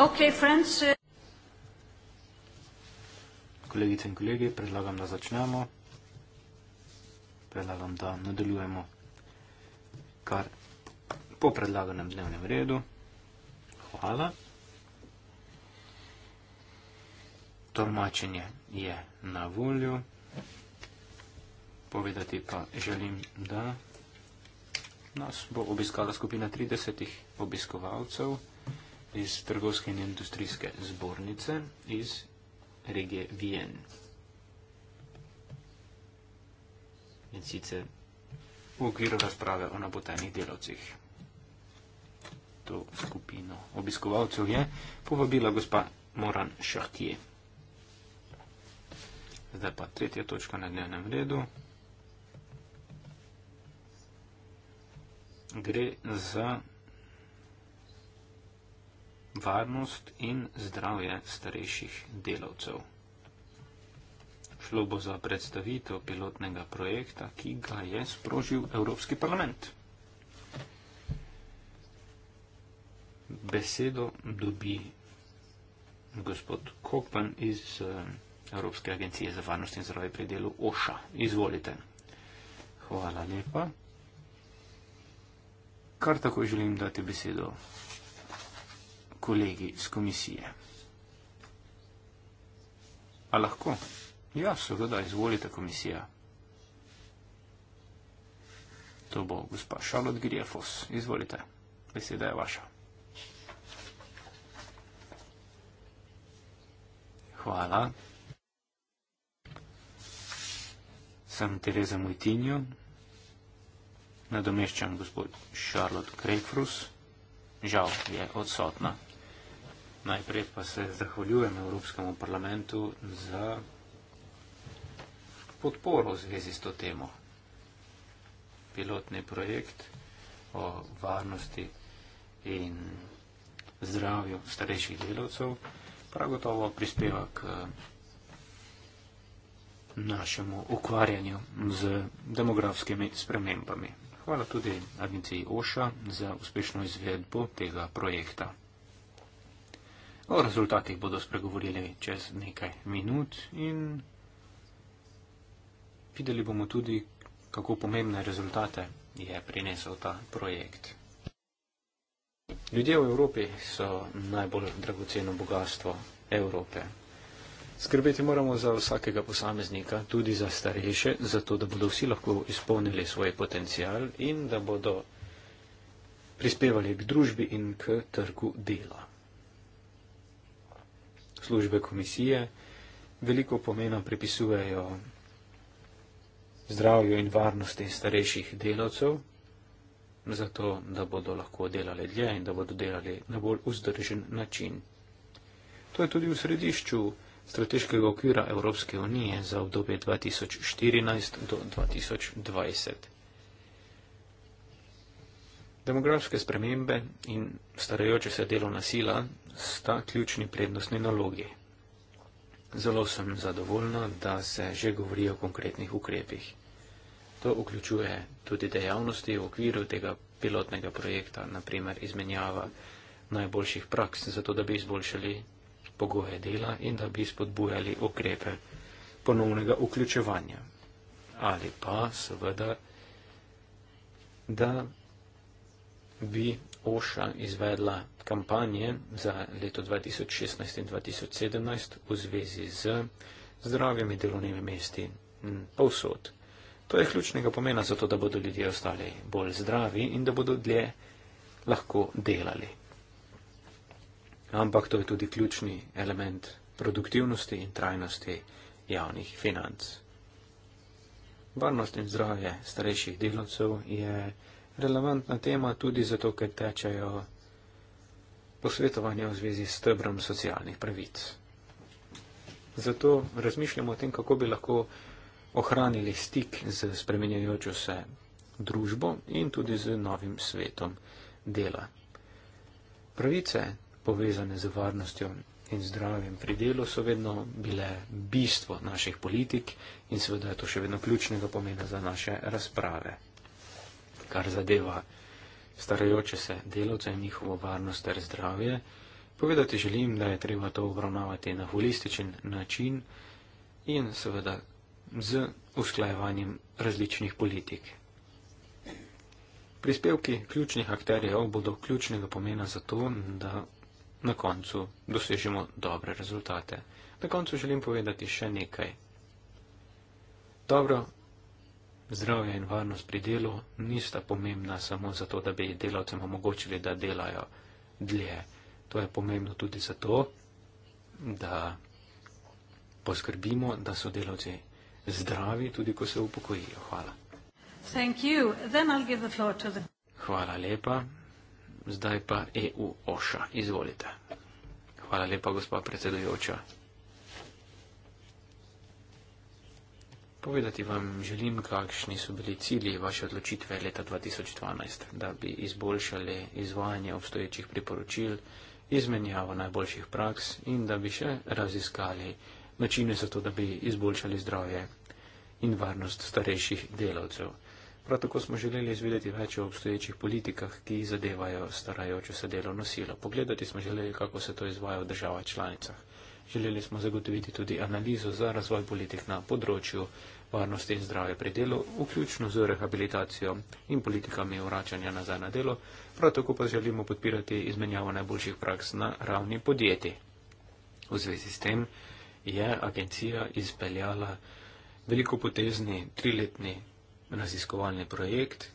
Okay, friends, uh... Kolegice in kolegi, predlagam, da začnemo. Predlagam, da nadaljujemo kar po predlaganem dnevnem redu. Hvala. Tormačenje je na voljo. Povedati pa želim, da nas bo obiskala skupina 30 obiskovalcev iz Trgovske in industrijske zbornice iz regije Vien. In sicer v okviru razprave o napotenih delavcih. To skupino obiskovalcev je povabila gospa Moran Šahtije. Zdaj pa tretja točka na dnevnem redu. Gre za varnost in zdravje starejših delavcev. Šlo bo za predstavitev pilotnega projekta, ki ga je sprožil Evropski parlament. Besedo dobi gospod Kokpan iz eh, Evropske agencije za varnost in zdravje pri delu OŠA. Izvolite. Hvala lepa. Kar tako želim dati besedo kolegi z komisije. A lahko? Ja, seveda, izvolite komisija. To bo gospa Charlotte Griefos. Izvolite, beseda je vaša. Hvala. Sem Tereza Mojtinjo. Nadomeščam gospod Charlotte Greifrus. Žal je odsotna. Najprej pa se zahvaljujem Evropskemu parlamentu za podporo v zvezi s to temo. Pilotni projekt o varnosti in zdravju starejših delavcev prav gotovo prispeva k našemu ukvarjanju z demografskimi spremembami. Hvala tudi agenciji OŠA za uspešno izvedbo tega projekta. O rezultatih bodo spregovorili čez nekaj minut in videli bomo tudi, kako pomembne rezultate je prinesel ta projekt. Ljudje v Evropi so najbolj dragoceno bogatstvo Evrope. Skrbeti moramo za vsakega posameznika, tudi za starejše, zato da bodo vsi lahko izpolnili svoj potencial in da bodo prispevali k družbi in k trgu dela službe komisije veliko pomena pripisujejo zdravju in varnosti starejših delavcev, zato da bodo lahko delali dlje in da bodo delali na bolj vzdržen način. To je tudi v središču strateškega okvira Evropske unije za obdobje 2014 do 2020. Demografske spremembe in starajoče se delovna sila sta ključni prednostni nalogi. Zelo sem zadovoljna, da se že govori o konkretnih ukrepih. To vključuje tudi dejavnosti v okviru tega pilotnega projekta, naprimer izmenjava najboljših praks, zato da bi izboljšali pogoje dela in da bi spodbujali ukrepe ponovnega vključevanja. Ali pa seveda, da bi OŠA izvedla kampanje za leto 2016 in 2017 v zvezi z zdravimi delovnimi mesti povsod. To je ključnega pomena zato, da bodo ljudje ostali bolj zdravi in da bodo dlje lahko delali. Ampak to je tudi ključni element produktivnosti in trajnosti javnih financ. Varnost in zdravje starejših delavcev je relevantna tema tudi zato, ker tečajo posvetovanja v zvezi s tebrom socialnih pravic. Zato razmišljamo o tem, kako bi lahko ohranili stik z spremenjajočo se družbo in tudi z novim svetom dela. Pravice, povezane z varnostjo in zdravjem pri delu, so vedno bile bistvo naših politik in seveda je to še vedno ključnega pomena za naše razprave kar zadeva starajoče se delovce in njihovo varnost ter zdravje. Povedati želim, da je treba to obravnavati na holističen način in seveda z usklajevanjem različnih politik. Prispevki ključnih akterjev bodo ključnega pomena za to, da na koncu dosežemo dobre rezultate. Na koncu želim povedati še nekaj. Dobro Zdravje in varnost pri delu nista pomembna samo zato, da bi delavcem omogočili, da delajo dlje. To je pomembno tudi zato, da poskrbimo, da so delavci zdravi, tudi ko se upokojijo. Hvala. The... Hvala lepa. Zdaj pa EU OŠA. Izvolite. Hvala lepa, gospod predsedujoča. Povedati vam želim, kakšni so bili cilji vaše odločitve leta 2012, da bi izboljšali izvajanje obstoječih priporočil, izmenjavo najboljših praks in da bi še raziskali načine za to, da bi izboljšali zdravje in varnost starejših delavcev. Prav tako smo želeli izvedeti več o obstoječih politikah, ki zadevajo starajočo se delovno silo. Pogledati smo želeli, kako se to izvaja v državah članicah. Želeli smo zagotoviti tudi analizo za razvoj politik na področju varnosti in zdravja pri delu, vključno z rehabilitacijo in politikami vračanja nazaj na delo, prav tako pa želimo podpirati izmenjavo najboljših praks na ravni podjetij. V zvezi s tem je agencija izpeljala veliko potezni triletni raziskovalni projekt,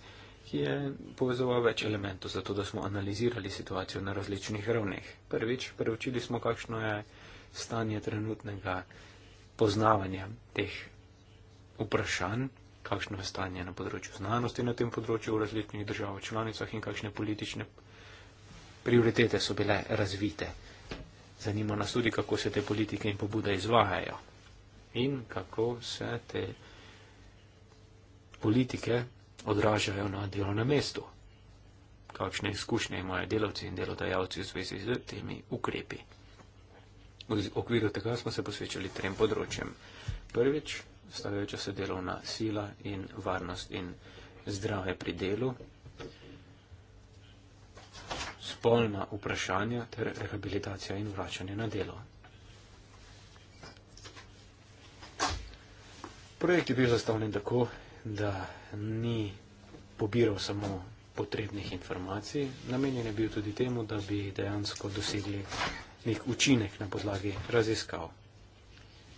ki je povezoval več elementov, zato da smo analizirali situacijo na različnih ravneh. Prvič, preučili smo, kakšno je stanje trenutnega poznavanja teh vprašanj, kakšno je stanje na področju znanosti na tem področju v različnih državah članicah in kakšne politične prioritete so bile razvite. Zanima nas tudi, kako se te politike in pobude izvajajo in kako se te politike odražajo na delovnem mestu. Kakšne izkušnje imajo delavci in delodajalci v zvezi z temi ukrepi? V okviru tega smo se posvečali trem področjem. Prvič, stavajoča se delovna sila in varnost in zdrave pri delu, spolna vprašanja ter rehabilitacija in vračanje na delo. Projekt je bil zastavljen tako, da ni pobiral samo potrebnih informacij, namenjen je bil tudi temu, da bi dejansko dosegli nek učinek na podlagi raziskav.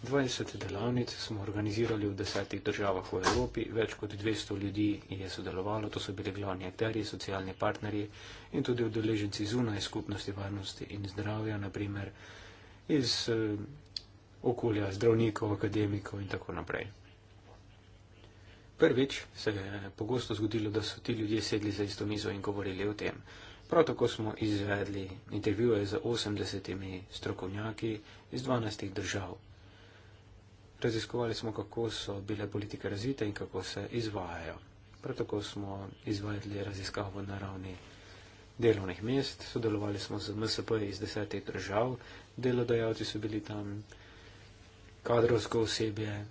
20 delavnic smo organizirali v desetih državah v Evropi, več kot 200 ljudi je sodelovalo, to so bili glavni akterji, socialni partnerji in tudi udeleženci zunaj skupnosti varnosti in zdravja, naprimer iz eh, okolja zdravnikov, akademikov in tako naprej. Prvič se je pogosto zgodilo, da so ti ljudje sedli za isto mizo in govorili o tem. Prav tako smo izvedli intervjuje z 80 strokovnjaki iz 12 držav. Raziskovali smo, kako so bile politike razvite in kako se izvajajo. Prav tako smo izvedli raziskavo na ravni delovnih mest, sodelovali smo z MSP iz desetih držav, delodajalci so bili tam, kadrovsko osebje,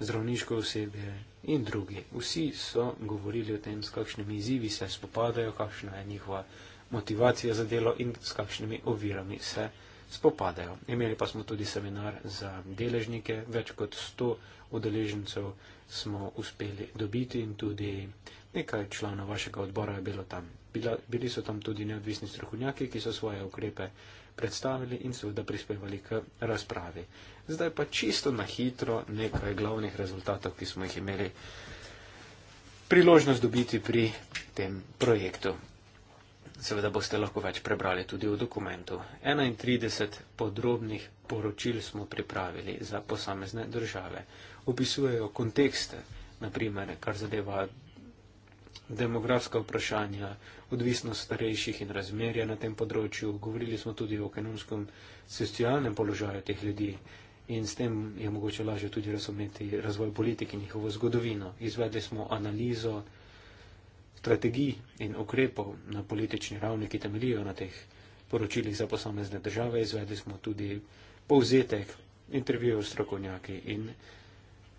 zdravniško osebje in drugi. Vsi so govorili o tem, s kakšnimi izzivi se spopadajo, kakšna je njihova motivacija za delo in s kakšnimi ovirami se spopadajo. Imeli pa smo tudi seminar za deležnike, več kot 100 udeležencev smo uspeli dobiti in tudi nekaj članov vašega odbora je bilo tam. Bila, bili so tam tudi neodvisni strokovnjaki, ki so svoje ukrepe predstavili in seveda prispevali k razpravi. Zdaj pa čisto na hitro nekaj glavnih rezultatov, ki smo jih imeli priložnost dobiti pri tem projektu. Seveda boste lahko več prebrali tudi v dokumentu. 31 podrobnih poročil smo pripravili za posamezne države. Opisujejo kontekste, naprimer, kar zadeva demografska vprašanja, odvisnost starejših in razmerja na tem področju. Govorili smo tudi o ekonomskem socialnem položaju teh ljudi, in s tem je mogoče lažje tudi razumeti razvoj politike in njihovo zgodovino. Izvedli smo analizo strategij in ukrepov na politični ravni, ki temelijo na teh poročilih za posamezne države. Izvedli smo tudi povzetek intervjujev strokovnjaki in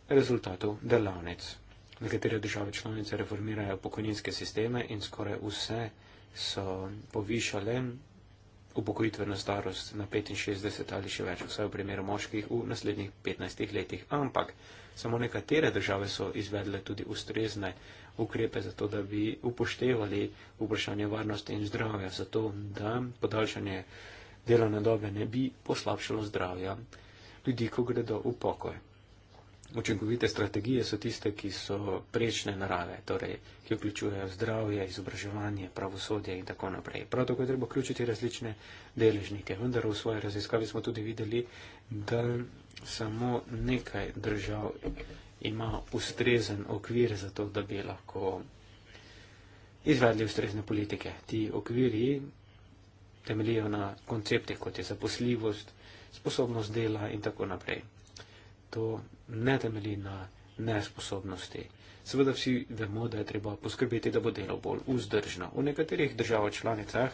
rezultatov delavnic. Nekatere države članice reformirajo pokojninske sisteme in skoraj vse so povišale upokojitveno starost na 65 ali še več, vsaj v primeru moških v naslednjih 15 letih. Ampak samo nekatere države so izvedle tudi ustrezne ukrepe za to, da bi upoštevali vprašanje varnosti in zdravja, zato da podaljšanje delovne dobe ne bi poslabšalo zdravja ljudi, ko gredo v pokoj učinkovite strategije so tiste, ki so prečne narave, torej, ki vključujejo zdravje, izobraževanje, pravosodje in tako naprej. Prav tako je treba vključiti različne deležnike. Vendar v svoji raziskavi smo tudi videli, da samo nekaj držav ima ustrezen okvir za to, da bi lahko izvedli ustrezne politike. Ti okviri temeljijo na konceptih, kot je zaposljivost, sposobnost dela in tako naprej to ne temelji na nesposobnosti. Seveda vsi vemo, da je treba poskrbeti, da bo delo bolj vzdržno. V nekaterih državah članicah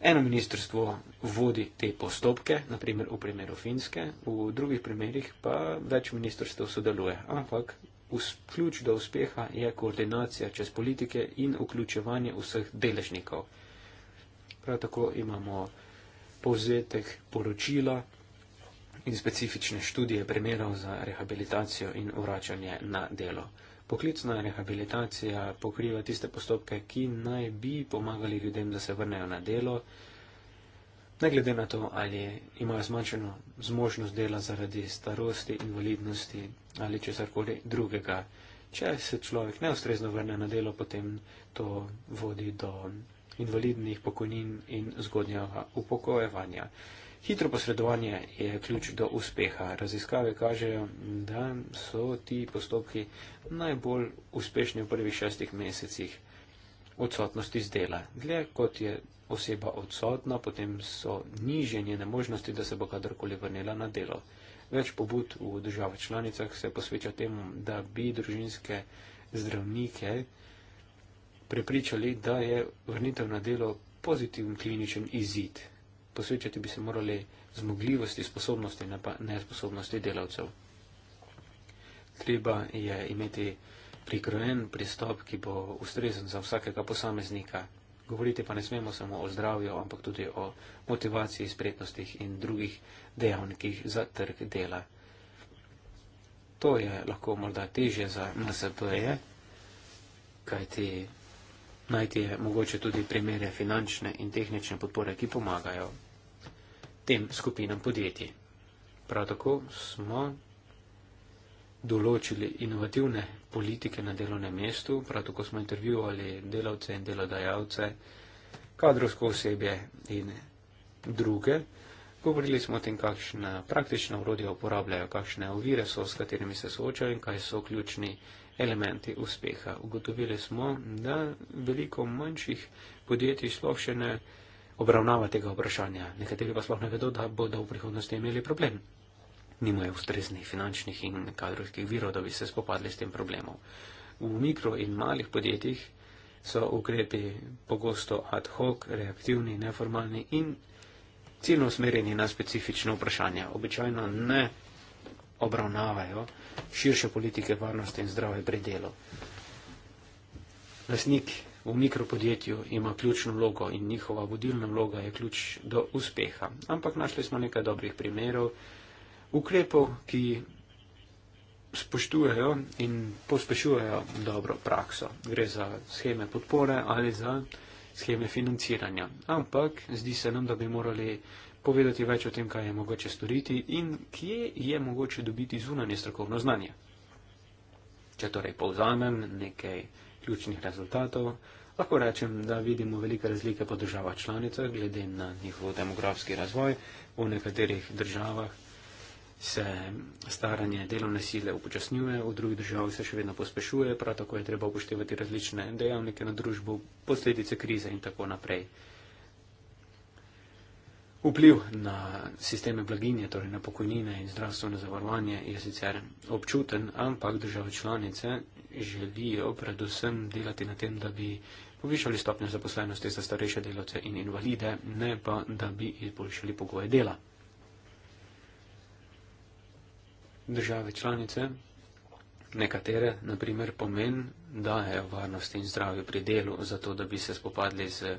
eno ministrstvo vodi te postopke, naprimer v primeru Finske, v drugih primerih pa več ministrstv sodeluje. Ampak ključ do uspeha je koordinacija čez politike in vključevanje vseh deležnikov. Prav tako imamo povzetek poročila, in specifične študije primerov za rehabilitacijo in vračanje na delo. Poklicna rehabilitacija pokriva tiste postopke, ki naj bi pomagali ljudem, da se vrnejo na delo, ne glede na to, ali imajo zmanjšeno zmožnost dela zaradi starosti, invalidnosti ali česarkoli drugega. Če se človek neustrezno vrne na delo, potem to vodi do invalidnih pokojnin in zgodnjega upokojevanja. Hitro posredovanje je ključ do uspeha. Raziskave kažejo, da so ti postopki najbolj uspešni v prvih šestih mesecih odsotnosti z dela. Dlje kot je oseba odsotna, potem so niže njene možnosti, da se bo kadarkoli vrnila na delo. Več pobud v državah članicah se posveča temu, da bi družinske zdravnike prepričali, da je vrnitev na delo pozitiven kliničen izid posvečati bi se morali zmogljivosti, sposobnosti, ne pa nesposobnosti delavcev. Treba je imeti prikrojen pristop, ki bo ustrezen za vsakega posameznika. Govoriti pa ne smemo samo o zdravju, ampak tudi o motivaciji, spretnostih in drugih dejavnikih za trg dela. To je lahko morda teže za MSP-je, kajti najti mogoče tudi primere finančne in tehnične podpore, ki pomagajo tem skupinam podjetij. Prav tako smo določili inovativne politike na delovnem mestu, prav tako smo intervjuvali delavce in delodajalce, kadrovsko osebje in druge. Govorili smo o tem, kakšna praktična urodja uporabljajo, kakšne ovire so, s katerimi se soočajo in kaj so ključni elementi uspeha. Ugotovili smo, da veliko manjših podjetij sploh še ne obravnava tega vprašanja. Nekateri pa sploh ne vedo, da bodo v prihodnosti imeli problem. Nimajo ustreznih finančnih in kadrovskih virov, da bi se spopadli s tem problemom. V mikro in malih podjetjih so ukrepi pogosto ad hoc, reaktivni, neformalni in ciljno usmerjeni na specifično vprašanje. Običajno ne obravnavajo širše politike varnosti in zdrave pri delu. Lasnik v mikropodjetju ima ključno vlogo in njihova vodilna vloga je ključ do uspeha. Ampak našli smo nekaj dobrih primerov, ukrepov, ki spoštujejo in pospešujejo dobro prakso. Gre za scheme podpore ali za scheme financiranja. Ampak zdi se nam, da bi morali povedati več o tem, kaj je mogoče storiti in kje je mogoče dobiti zunanje strokovno znanje. Če torej povzamem nekaj ključnih rezultatov, lahko rečem, da vidimo velike razlike po državah članicah glede na njihov demografski razvoj. V nekaterih državah se staranje delovne sile upočasnjuje, v drugih državah se še vedno pospešuje, prav tako je treba upoštevati različne dejavnike na družbo, posledice krize in tako naprej. Vpliv na sisteme blaginje, torej na pokojnine in zdravstveno zavarovanje, je sicer občuten, ampak države članice želijo predvsem delati na tem, da bi povišali stopnjo zaposlenosti za starejše delavce in invalide, ne pa da bi izboljšali pogoje dela. Države članice. Nekatere, naprimer, pomen dajo varnost in zdravje pri delu, zato da bi se spopadli z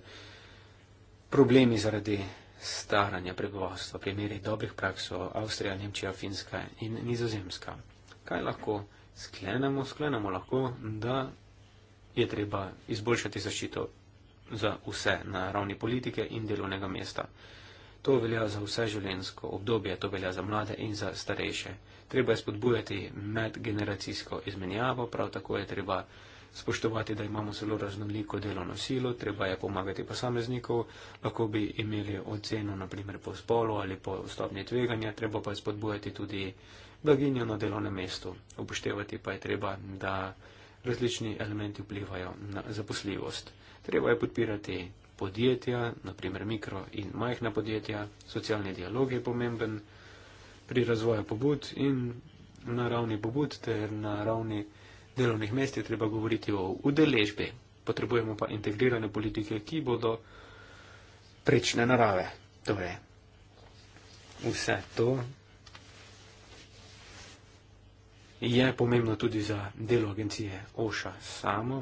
problemi zaradi staranja prebivalstva, primeri dobrih praksov Avstrija, Nemčija, Finska in Nizozemska. Kaj lahko sklenemo? Sklenemo lahko, da je treba izboljšati zaščito za vse na ravni politike in delovnega mesta. To velja za vse življenjsko obdobje, to velja za mlade in za starejše. Treba je spodbujati medgeneracijsko izmenjavo, prav tako je treba spoštovati, da imamo zelo raznoliko delovno silo, treba je pomagati posameznikov, lahko bi imeli oceno, naprimer po spolu ali po stopnji tveganja, treba pa spodbujati tudi blaginjo na delovnem mestu. Upoštevati pa je treba, da različni elementi vplivajo na zaposljivost. Treba je podpirati podjetja, naprimer mikro in majhna podjetja, socialni dialog je pomemben pri razvoju pobud in na ravni pobud ter na ravni delovnih mest je treba govoriti o udeležbi, potrebujemo pa integrirane politike, ki bodo prečne narave. Torej, vse to je pomembno tudi za delo agencije OŠA samo,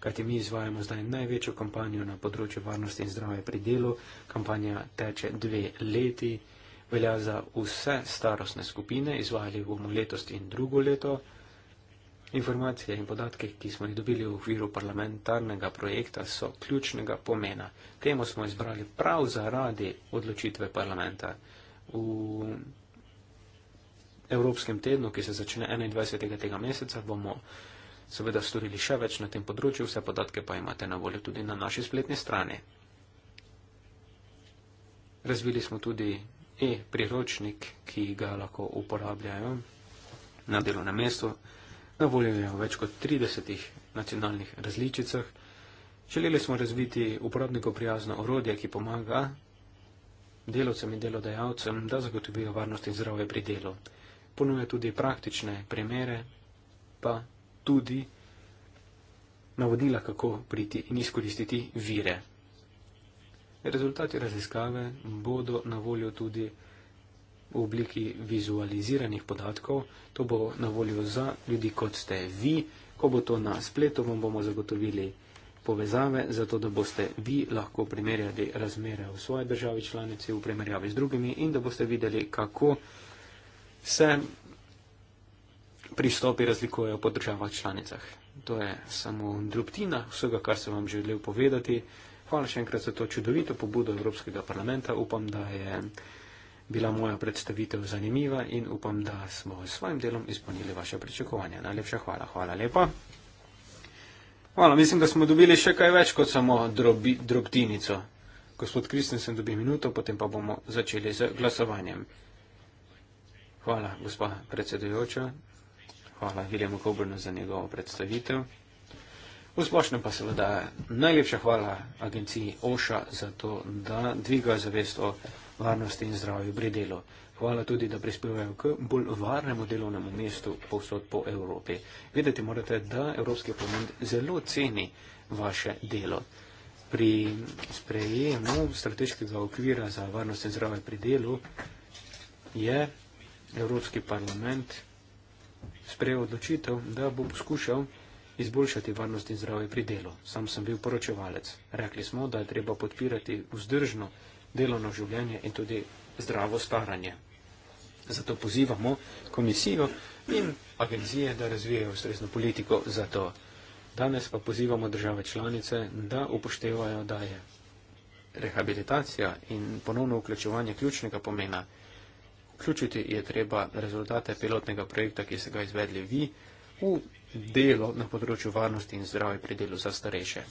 kajti mi izvajamo zdaj največjo kampanjo na področju varnosti in zdravja pri delu. Kampanja teče dve leti, velja za vse starostne skupine, izvajali bomo letos in drugo leto. Informacije in podatke, ki smo jih dobili v okviru parlamentarnega projekta, so ključnega pomena. Temo smo izbrali prav zaradi odločitve parlamenta. V Evropskem tednu, ki se začne 21. tega meseca, bomo seveda storili še več na tem področju, vse podatke pa imate na voljo tudi na naši spletni strani. Razvili smo tudi e-priročnik, ki ga lahko uporabljajo na delovnem mestu. Na voljo je v več kot 30 nacionalnih različicah. Želeli smo razviti uporabniku prijazno orodje, ki pomaga delovcem in delodajalcem, da zagotovijo varnost in zdravje pri delu. Ponuja tudi praktične primere, pa tudi navodila, kako priti in izkoristiti vire. Rezultati raziskave bodo na voljo tudi v obliki vizualiziranih podatkov. To bo na voljo za ljudi, kot ste vi. Ko bo to na spletu, vam bomo zagotovili povezave, zato da boste vi lahko primerjali razmere v svoji državi članici v primerjavi z drugimi in da boste videli, kako se pristopi razlikujejo po državah članicah. To je samo drobtina vsega, kar sem vam želel povedati. Hvala še enkrat za to čudovito pobudo Evropskega parlamenta. Upam, da je bila moja predstavitev zanimiva in upam, da smo s svojim delom izpolnili vaše pričakovanja. Najlepša hvala. Hvala lepa. Hvala, mislim, da smo dobili še kaj več kot samo drobi, drobtinico. Gospod Kristensen dobi minuto, potem pa bomo začeli z glasovanjem. Hvala, gospa predsedujoča. Hvala Viljemu Koburnu za njegovo predstavitev. V splošnem pa seveda najlepša hvala agenciji OŠA za to, da dviga zavest o varnosti in zdravju pri delu. Hvala tudi, da prispevajo k bolj varnemu delovnemu mestu povsod po Evropi. Vedeti morate, da Evropski parlament zelo ceni vaše delo. Pri sprejemu strateškega okvira za varnost in zdravje pri delu je Evropski parlament sprejel odločitev, da bo poskušal izboljšati varnost in zdravje pri delu. Sam sem bil poročevalec. Rekli smo, da je treba podpirati vzdržno delovno življenje in tudi zdravo staranje. Zato pozivamo komisijo in agencije, da razvijajo ustrezno politiko za to. Danes pa pozivamo države članice, da upoštevajo, da je rehabilitacija in ponovno vključevanje ključnega pomena. Vključiti je treba rezultate pilotnega projekta, ki ste ga izvedli vi, v delo na področju varnosti in zdravja pri delu za starejše.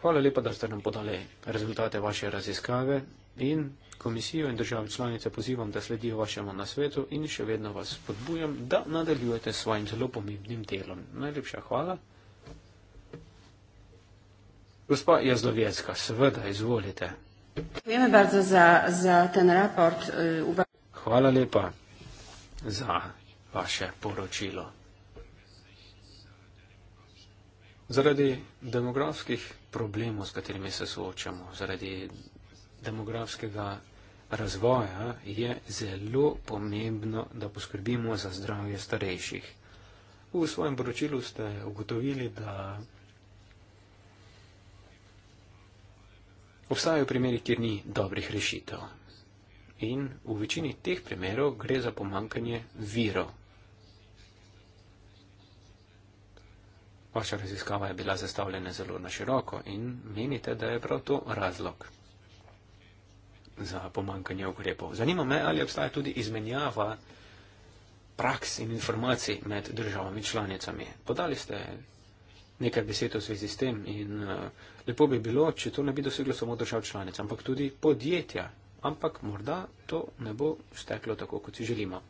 Hvala lepa, da ste nam podali rezultate vaše raziskave in komisijo in države članice pozivam, da sledijo vašemu nasvetu in še vedno vas podbujam, da nadaljujete s svojim zelo pomembnim delom. Najlepša hvala. Gospa Jazdovjecka, seveda, izvolite. E, hvala lepa za vaše poročilo. Zaradi demografskih problemov, s katerimi se soočamo zaradi demografskega razvoja, je zelo pomembno, da poskrbimo za zdravje starejših. V svojem poročilu ste ugotovili, da obstajajo primeri, kjer ni dobrih rešitev. In v večini teh primerov gre za pomankanje virov. Vaša raziskava je bila zastavljena zelo na široko in menite, da je prav to razlog za pomankanje ukrepov. Zanima me, ali obstaja tudi izmenjava praks in informacij med državami članicami. Podali ste nekaj besed v zvezi s tem in uh, lepo bi bilo, če to ne bi doseglo samo držav članic, ampak tudi podjetja. Ampak morda to ne bo steklo tako, kot si želimo.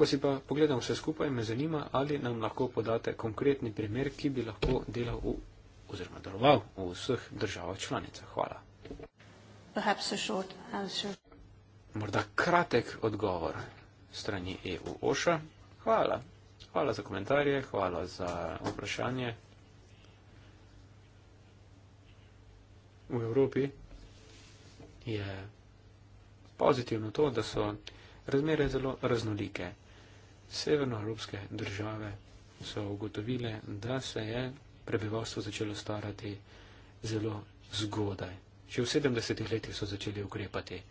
Ko si pa pogledam vse skupaj, me zanima, ali nam lahko podate konkretni primer, ki bi lahko delal v, oziroma deloval v vseh državah članicah. Hvala. Morda kratek odgovor strani EU OŠA. Hvala. Hvala za komentarje, hvala za vprašanje. V Evropi je pozitivno to, da so razmere zelo raznolike severnoevropske države so ugotovile, da se je prebivalstvo začelo starati zelo zgodaj. Že v 70-ih letih so začeli ukrepati.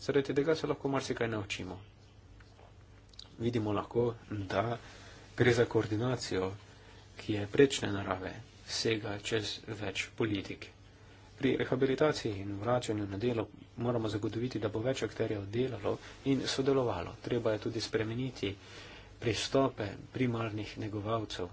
Zaradi tega se lahko marsikaj naučimo. Vidimo lahko, da gre za koordinacijo, ki je prečne narave, sega čez več politik. Pri rehabilitaciji in vračanju na delo moramo zagotoviti, da bo več akterjev delalo in sodelovalo. Treba je tudi spremeniti pristope primarnih negovalcev,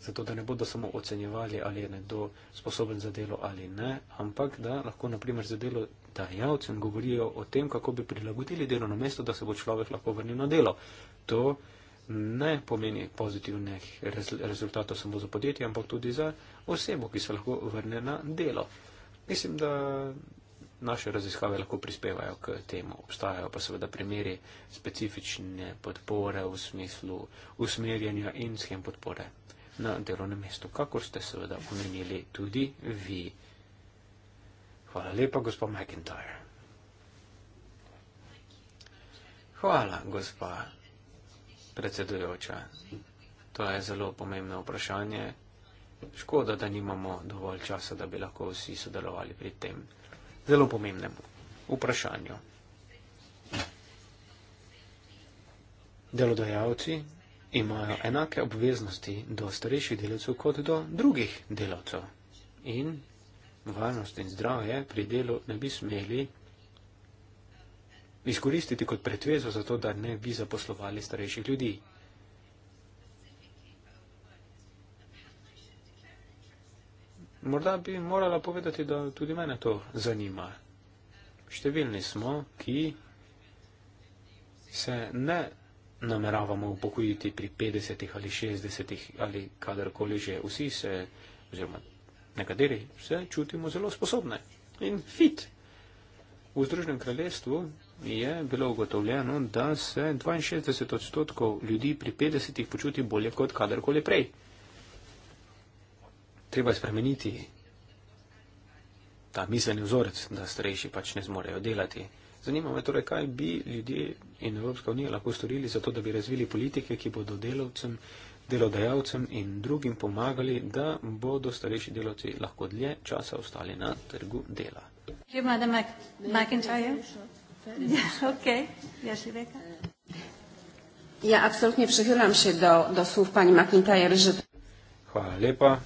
zato da ne bodo samo ocenjevali, ali je nekdo sposoben za delo ali ne, ampak da lahko naprimer za delo dajalcem govorijo o tem, kako bi prilagodili delo na mesto, da se bo človek lahko vrnil na delo. To ne pomeni pozitivnih rez rezultatov samo za podjetje, ampak tudi za osebo, ki se lahko vrne na delo. Mislim, da naše raziskave lahko prispevajo k temu. Obstajajo pa seveda primeri specifične podpore v smislu usmerjanja in schem podpore na delovnem mestu, kakor ste seveda omenili tudi vi. Hvala lepa, gospod McIntyre. Hvala, gospa predsedujoča. To je zelo pomembno vprašanje. Škoda, da nimamo dovolj časa, da bi lahko vsi sodelovali pri tem zelo pomembnemu vprašanju. Delodajalci imajo enake obveznosti do starejših delavcev kot do drugih delavcev in varnost in zdravje pri delu ne bi smeli izkoristiti kot pretvezo za to, da ne bi zaposlovali starejših ljudi. Morda bi morala povedati, da tudi mene to zanima. Številni smo, ki se ne nameravamo upokojiti pri 50 ali 60 ali kadarkoli že. Vsi se, oziroma nekateri, se čutimo zelo sposobne in fit. V Združenem kraljestvu je bilo ugotovljeno, da se 62 odstotkov ljudi pri 50 počuti bolje kot kadarkoli prej treba spremeniti ta miselni vzorec, da starejši pač ne zmorejo delati. Zanima me torej, kaj bi ljudje in Evropska unija lahko storili za to, da bi razvili politike, ki bodo delovcem, delodajalcem in drugim pomagali, da bodo starejši delovci lahko dlje časa ostali na trgu dela. Hvala lepa.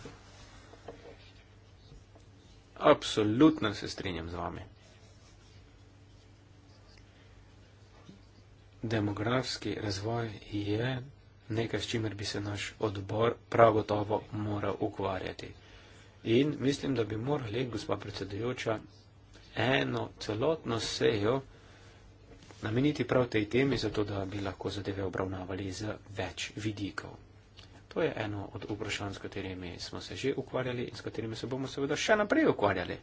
Absolutno se strinjam z vami. Demografski razvoj je nekaj, s čimer bi se naš odbor prav gotovo moral ukvarjati. In mislim, da bi morali, gospa predsedujoča, eno celotno sejo nameniti prav tej temi, zato da bi lahko zadeve obravnavali z več vidikov. To je eno od vprašanj, s katerimi smo se že ukvarjali in s katerimi se bomo seveda še naprej ukvarjali.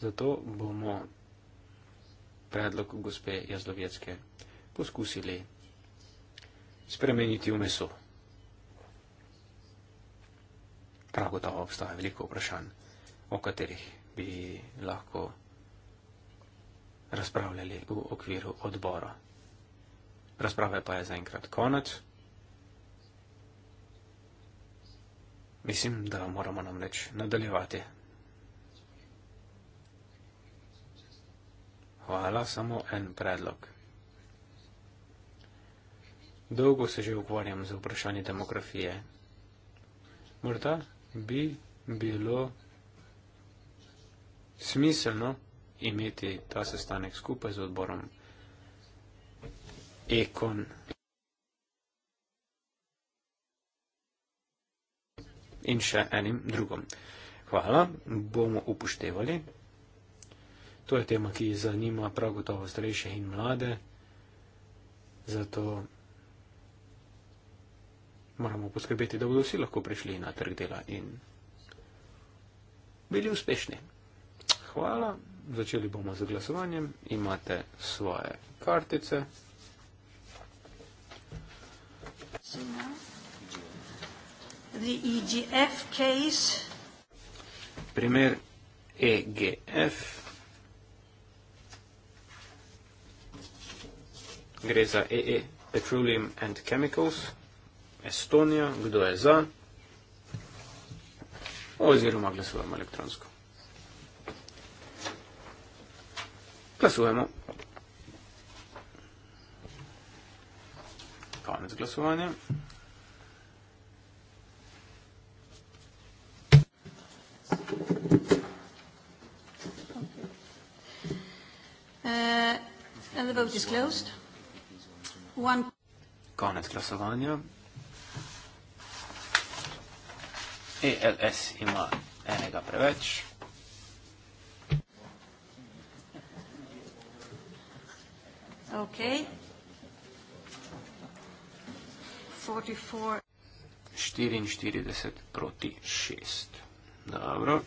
Zato bomo predlog gospe Jazlovecke poskusili spremeniti v meso. Prav gotovo obstaja veliko vprašanj, o katerih bi lahko razpravljali v okviru odbora. Razprave pa je zaenkrat konec. Mislim, da moramo namreč nadaljevati. Hvala, samo en predlog. Dolgo se že ukvarjam za vprašanje demografije. Morda bi bilo smiselno imeti ta sestanek skupaj z odborom Ekon. in še enim drugom. Hvala, bomo upoštevali. To je tema, ki zanima prav gotovo starejše in mlade, zato moramo poskrbeti, da bodo vsi lahko prišli na trg dela in bili uspešni. Hvala, začeli bomo z glasovanjem. Imate svoje kartice. Zdravo the EGF case. Primer EGF. Gre za EE e Petroleum and Chemicals, Estonija, kdo je za, oziroma glasujemo elektronsko. Glasujemo. Konec glasovanja. Uh, the vote is closed. One- Koniec glasowania. ALS e ima enega preveč. Okay. 44. 44 proti 6. Dobro.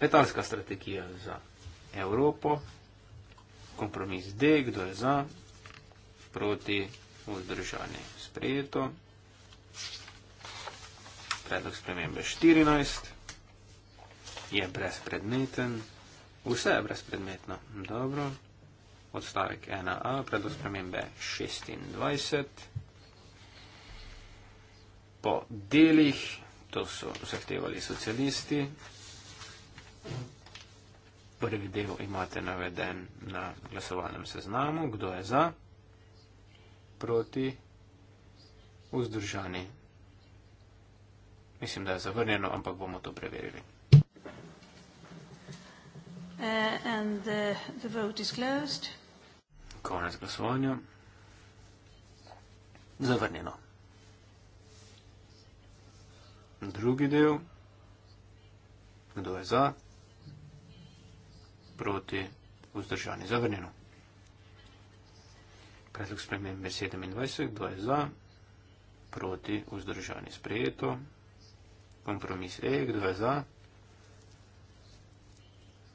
Letalska strategija za Evropo, kompromis D, kdo je za, proti vzdržanje sprejeto, predlog spremembe 14, je brezpredmeten, vse je brezpredmetno, dobro, odstavek 1a, predlog spremembe 26, po delih, to so zahtevali socialisti, Prvi del imate naveden na glasovalnem seznamu, kdo je za, proti, vzdržani. Mislim, da je zavrnjeno, ampak bomo to preverili. Uh, and the, eh, the vote is closed. Konec glasovanja. Zavrnjeno. Drugi del. Kdo je za? proti vzdržani zavrnjeno. Predlog spremembe 27, 2 za, proti vzdržani sprejeto. Kompromis E, 2 za,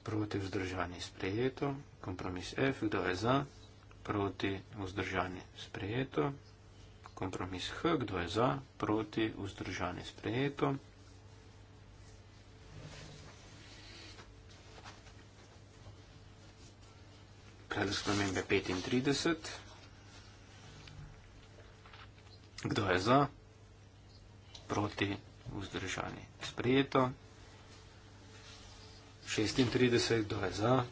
proti vzdržani sprejeto. Kompromis F, 2 za, proti vzdržani sprejeto. Kompromis H, 2 za, proti vzdržani sprejeto. Kompromis H, 2 za, proti vzdržani sprejeto. predlog spremembe 35. Kdo je za? Proti vzdržani. Sprijeto. 36. Kdo je za?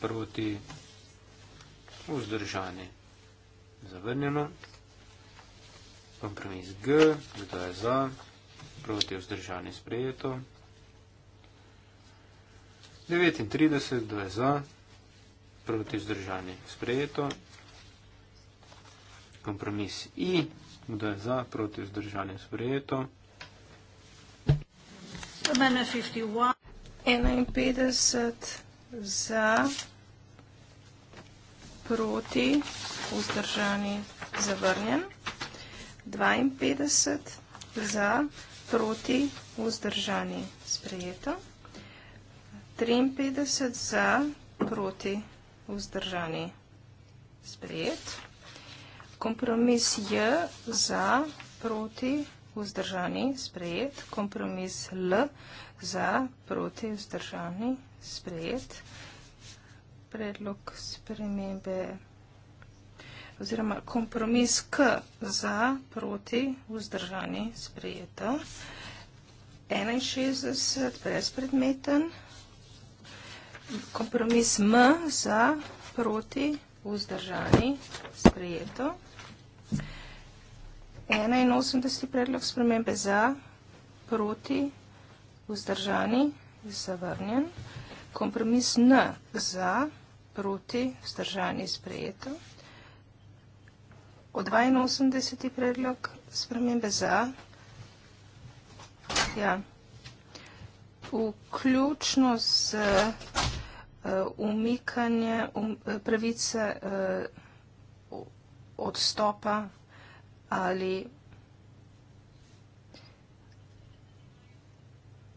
Proti vzdržani. Zavrnjeno. Kompromis G. Kdo je za? Proti vzdržani. Sprijeto. 39. Kdo je za? Proti vzdržani proti vzdržanje. Sprejeto. Kompromis I. Kdo je za proti vzdržanje? Sprejeto. 51 za proti vzdržanje zavrnjen. 52 za proti vzdržanje sprejeto. 53 za proti vzdržanje vzdržani sprejet. Kompromis J za proti vzdržani sprejet. Kompromis L za proti vzdržani sprejet. Predlog spremembe oziroma kompromis K za proti vzdržani sprejeto. 61 brezpredmeten, kompromis M za proti vzdržani sprejeto. 81. predlog spremembe za proti vzdržani zavrnjen. Kompromis N za proti vzdržani sprejeto. O 82. predlog spremembe za ja, vključno z Eh, umikanje um, eh, pravice uh, odstopa ali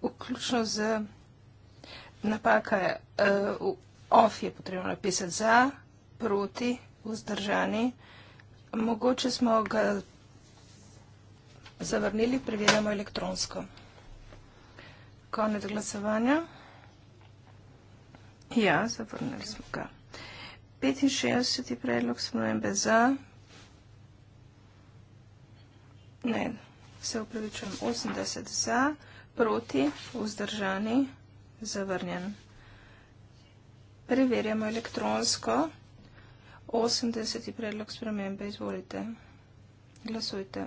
vključno z napaka je, uh, off je potrebno napisati za, proti, vzdržani. Mogoče smo ga zavrnili, preverjamo elektronsko. Konec glasovanja. Ja, zavrnili smo ga. 65. predlog spremembe za. Ne, se upravičujem, 80 za, proti, vzdržani, zavrnjen. Preverjamo elektronsko. 80. predlog spremembe, izvolite. Glasujte.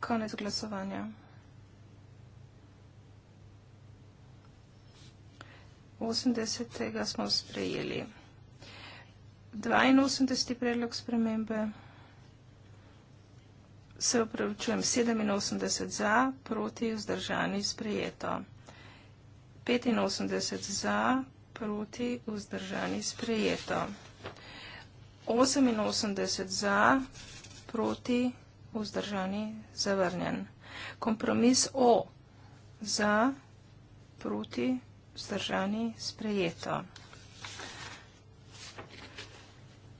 Konec glasovanja. 80. smo sprejeli 82. predlog spremembe, se upravičujem 87 za, proti vzdržani sprejeto. 85 za, proti vzdržani sprejeto. 88 za, proti vzdržani zavrnjen. Kompromis O za, proti vzdržani vzdržani, sprejeto.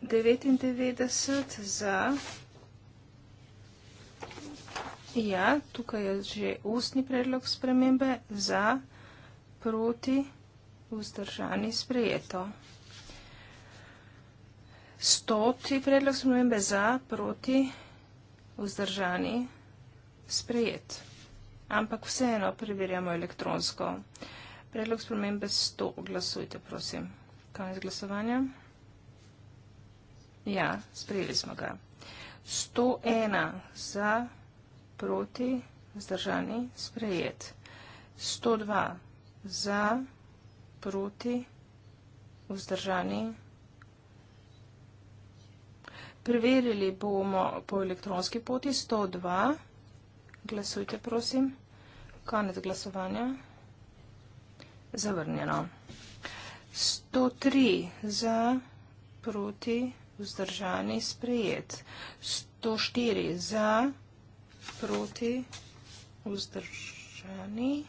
99 za. Ja, tukaj je že ustni predlog spremembe za, proti, vzdržani, sprejeto. Stoti predlog spremembe za, proti, vzdržani, sprejet. Ampak vseeno preverjamo elektronsko. Predlog spremembe 100. Glasujte, prosim. Konec glasovanja. Ja, sprejeli smo ga. 101 za, proti, zdržani, sprejet. 102 za, proti, vzdržani. Preverili bomo po elektronski poti 102. Glasujte, prosim. Konec glasovanja zavrnjeno. 103 za, proti, vzdržani, sprejet. 104 za, proti, vzdržani.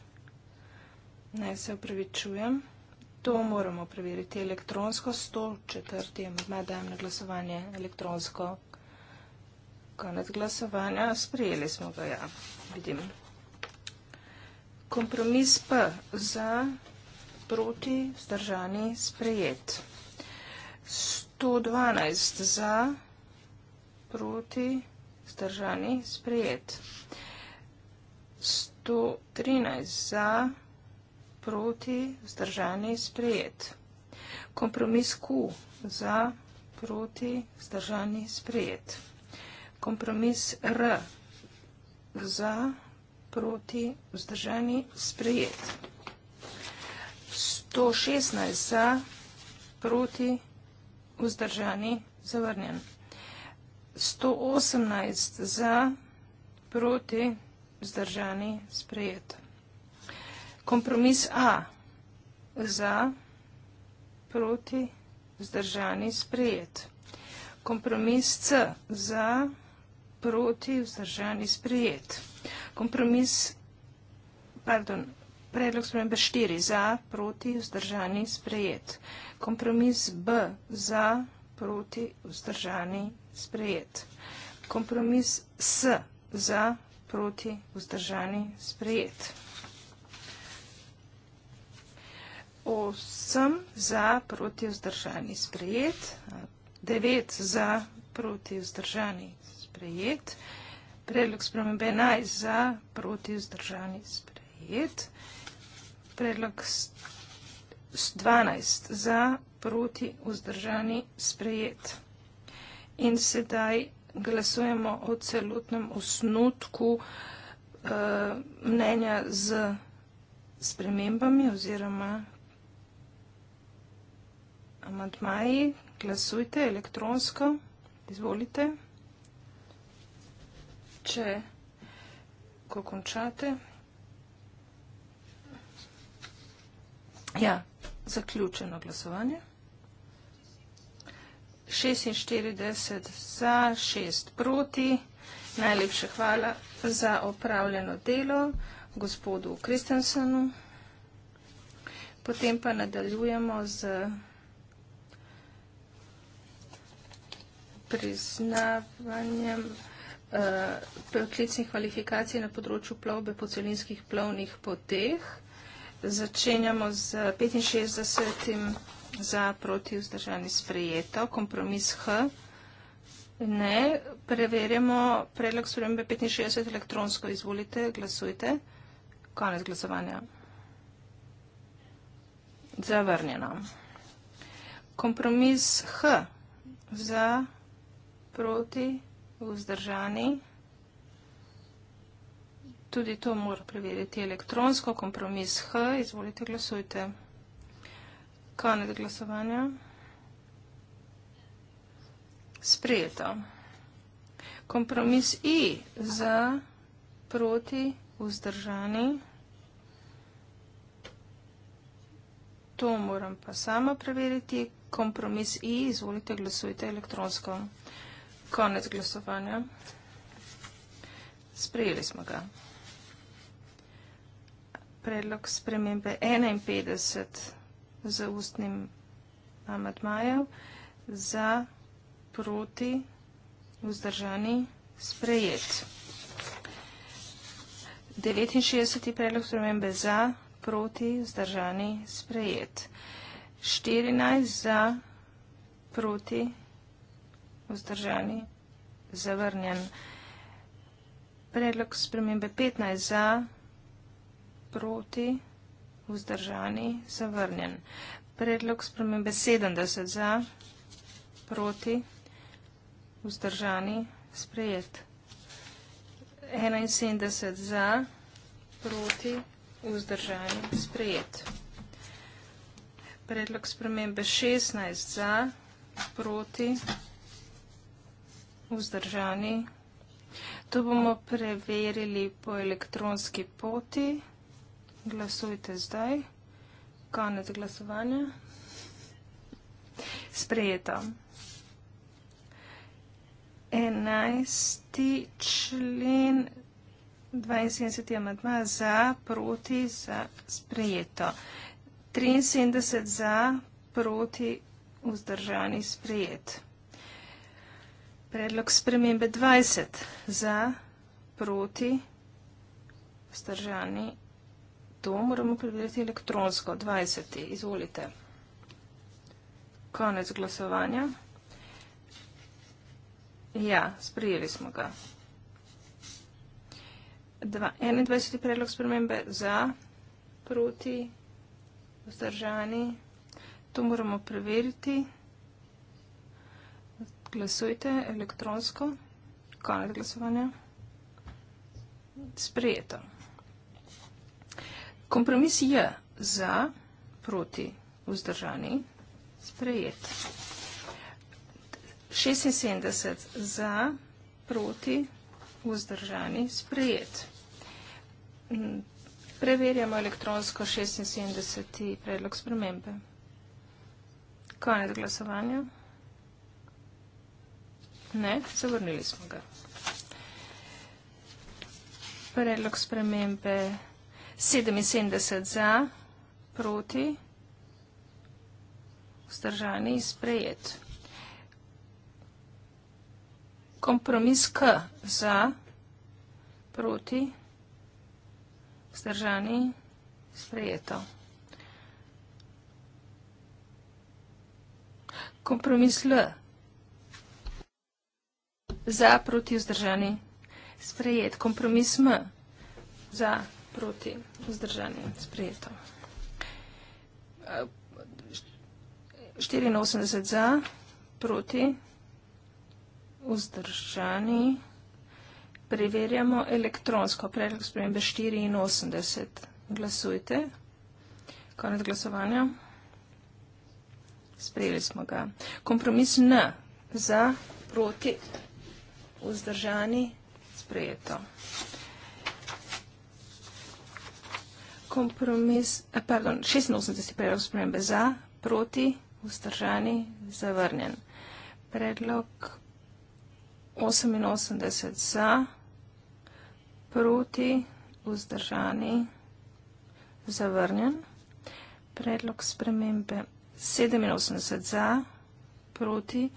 Naj se upravičujem. To moramo preveriti elektronsko. 104 je med dajem na glasovanje elektronsko. Konec glasovanja. Sprejeli smo ga, ja. Vidim. Kompromis P za proti, vzdržani, sprejet. 112 za, proti, vzdržani, sprejet. 113 za, proti, vzdržani, sprejet. Kompromis Q za, proti, vzdržani, sprejet. Kompromis R za, proti, vzdržani, sprejet. 116 za, proti, vzdržani, zavrnjen. 118 za, proti, vzdržani, sprejet. Kompromis A za, proti, vzdržani, sprejet. Kompromis C za, proti, vzdržani, sprejet. Kompromis, pardon, Predlog spremembe 4 za, proti, vzdržani, sprejet. Kompromis B za, proti, vzdržani, sprejet. Kompromis S za, proti, vzdržani, sprejet. Osem za, proti, vzdržani, sprejet. Devet za, proti, vzdržani, sprejet. Predlog spremembe 11 za, proti, vzdržani, sprejet predlog 12 za proti vzdržani sprejet. In sedaj glasujemo o celotnem osnutku eh, mnenja z spremembami oziroma amantmaji. Glasujte elektronsko. Izvolite. Če ko končate. Ja, zaključeno glasovanje. 46 za, 6 proti. Najlepša hvala za opravljeno delo gospodu Kristensenu. Potem pa nadaljujemo z priznavanjem uh, eh, klicnih kvalifikacij na področju plovbe po celinskih plovnih poteh. Začenjamo z 65. za proti vzdržani sprejeto. Kompromis H. Ne. Preverjamo predlog spremembe 65 elektronsko. Izvolite, glasujte. Konec glasovanja. Zavrnjeno. Kompromis H za proti vzdržani sprejeto. Tudi to mora preveriti elektronsko. Kompromis H. Izvolite, glasujte. Konec glasovanja. Sprejeto. Kompromis I za proti vzdržani. To moram pa sama preveriti. Kompromis I. Izvolite, glasujte elektronsko. Konec glasovanja. Sprejeli smo ga predlog spremembe 51 z ustnim amadmajem za proti vzdržani sprejet. 69. predlog spremembe za proti vzdržani sprejet. 14 za proti vzdržani zavrnjen. Predlog spremembe 15 za proti vzdržani sprejet proti, vzdržani, zavrnjen. Predlog spremembe 70 za, proti, vzdržani, sprejet. 71 za, proti, vzdržani, sprejet. Predlog spremembe 16 za, proti, vzdržani. To bomo preverili po elektronski poti. Glasujte zdaj. Konec glasovanja. Sprejeto. 11. člen 72. amadma za, proti, za, sprejeto. 73 za, proti, vzdržani, sprejet. Predlog spremembe 20 za, proti, vzdržani, sprejet to moramo preveriti elektronsko. 20. Izvolite. Konec glasovanja. Ja, sprijeli smo ga. 21. predlog spremembe za, proti, vzdržani. To moramo preveriti. Glasujte elektronsko. Konec glasovanja. Sprijeto. Kompromis je za, proti, vzdržani, sprejet. 76 za, proti, vzdržani, sprejet. Preverjamo elektronsko 76. predlog spremembe. Konec glasovanja. Ne, zavrnili smo ga. Predlog spremembe 77 za, proti, vzdržani, sprejet. Kompromis K za, proti, vzdržani, sprejeto. Kompromis L za, proti, vzdržani, sprejet. Kompromis M za, proti, vzdržani, sprejet proti vzdržanje sprejeto. 84 za, proti vzdržani. Preverjamo elektronsko. Predlog spremembe 84. Glasujte. Konec glasovanja. Sprejeli smo ga. Kompromis N za, proti vzdržani sprejeto. kompromis, eh, pardon, 86 predlog spremembe za, proti, vzdržani, zavrnjen. Predlog 88 za, proti, vzdržani, zavrnjen. Predlog spremembe 87 za, proti,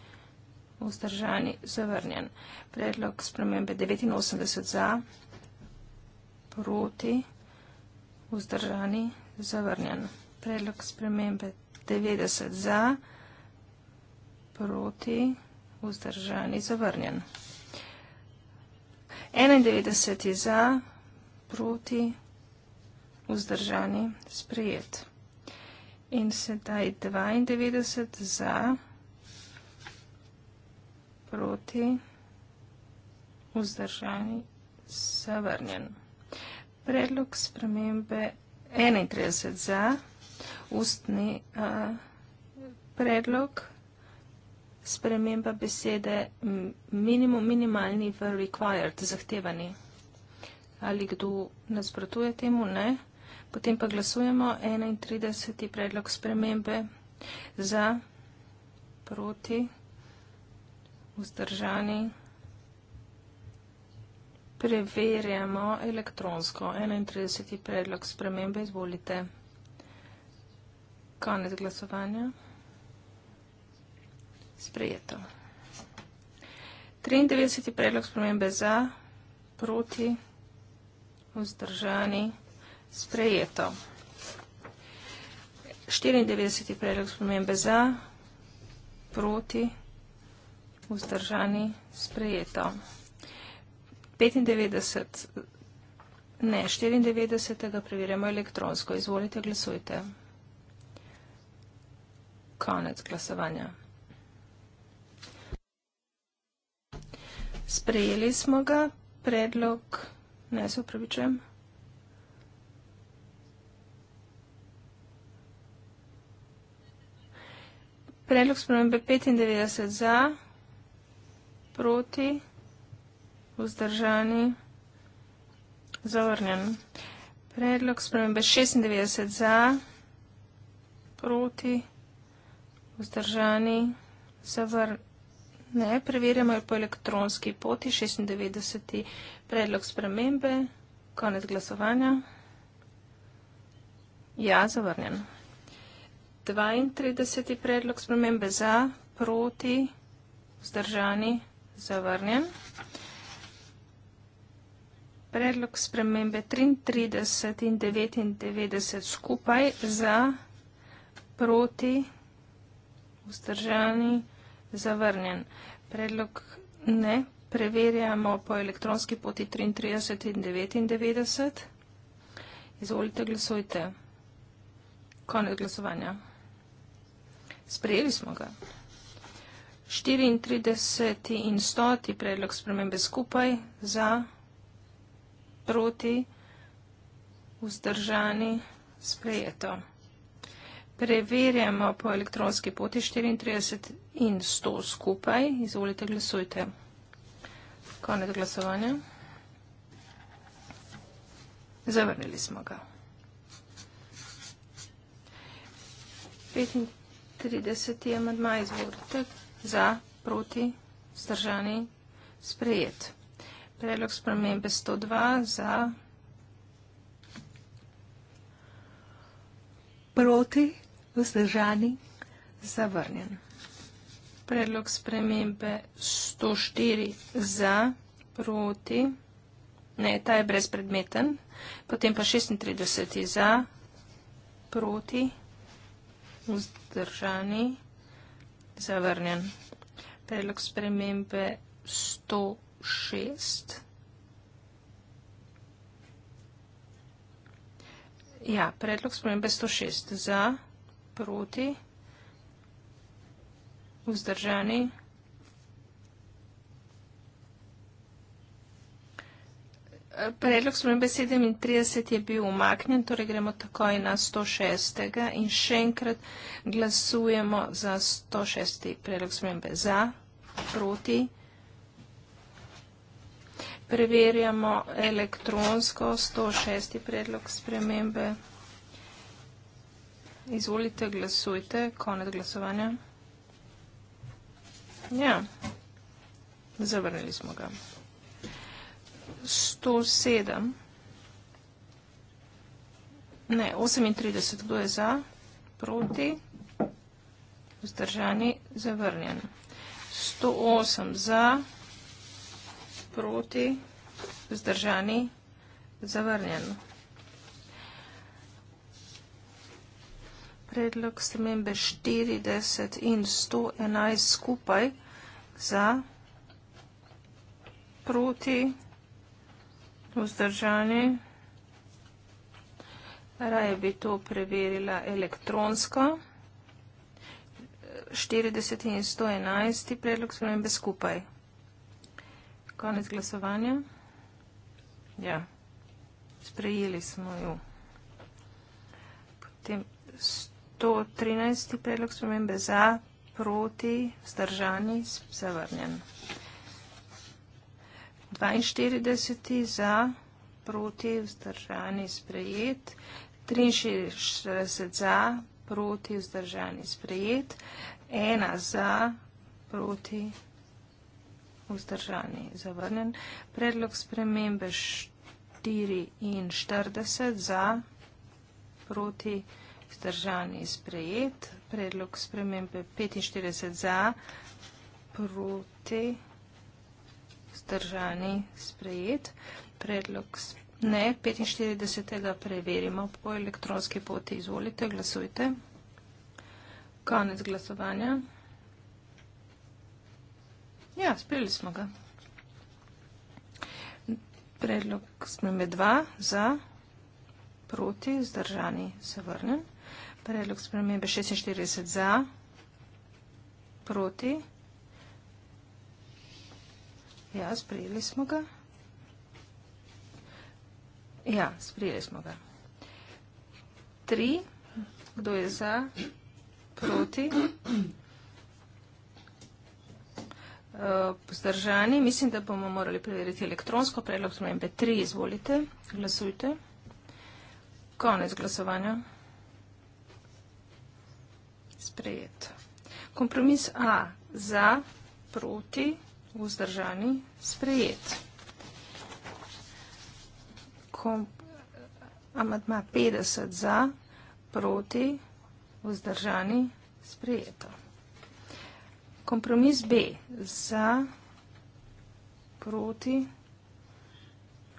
vzdržani, zavrnjen. Predlog spremembe 89 za, proti, vzdržani, zavrnjen vzdržani, zavrnjen. Predlog spremembe 90 za, proti, vzdržani, zavrnjen. 91 za, proti, vzdržani, sprejet. In sedaj 92 za, proti, vzdržani, zavrnjen. Predlog spremembe 31 za, ustni predlog, sprememba besede minimum, minimalni v required, zahtevani. Ali kdo nasprotuje temu? Ne. Potem pa glasujemo 31. predlog spremembe za, proti, vzdržani. Preverjamo elektronsko. 31. predlog spremembe. Izvolite. Konec glasovanja. Sprejeto. 93. predlog spremembe za, proti, vzdržani. Sprejeto. 94. predlog spremembe za, proti, vzdržani. Sprejeto. 95, ne 94, preverjamo elektronsko. Izvolite, glasujte. Konec glasovanja. Sprejeli smo ga, predlog, ne se upravičujem. Predlog spremembe 95 za, proti vzdržani. Zavrnjen. Predlog spremembe 96 za, proti, vzdržani, zavrnjen. Ne, preverjamo jo po elektronski poti. 96. predlog spremembe, konec glasovanja. Ja, zavrnjen. 32. predlog spremembe za, proti, vzdržani, zavrnjen predlog spremembe 33 in 99 skupaj za proti vzdržani zavrnjen. Predlog ne. Preverjamo po elektronski poti 33 in 99. Izvolite, glasujte. Konec glasovanja. Sprejeli smo ga. 34 in 100 predlog spremembe skupaj za proti, vzdržani, sprejeto. Preverjamo po elektronski poti 34 in 100 skupaj. Izvolite, glasujte. Konec glasovanja. Zavrnili smo ga. 35. amadma izvolite za, proti, zdržani, sprejeto. Predlog spremembe 102 za. Proti, vzdržani, zavrnjen. Predlog spremembe 104 za, proti, ne, ta je brezpredmeten, potem pa 36 za, proti, vzdržani, zavrnjen. Predlog spremembe 104 šest. Ja, predlog spremembe 106 za, proti, vzdržani, predlog spremembe 37 je bil umaknjen, torej gremo takoj na 106. in še enkrat glasujemo za 106. predlog spremembe za, proti, vzdržani preverjamo elektronsko 106. predlog spremembe. Izvolite, glasujte. Konec glasovanja. Ja, zavrnili smo ga. 107. Ne, 38. Kdo je za? Proti? Vzdržani? Zavrnjen. 108 za proti, vzdržani, zavrnjen. Predlog spremembe 40 in 111 skupaj za proti, vzdržani. Raje bi to preverila elektronsko. 40 in 111 predlog spremembe skupaj. Konec glasovanja. Ja, sprejeli smo jo. Potem 113. predlog spremembe za, proti, vzdržani, zavrnjen. 42. za, proti, vzdržani, sprejet. 63. za, proti, vzdržani, sprejet. 1. za, proti, vzdržani vzdržani. Zavrnjen predlog spremembe 44 za proti vzdržani sprejet. Predlog spremembe 45 za proti vzdržani sprejet. Predlog ne 45. preverimo po elektronski poti. Izvolite, glasujte. Konec glasovanja. Ja, sprejeli smo ga. Predlog spremembe 2 za, proti, zdržani, se vrnem. Predlog spremembe 46 za, proti. Ja, sprejeli smo ga. Ja, sprejeli smo ga. Tri, kdo je za, proti. Pozdržani. Mislim, da bomo morali preveriti elektronsko predlog spremembe 3. Izvolite, glasujte. Konec glasovanja. Sprejet. Kompromis A. Za, proti, vzdržani, sprejet. Amadma 50 za, proti, vzdržani, sprejeto. Kompromis B za, proti,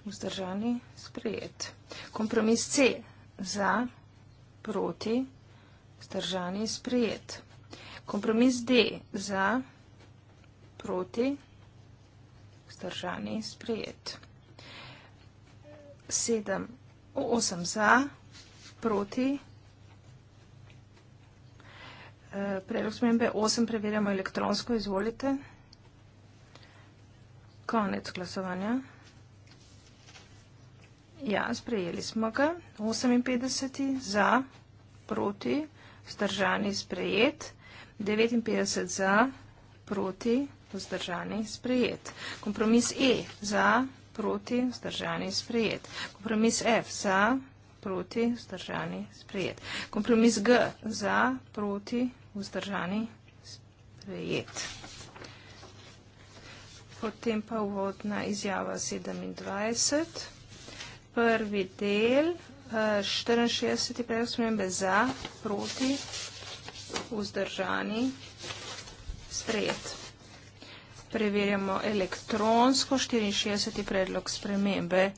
vzdržani, sprejet. Kompromis C za, proti, vzdržani, sprejet. Kompromis D za, proti, vzdržani, sprejet. 7, 8 za, proti, vzdržani, sprejet. Predlog smembe 8 preverjamo elektronsko, izvolite. Konec glasovanja. Ja, sprejeli smo ga. 58 za, proti, vzdržani, sprejet. 59 za, proti, vzdržani, sprejet. Kompromis E za, proti, vzdržani, sprejet. Kompromis F za, proti, vzdržani, sprejet. Kompromis G za, proti, vzdržani, sprejet vzdržani, sprejet. Potem pa uvodna izjava 27. Prvi del, 64. Eh, predlog spremembe za, proti, vzdržani, sprejet. Preverjamo elektronsko 64. predlog spremembe.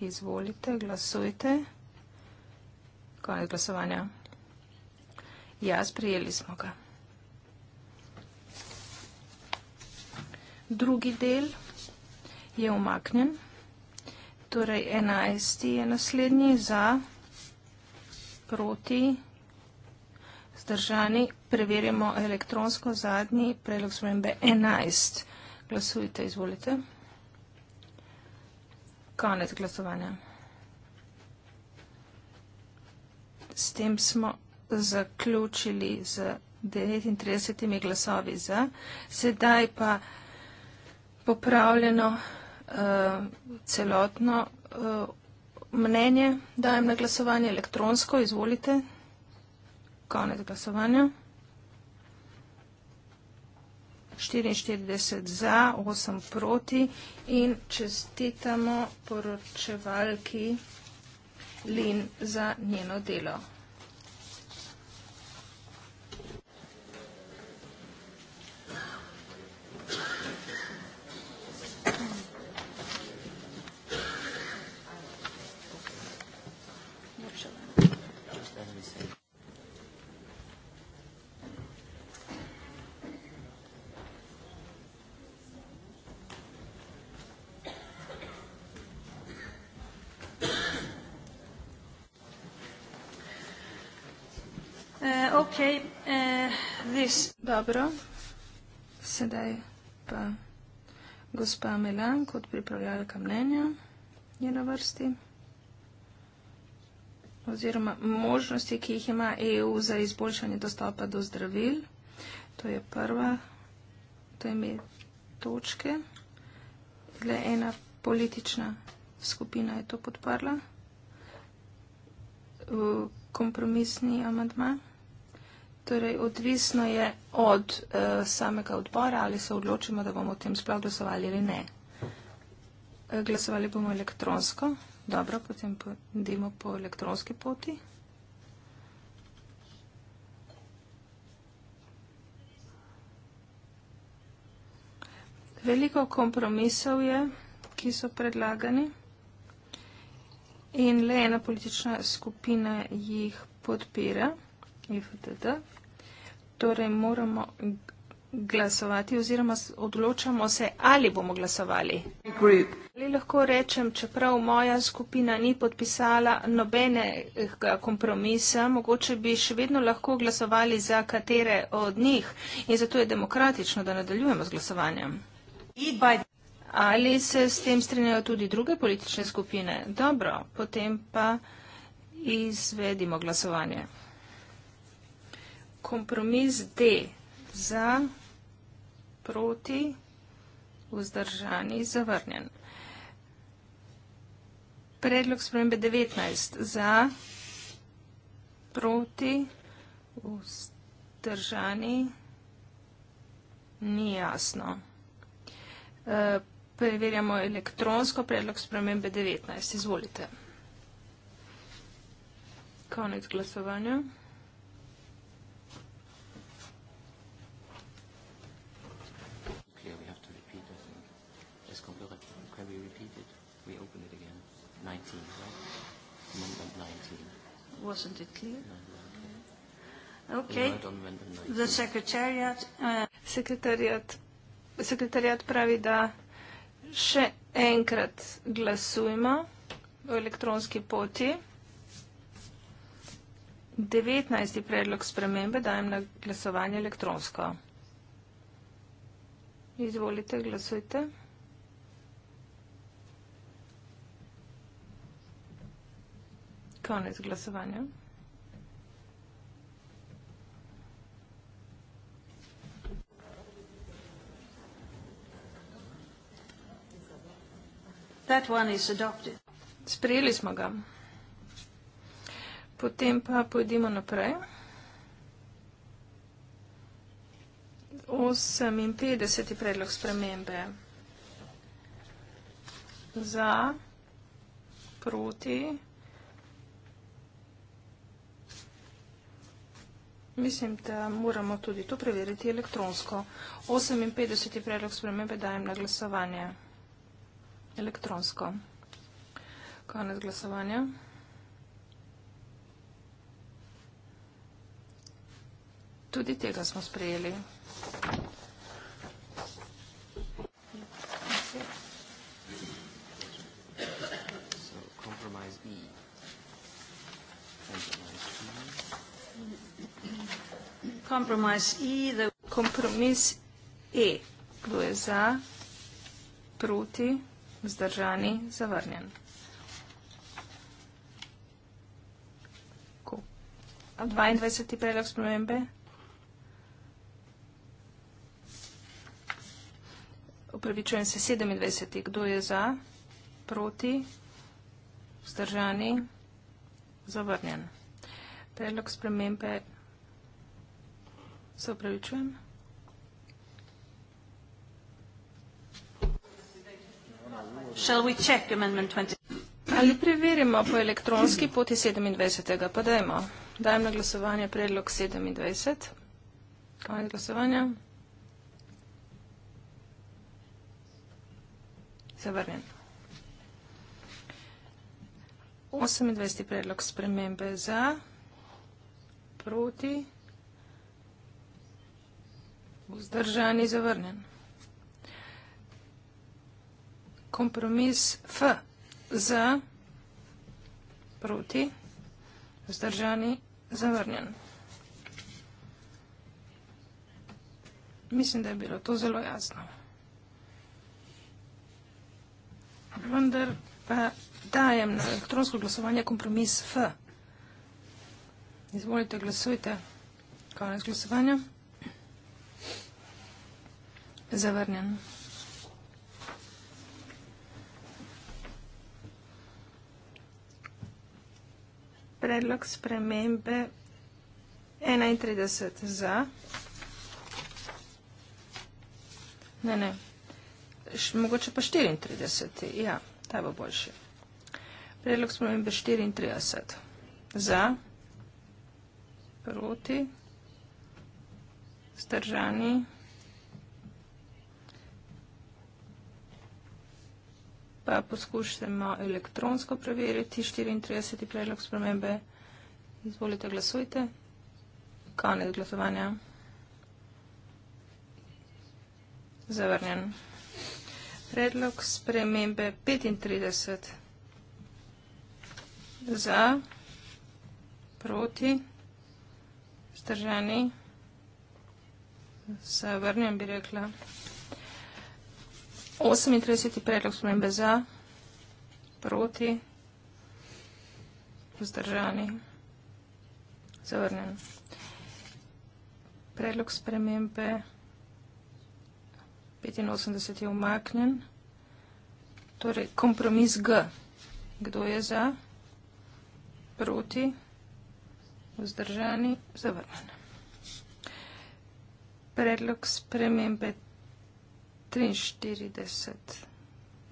Izvolite, glasujte. Konec glasovanja. Ja, sprejeli smo ga. Drugi del je umaknjen, torej 11. je naslednji za proti zdržani. Preverimo elektronsko zadnji predlog spremembe 11. Glasujte, izvolite. Konec glasovanja. S tem smo zaključili z 39 glasovi za, sedaj pa popravljeno uh, celotno uh, mnenje dajem na glasovanje elektronsko, izvolite, konec glasovanja. 44 za, 8 proti in čestitamo poročevalki Lin za njeno delo. Dobro, sedaj pa gospa Melan kot pripravljalka mnenja je na vrsti oziroma možnosti, ki jih ima EU za izboljšanje dostopa do zdravil. To je prva, to je med točke. Gle, ena politična skupina je to podparla. Kompromisni amadma. Torej, odvisno je od uh, samega odbora, ali se odločimo, da bomo o tem sploh glasovali ali ne. Eh, glasovali bomo elektronsko. Dobro, potem pojdimo po elektronski poti. Veliko kompromisov je, ki so predlagani in le ena politična skupina jih podpira itd. Torej moramo glasovati oziroma odločamo se, ali bomo glasovali. Group. Ali lahko rečem, čeprav moja skupina ni podpisala nobene kompromisa, mogoče bi še vedno lahko glasovali za katere od njih in zato je demokratično, da nadaljujemo z glasovanjem. Ali se s tem strinjajo tudi druge politične skupine? Dobro, potem pa izvedimo glasovanje kompromis D za proti vzdržani zavrnjen. Predlog spremembe 19 za proti vzdržani ni jasno. E, preverjamo elektronsko predlog spremembe 19. Izvolite. Konec glasovanja. wasn't it clear? Okay. The secretariat. Uh, sekretariat. Sekretariat pravi, da še enkrat glasujemo v elektronski poti. 19. predlog spremembe dajem na glasovanje elektronsko. Izvolite, glasujte. Glasujte. koniec głosowania. That one is adopted. Sprejeli smo ga. Potem pa pojdimo naprej. 58. predlog spremembe. Za, proti, Mislim, da moramo tudi to preveriti elektronsko. 58. predlog spremembe dajem na glasovanje. Elektronsko. Konec glasovanja. Tudi tega smo sprejeli. Compromise E, da kompromis E. Kdo je za, proti, vzdržani, zavrnjen. Ko? 22. predlog spremembe. Upravičujem se 27. Kdo je za, proti, vzdržani, zavrnjen. Predlog spremembe. Se upravičujem. Shall we check amendment 20? Ali preverimo po elektronski poti 27. Pa dajmo. Dajem na glasovanje predlog 27. Kaj je glasovanja? Zavrnjen. 28. predlog spremembe za proti Vzdržani zavrnen. Kompromis F za proti. Vzdržani zavrnen. Mislim, da je bilo to zelo jasno. Vendar pa dajem na elektronsko glasovanje kompromis F. Izvolite, glasujte. Konec glasovanja. Zavrnjen. Predlog spremembe 31 za. Ne, ne. Mogoče pa 34. Ja, ta bo boljši. Predlog spremembe 34 za. Proti. Stržani. Zdržani. pa poskušamo elektronsko preveriti 34. predlog spremembe. Izvolite, glasujte. Konec glasovanja. Zavrnjen. Predlog spremembe 35. Za, proti, vzdržani, zavrnjen bi rekla. 38. predlog spremembe za, proti, vzdržani, zavrnjen. Predlog spremembe 85 je umaknjen. Torej, kompromis G. Kdo je za, proti, vzdržani, zavrnjen. Predlog spremembe 43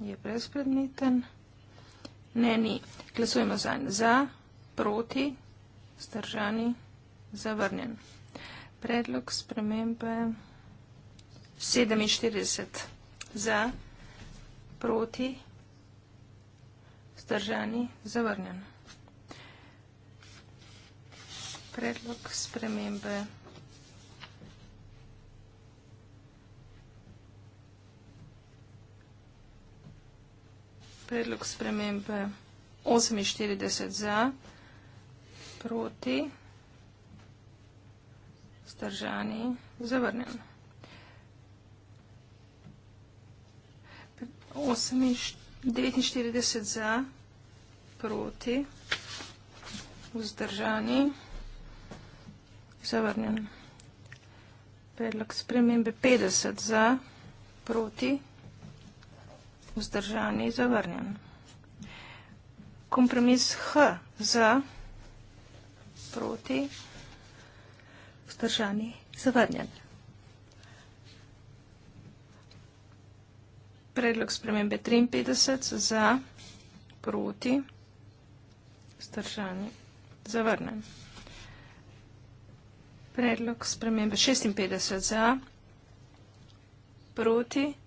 je brezpredmeten. Ne, ni. Glasujemo za, za proti, zdržani, zavrnjen. Predlog spremembe 47 za, proti, zdržani, zavrnjen. Predlog spremembe 48. predlog spremembe 48 za, proti, zdržani, zavrnjen. 49 za, proti, vzdržani, zavrnjen. Predlog spremembe 50 za, proti, zdržani vzdržan in zavrnjen. Kompromis H za proti vzdržan in zavrnjen. Predlog spremembe 53 za proti vzdržan in zavrnjen. Predlog spremembe 56 za proti vzdržan in zavrnjen.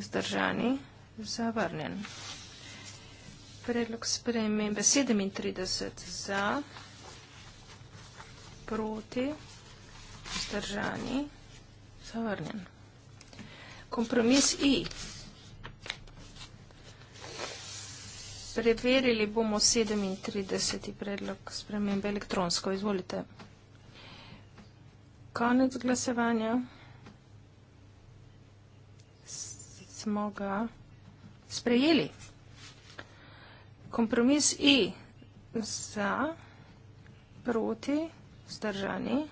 Vzdržani. Zavrnjen. Predlog spremembe 37 za, proti, vzdržani, zavrnjen. Kompromis I. Preverili bomo 37. predlog spremembe elektronsko. Izvolite. Konec glasevanja. smo ga sprejeli. Kompromis I za, proti, zdržani,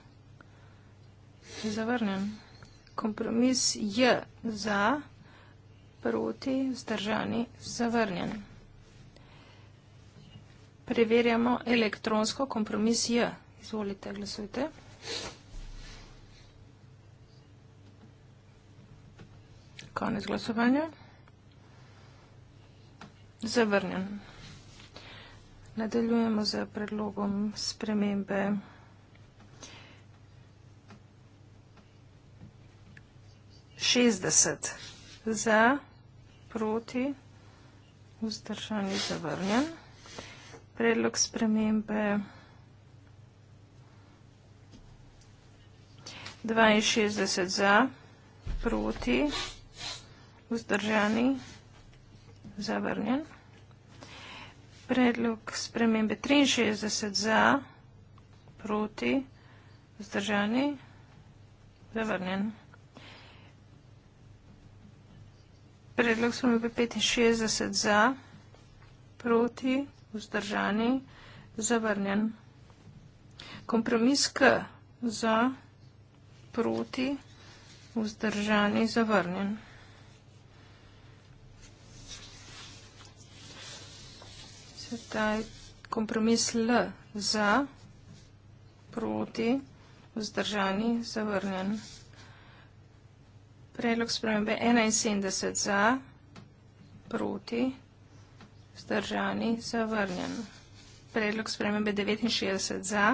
zavrnem. Kompromis J za, proti, zdržani, zavrnjen. Preverjamo elektronsko kompromis J. Izvolite, glasujte. Zdravljamo. Konec glasovanja. Zavrnjen. Nadaljujemo z predlogom spremembe šestdeset za, proti, vzdržan in zavrnjen. Predlog spremembe dvainšestdeset za, proti, vzdržan in zavrnjen vzdržani, zavrnjen. Predlog spremembe 63 za, proti, vzdržani, zavrnjen. Predlog spremembe 65 za, proti, vzdržani, zavrnjen. Kompromis K za, proti, vzdržani, zavrnjen. Sedaj kompromis L za, proti, vzdržani, zavrnjen. Predlog spremembe 71 za, proti, vzdržani, zavrnjen. Predlog spremembe 69 za,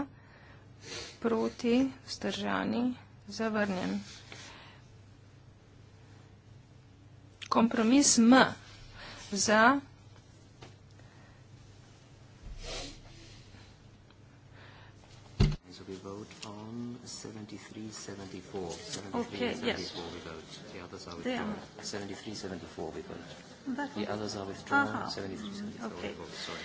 proti, vzdržani, zavrnjen. Kompromis M za, proti, vzdržani, zavrnjen. 73, 74. 73, okay, 74 yes. we vote. The others are withdrawn. Are. 73, 74 we vote. That the others are withdrawn. Uh -huh. 73, 74 okay. we vote. Sorry.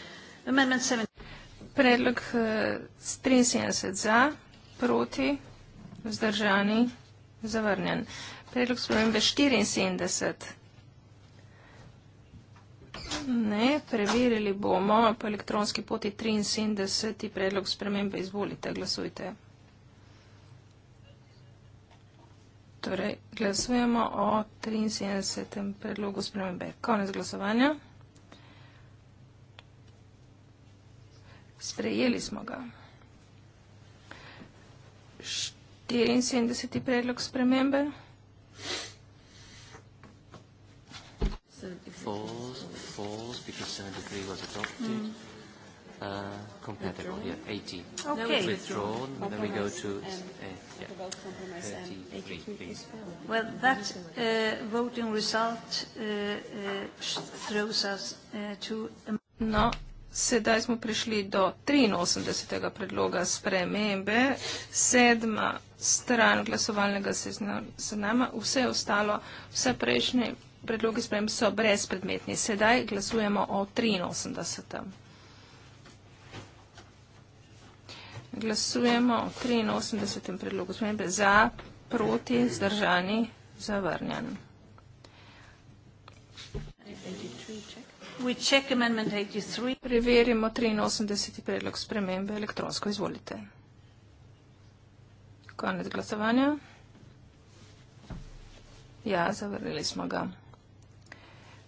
Amendment 73. Predlog 73 eh, za, proti, vzdržani, zavrnjen. Predlog spremembe 74. Ne, preverili bomo po elektronski poti 73. Predlog spremembe izvolite, glasujte. Torej, glasujemo o 73. predlogu spremembe. Konec glasovanja. Sprejeli smo ga. 74. predlog spremembe. Falls, falls, because 73 was adopted. Mm. Uh, compatible here, yeah, 18. No okay. Withdrawn, and then we go to uh, yeah, 33, please. Well, that uh, voting result uh, uh, throws us uh, to... No. Sedaj smo prišli do 83. predloga spremembe, sedma stran glasovalnega seznama, vse ostalo, vse prejšnje predloge sprememb so brezpredmetni. Sedaj glasujemo o 83. predloga. Glasujemo o 83. predlogu spremembe za, proti, zdržani, zavrnjen. Preverimo 83. predlog spremembe elektronsko. Izvolite. Konec glasovanja. Ja, zavrnili smo ga.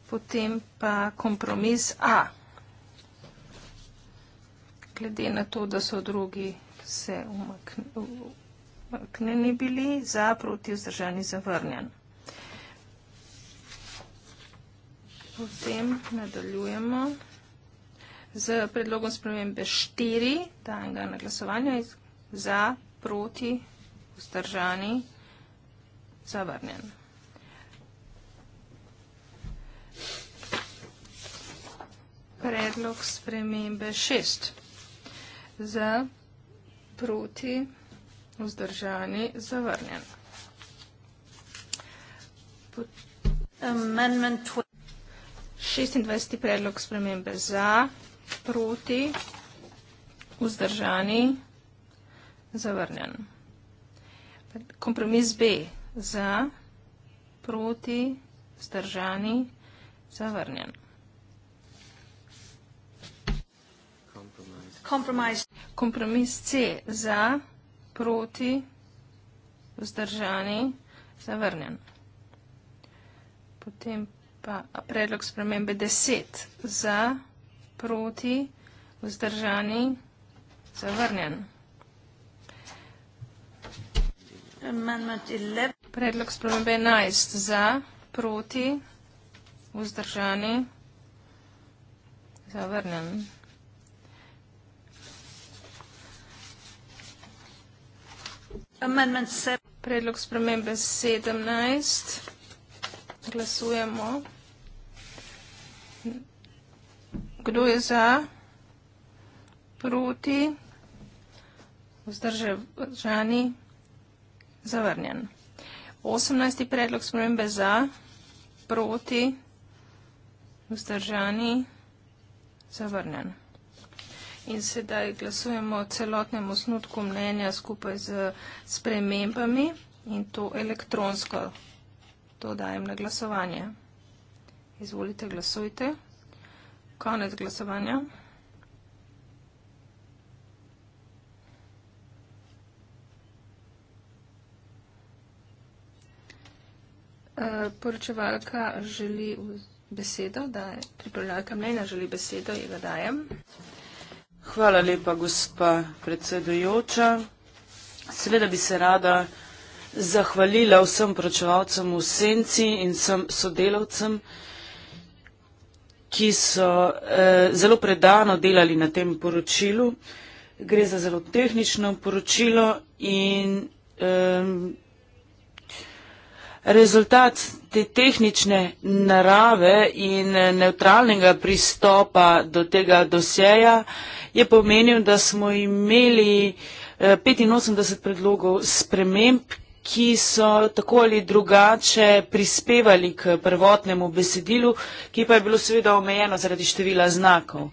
Potem pa kompromis A. 83 glede na to, da so drugi se umaknjeni bili, za proti vzdržani zavrnjen. Potem nadaljujemo z predlogom spremembe 4, danega na glasovanju, za proti vzdržani zavrnjen. Predlog spremembe 6 za, proti, vzdržani, zavrnjen. Amendment 26. predlog spremembe za, proti, vzdržani, zavrnjen. Kompromis B za, proti, vzdržani, zavrnjen. Kompromis C za, proti, vzdržani, zavrnjen. Potem pa predlog spremembe 10 za, proti, vzdržani, zavrnjen. Predlog spremembe 11 za, proti, vzdržani, zavrnjen. Zavrnjen. Predlog spremembe 17. Glasujemo. Kdo je za? Proti? Vzdržani? Zavrnjen. 18. predlog spremembe za? Proti? Vzdržani? Zavrnjen in sedaj glasujemo o celotnem osnutku mnenja skupaj z spremembami in to elektronsko. To dajem na glasovanje. Izvolite, glasujte. Konec glasovanja. E, poročevalka želi besedo, da je pripravljalka mnenja želi besedo, jih ga dajem. Hvala lepa, gospa predsedujoča. Sveda bi se rada zahvalila vsem pročevalcem v Senci in vsem sodelavcem, ki so eh, zelo predano delali na tem poročilu. Gre za zelo tehnično poročilo in eh, rezultat te tehnične narave in eh, neutralnega pristopa do tega dosjeja eh, je pomenil, da smo imeli 85 eh, predlogov sprememb, ki so tako ali drugače prispevali k prvotnemu besedilu, ki pa je bilo seveda omejeno zaradi števila znakov.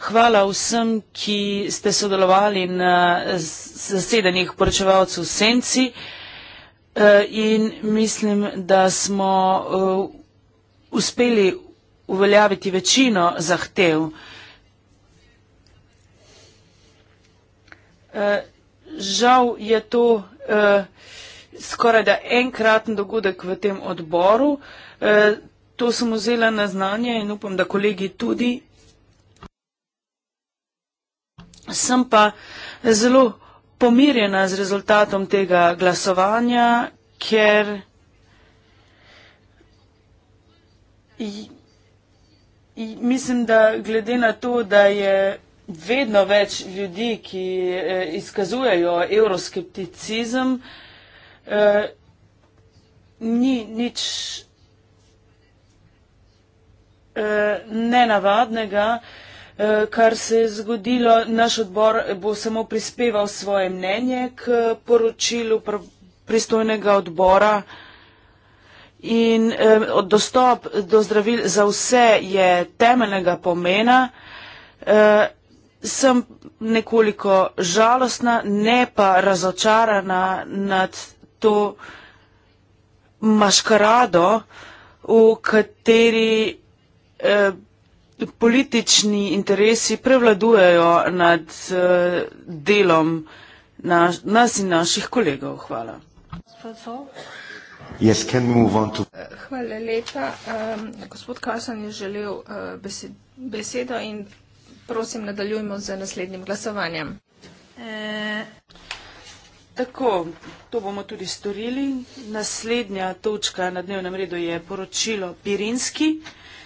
Hvala vsem, ki ste sodelovali na zasedanjih poročevalcev Senci eh, in mislim, da smo eh, uspeli uveljaviti večino zahtev. Eh, žal je to eh, skoraj da enkraten dogodek v tem odboru. Eh, to sem vzela na znanje in upam, da kolegi tudi. Sem pa zelo pomirjena z rezultatom tega glasovanja, ker mislim, da glede na to, da je vedno več ljudi, ki eh, izkazujejo euroskepticizem, eh, ni nič eh, nenavadnega, eh, kar se je zgodilo. Naš odbor bo samo prispeval svoje mnenje k poročilu pr pristojnega odbora. In eh, dostop do zdravil za vse je temeljnega pomena. Eh, sem nekoliko žalostna, ne pa razočarana nad to maškarado, v kateri eh, politični interesi prevladujejo nad uh, delom naš, nas in naših kolegov. Hvala. Yes, to... Hvala lepa. Um, gospod Kasan je želel uh, besedo in Prosim, nadaljujmo z naslednjim glasovanjem. Eh, tako, to bomo tudi storili. Naslednja točka na dnevnem redu je poročilo Pirinski.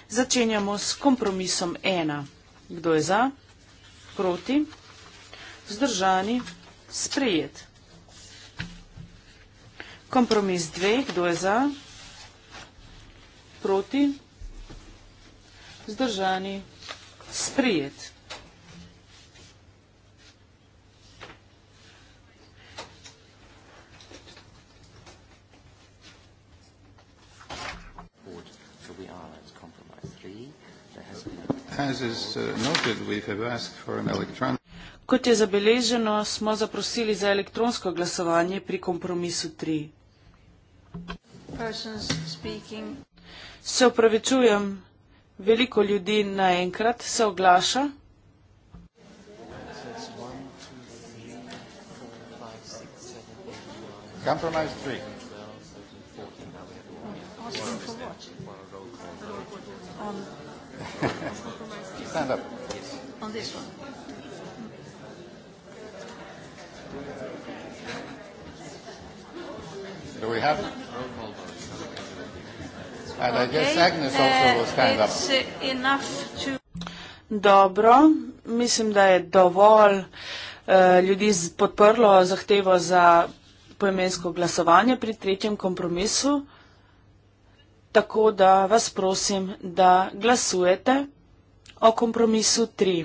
Začenjamo s kompromisom 1. Kdo je za? Proti? Zdržani? Sprejet. Kompromis 2. Kdo je za? Proti? Zdržani? Sprejet. Uh, Kot je zabeleženo, smo zaprosili za elektronsko glasovanje pri kompromisu 3. Se upravičujem, veliko ljudi naenkrat se oglaša. Compromise three. Asking for what? On. stand up. Yes. On this one. Do we have And okay. I guess Agnes also uh, will stand it's up. Uh, it's enough to... Dobro, mislim, da je dovolj uh, ljudi podprlo zahtevo za poimensko glasovanje pri tretjem kompromisu, tako da vas prosim, da glasujete ao compromisso 3.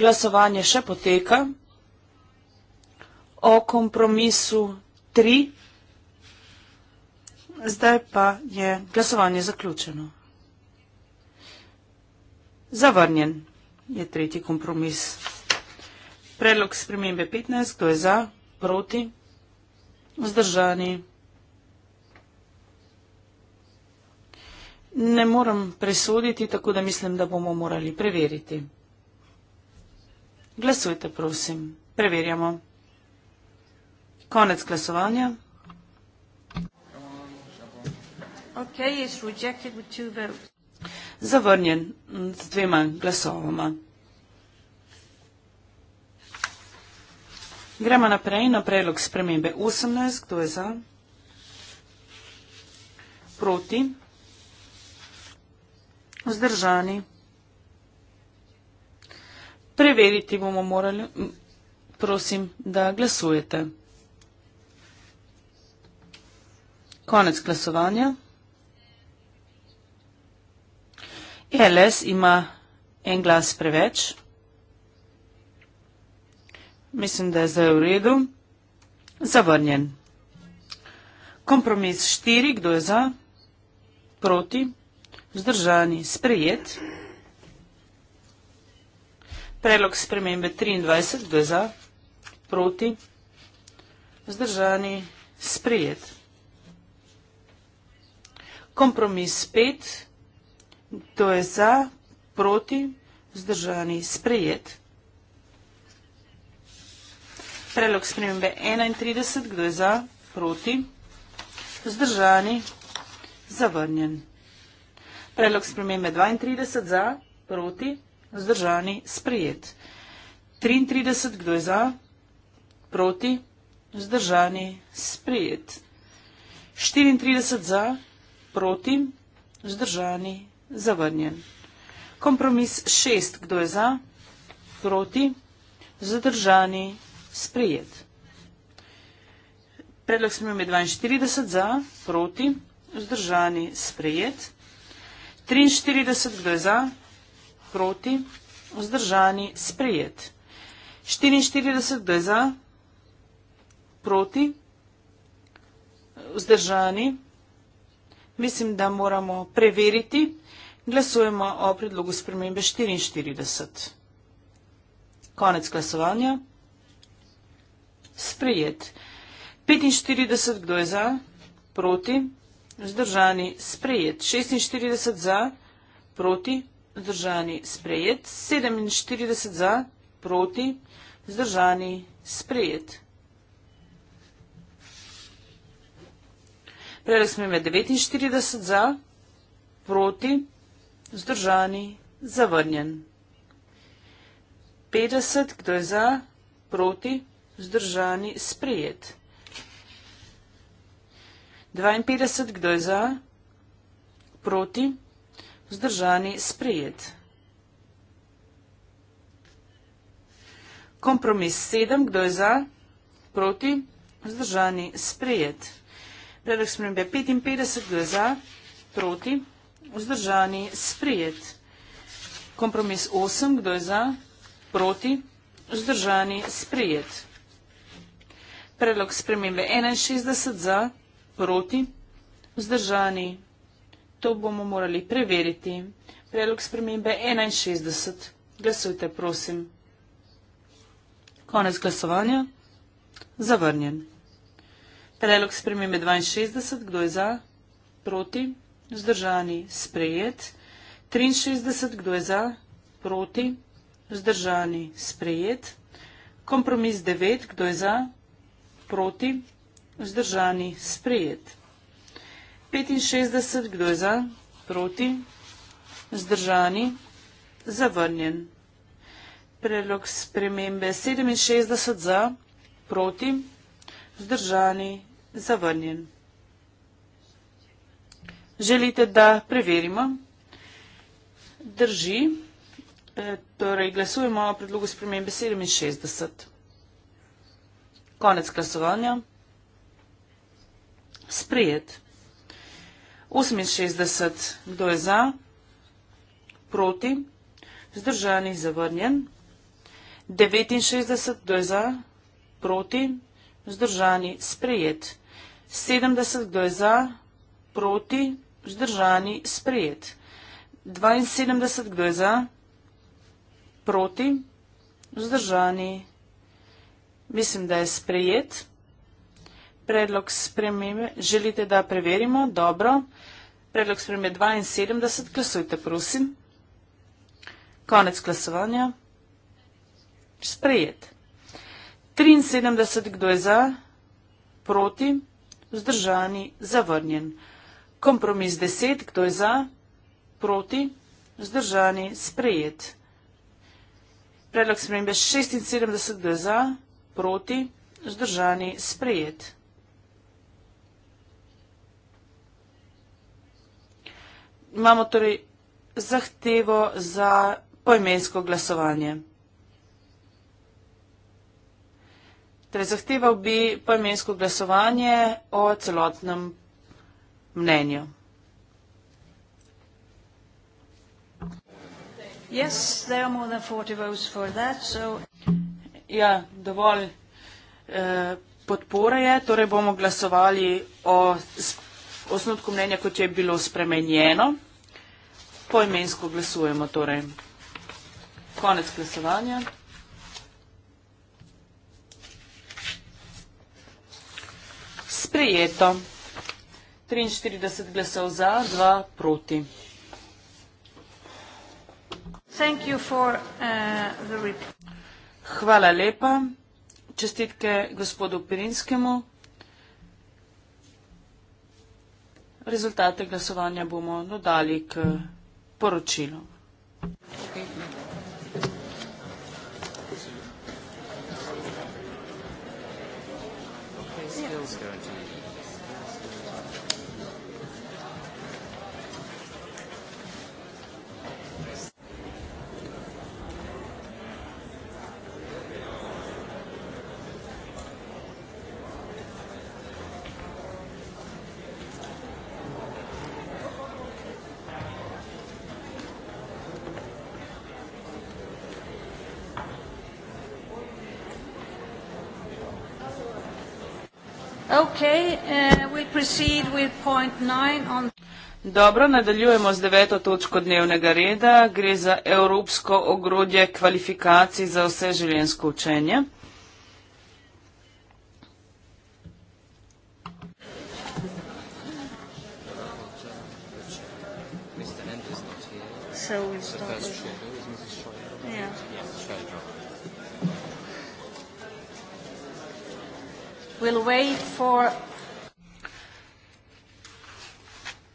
Glasovanje še poteka o kompromisu 3. Zdaj pa je glasovanje zaključeno. Zavrnjen je tretji kompromis. Predlog spremembe 15. Kdo je za? Proti? vzdržani. Ne moram presuditi, tako da mislim, da bomo morali preveriti. Glasujte, prosim. Preverjamo. Konec glasovanja. Zavrnjen z dvema glasovoma. Gremo naprej na predlog spremembe 18. Kdo je za? Proti? Vzdržani? Preveriti bomo morali. Prosim, da glasujete. Konec glasovanja. ELS ima en glas preveč. Mislim, da je zdaj v redu. Zavrnjen. Kompromis 4. Kdo je za? Proti. Vzdržani. Sprejet. Predlog spremembe 23. Kdo je za? Proti. Vzdržani. Sprejet. Kompromis 5. Kdo je za? Proti. Vzdržani. Sprejet. Predlog spremembe 31, kdo je za, proti, vzdržani, zavrnjen. Predlog spremembe 32, za, proti, vzdržani, sprejet. 33, kdo je za, proti, vzdržani, sprejet. 34, za, proti, vzdržani, zavrnjen. Kompromis 6, kdo je za, proti, vzdržani, sprejet sprejet. Predlog smo imeli 42 za, proti, vzdržani, sprejet. 43, kdo je za, proti, vzdržani, sprejet. 44, kdo je za, proti, vzdržani. Mislim, da moramo preveriti. Glasujemo o predlogu spremembe 44. Konec glasovanja sprejet. 45, kdo je za? Proti, zdržani, sprejet. 46 za, proti, zdržani, sprejet. 47 za, proti, zdržani, sprejet. Prele smo imeli 49 za, proti, zdržani, zavrnjen. 50, kdo je za, proti, zdržani, sprejet vzdržani, sprejet. 52, kdo je za? Proti, vzdržani, sprejet. Kompromis 7, kdo je za? Proti, vzdržani, sprejet. Predlog spremembe 55, kdo je za? Proti, vzdržani, sprejet. Kompromis 8, kdo je za? Proti, vzdržani, sprejet. Predlog spremembe 61 za, proti, vzdržani. To bomo morali preveriti. Predlog spremembe 61. Glasujte, prosim. Konec glasovanja. Zavrnjen. Predlog spremembe 62. Kdo je za? Proti. Vzdržani. Sprejet. 63. Kdo je za? Proti. Vzdržani. Sprejet. Kompromis 9. Kdo je za? Proti proti, vzdržani, sprejet. 65, kdo je za, proti, vzdržani, zavrnjen. Predlog spremembe 67 za, proti, vzdržani, zavrnjen. Želite, da preverimo? Drži. E, torej, glasujemo o predlogu spremembe 67. Konec glasovanja. Sprijet. 68. Kdo je za? Proti. Zdržani. Zavrnjen. 69. Kdo je za? Proti. Zdržani. Sprijet. 70. Kdo je za? Proti. Zdržani. Sprijet. 72. Kdo je za? Proti. Zdržani. Sprijet. Mislim, da je sprejet. Predlog spremembe želite, da preverimo? Dobro. Predlog spremembe 72. Glasujte, prosim. Konec glasovanja. Sprejet. 73. Kdo je za? Proti? Vzdržani? Zavrnjen. Kompromis 10. Kdo je za? Proti? Vzdržani? Sprejet. Predlog spremembe 76. Kdo je za? Proti? proti, zdržani, sprejet. Imamo torej zahtevo za poimensko glasovanje. Torej zahteval bi poimensko glasovanje o celotnem mnenju. Yes, there are more than 40 votes for that, so... Ja, dovolj eh, podpore je, torej bomo glasovali o osnutku mnenja, kot je bilo spremenjeno. Poimensko glasujemo, torej. Konec glasovanja. Sprejeto. 43 glasov za, 2 proti. Thank you for uh, the report. Hvala lepa. Čestitke gospodu Pirinskemu. Rezultate glasovanja bomo dodali k poročilu. Okay. Okay, Dobro, nadaljujemo z deveto točko dnevnega reda. Gre za evropsko ogrodje kvalifikacij za vse življenjsko učenje. We'll wait for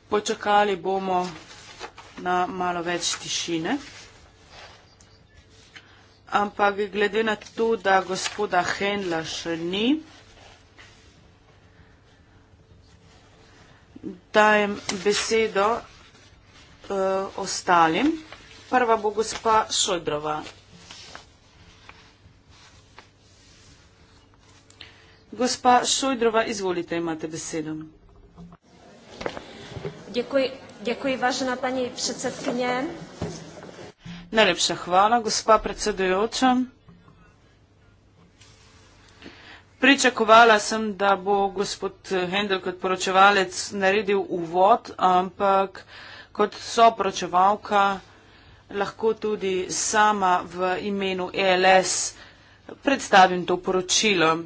počakali bomo na malo več tišine. Ampak glede na to, da gospoda Henla še ni, dajem besedo uh, ostalim. Prva bo gospa Šojdrova. Gospa Šojdrova, izvolite, imate besedo. Děkuji, děkuji vážená paní předsedkyně. Najlepša hvala, gospa predsedujoča. Pričakovala sem, da bo gospod Hendel kot poročevalec naredil uvod, ampak kot sopročevalka lahko tudi sama v imenu ELS predstavim to poročilo.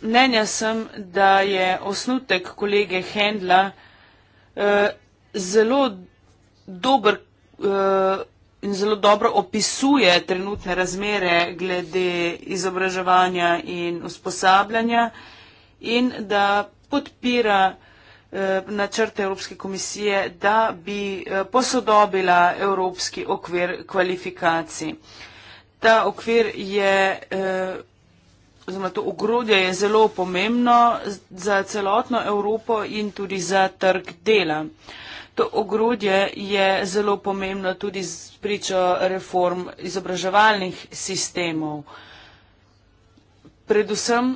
Mnenja sem, da je osnutek kolege Hendla Eh, zelo dober eh, in zelo dobro opisuje trenutne razmere glede izobraževanja in usposabljanja in da podpira eh, načrte Evropske komisije, da bi posodobila Evropski okvir kvalifikacij. Ta okvir je oziroma to ogrodje je zelo pomembno za celotno Evropo in tudi za trg dela. To ogrodje je zelo pomembno tudi z pričo reform izobraževalnih sistemov. Predvsem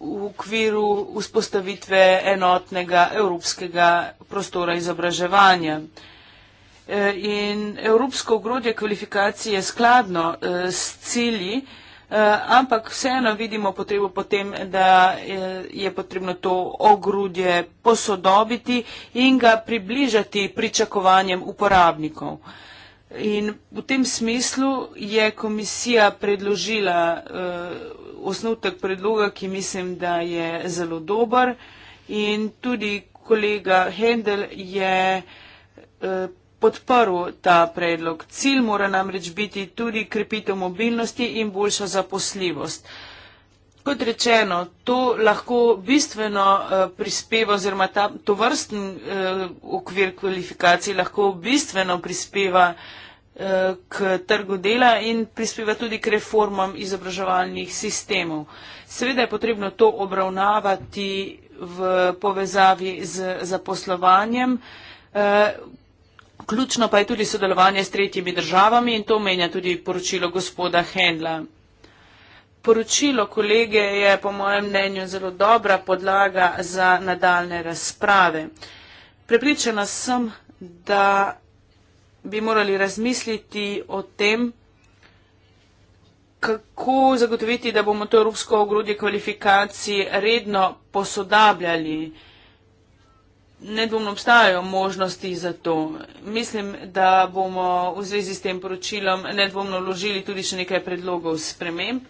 v okviru vzpostavitve enotnega evropskega prostora izobraževanja. E, in evropsko ogrodje kvalifikacije je skladno e, s cilji, Eh, ampak vseeno vidimo potrebo potem, da eh, je potrebno to ogrudje posodobiti in ga približati pričakovanjem uporabnikov. In v tem smislu je komisija predložila uh, osnutek predloga, ki mislim, da je zelo dober in tudi kolega Hendel je uh, podprl ta predlog. Cilj mora namreč biti tudi krepitev mobilnosti in boljša zaposljivost. Kot rečeno, to lahko bistveno eh, prispeva oziroma ta, to vrsten eh, okvir kvalifikacij lahko bistveno prispeva eh, k trgu dela in prispeva tudi k reformam izobraževalnih sistemov. Seveda je potrebno to obravnavati v povezavi z zaposlovanjem. Ključno pa je tudi sodelovanje s tretjimi državami in to menja tudi poročilo gospoda Hendla. Poročilo kolege je po mojem mnenju zelo dobra podlaga za nadaljne razprave. Prepričana sem, da bi morali razmisliti o tem, kako zagotoviti, da bomo to evropsko ogrodje kvalifikacij redno posodabljali nedvomno obstajajo možnosti za to. Mislim, da bomo v zvezi s tem poročilom nedvomno vložili tudi še nekaj predlogov sprememb.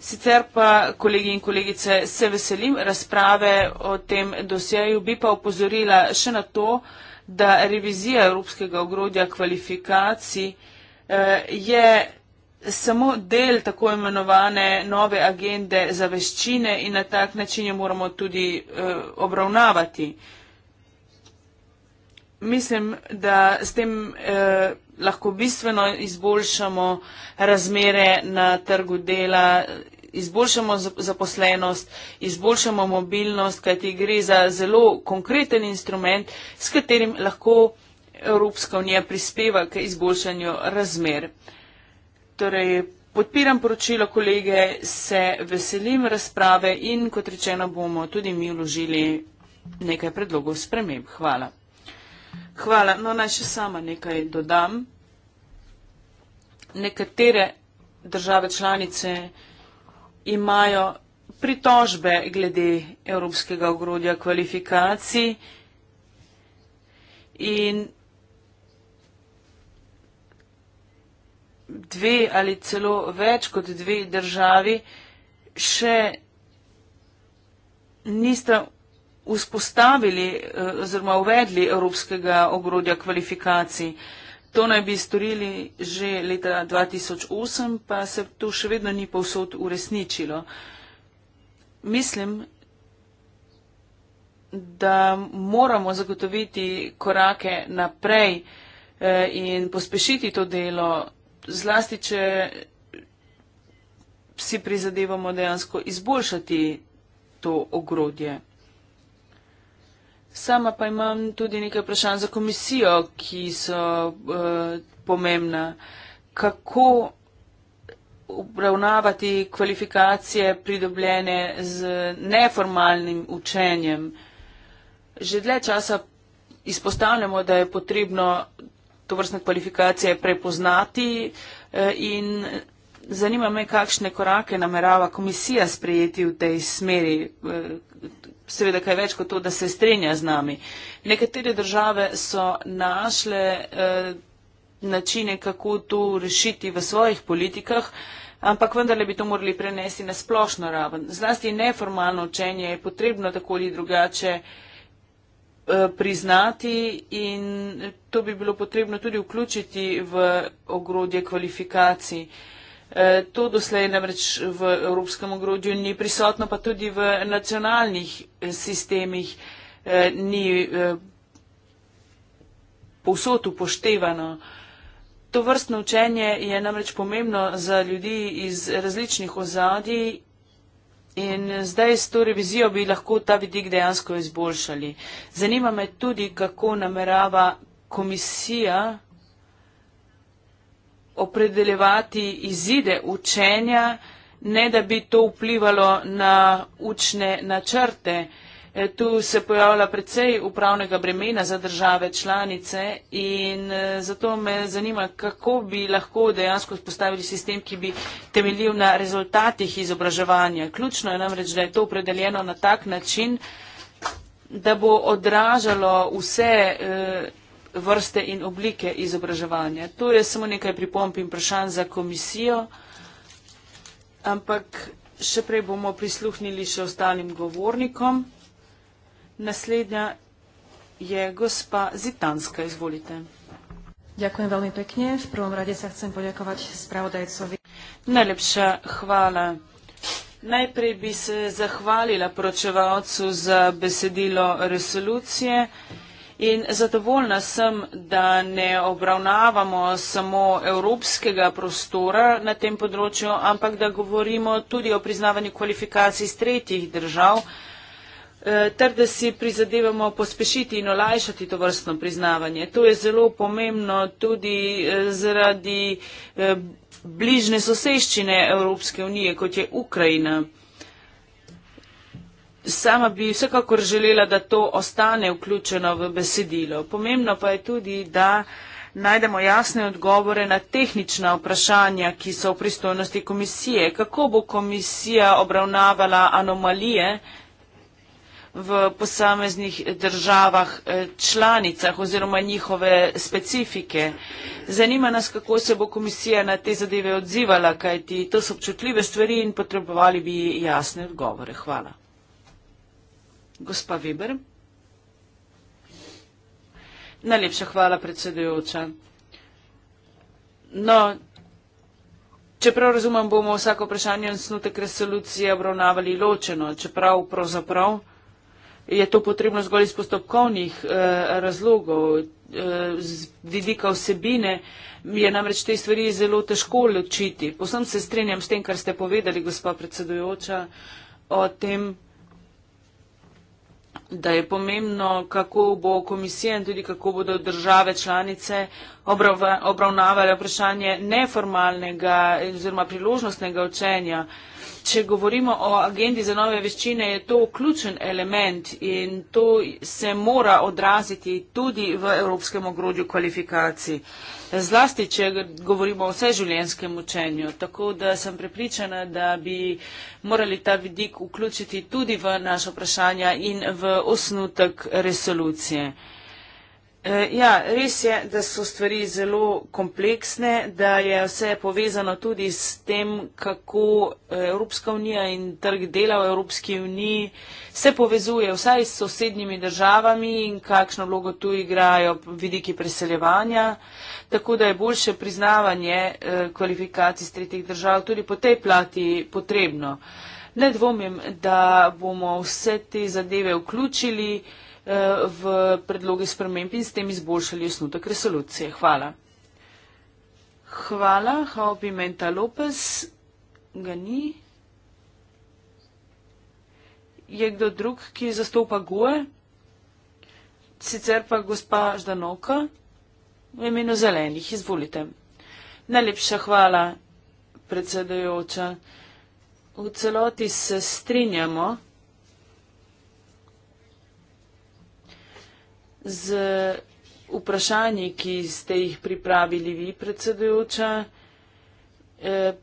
Sicer pa, kolegi in kolegice, se veselim razprave o tem dosjeju, bi pa upozorila še na to, da revizija Evropskega ogrodja kvalifikacij eh, je samo del tako imenovane nove agende za veščine in na tak način jo moramo tudi eh, obravnavati. Mislim, da s tem eh, lahko bistveno izboljšamo razmere na trgu dela, izboljšamo zaposlenost, izboljšamo mobilnost, kajti gre za zelo konkreten instrument, s katerim lahko Evropska unija prispeva k izboljšanju razmer. Torej, podpiram poročilo kolege, se veselim razprave in kot rečeno bomo tudi mi vložili nekaj predlogov sprememb. Hvala. Hvala. No, naj še sama nekaj dodam. Nekatere države članice imajo pritožbe glede evropskega ogrodja kvalifikacij in dve ali celo več kot dve državi še nista vsega vzpostavili eh, oziroma uvedli evropskega ogrodja kvalifikacij. To naj bi storili že leta 2008, pa se to še vedno ni povsod uresničilo. Mislim, da moramo zagotoviti korake naprej eh, in pospešiti to delo, zlasti, če si prizadevamo dejansko izboljšati to ogrodje. Sama pa imam tudi nekaj vprašanj za komisijo, ki so uh, pomembna. Kako obravnavati kvalifikacije pridobljene z neformalnim učenjem? Že dlje časa izpostavljamo, da je potrebno to vrstne kvalifikacije prepoznati eh, in zanima me, kakšne korake namerava komisija sprejeti v tej smeri, eh, seveda kaj več kot to, da se strinja z nami. Nekatere države so našle eh, načine, kako to rešiti v svojih politikah, ampak vendarle bi to morali prenesti na splošno raven. Zlasti neformalno učenje je potrebno tako ali drugače eh, priznati in to bi bilo potrebno tudi vključiti v ogrodje kvalifikacij. Uh, Eh, to doslej namreč v evropskem ogrodju ni prisotno, pa tudi v nacionalnih eh, sistemih eh, ni povsod upoštevano. To vrstno učenje je namreč pomembno za ljudi iz različnih ozadij in zdaj s to revizijo bi lahko ta vidik dejansko izboljšali. Zanima me tudi, kako namerava komisija opredeljevati izide učenja, ne da bi to vplivalo na učne načrte. E, tu se pojavlja precej upravnega bremena za države članice in e, zato me zanima, kako bi lahko dejansko spostavili sistem, ki bi temeljil na rezultatih izobraževanja. Ključno je namreč, da je to opredeljeno na tak način, da bo odražalo vse e, vrste in oblike izobraževanja. To je samo nekaj pripomp in vprašanj za komisijo, ampak še prej bomo prisluhnili še ostalim govornikom. Naslednja je gospa Zitanska, izvolite. Dziękuję bardzo pięknie. W prvom rade sa chcem podziękować spravodajcovi. Najlepša hvala. Najprej bi se zahvalila poročevalcu za besedilo resolucije. In zadovoljna sem, da ne obravnavamo samo evropskega prostora na tem področju, ampak da govorimo tudi o priznavanju kvalifikacij iz tretjih držav, e, ter da si prizadevamo pospešiti in olajšati to vrstno priznavanje. To je zelo pomembno tudi e, zaradi e, bližne soseščine Evropske unije, kot je Ukrajina. Sama bi vsekakor želela, da to ostane vključeno v besedilo. Pomembno pa je tudi, da najdemo jasne odgovore na tehnična vprašanja, ki so v pristojnosti komisije. Kako bo komisija obravnavala anomalije v posameznih državah eh, članicah oziroma njihove specifike? Zanima nas, kako se bo komisija na te zadeve odzivala, kajti to so občutljive stvari in potrebovali bi jasne odgovore. Hvala. Gospa Weber. Najlepša hvala, predsedujoča. No, čeprav razumem, bomo vsako vprašanje in snutek resolucije obravnavali ločeno, čeprav pravzaprav je to potrebno zgolj iz postopkovnih eh, razlogov, eh, z vidika vsebine je namreč te stvari zelo težko ločiti. Posem se strinjam s tem, kar ste povedali, gospa predsedujoča, o tem, da je pomembno, kako bo komisija in tudi kako bodo države članice obravnavale vprašanje neformalnega oziroma priložnostnega učenja. Če govorimo o agendi za nove veščine, je to ključen element in to se mora odraziti tudi v evropskem ogrodju kvalifikacij. Zlasti, če govorimo o vseživljenjskem učenju, tako da sem prepričana, da bi morali ta vidik vključiti tudi v naše vprašanja in v osnutek resolucije. E, ja, res je, da so stvari zelo kompleksne, da je vse povezano tudi s tem, kako e, Evropska unija in trg dela v Evropski uniji se povezuje vsaj s sosednjimi državami in kakšno vlogo tu igrajo vidiki preseljevanja. Tako da je boljše priznavanje e, kvalifikacij iz tretjih držav tudi po tej plati potrebno. Ne dvomim, da bomo vse te zadeve vključili. Eh, v predloge sprememb in s tem izboljšali osnutek resolucije. Hvala. Hvala. Haopi Menta Lopez. Ga ni. Je kdo drug, ki zastopa GUE? Sicer pa gospa Ždanoka v imenu zelenih. Izvolite. Najlepša hvala, predsedajoča. V celoti se strinjamo. z vprašanji, ki ste jih pripravili vi, predsedujoča. E,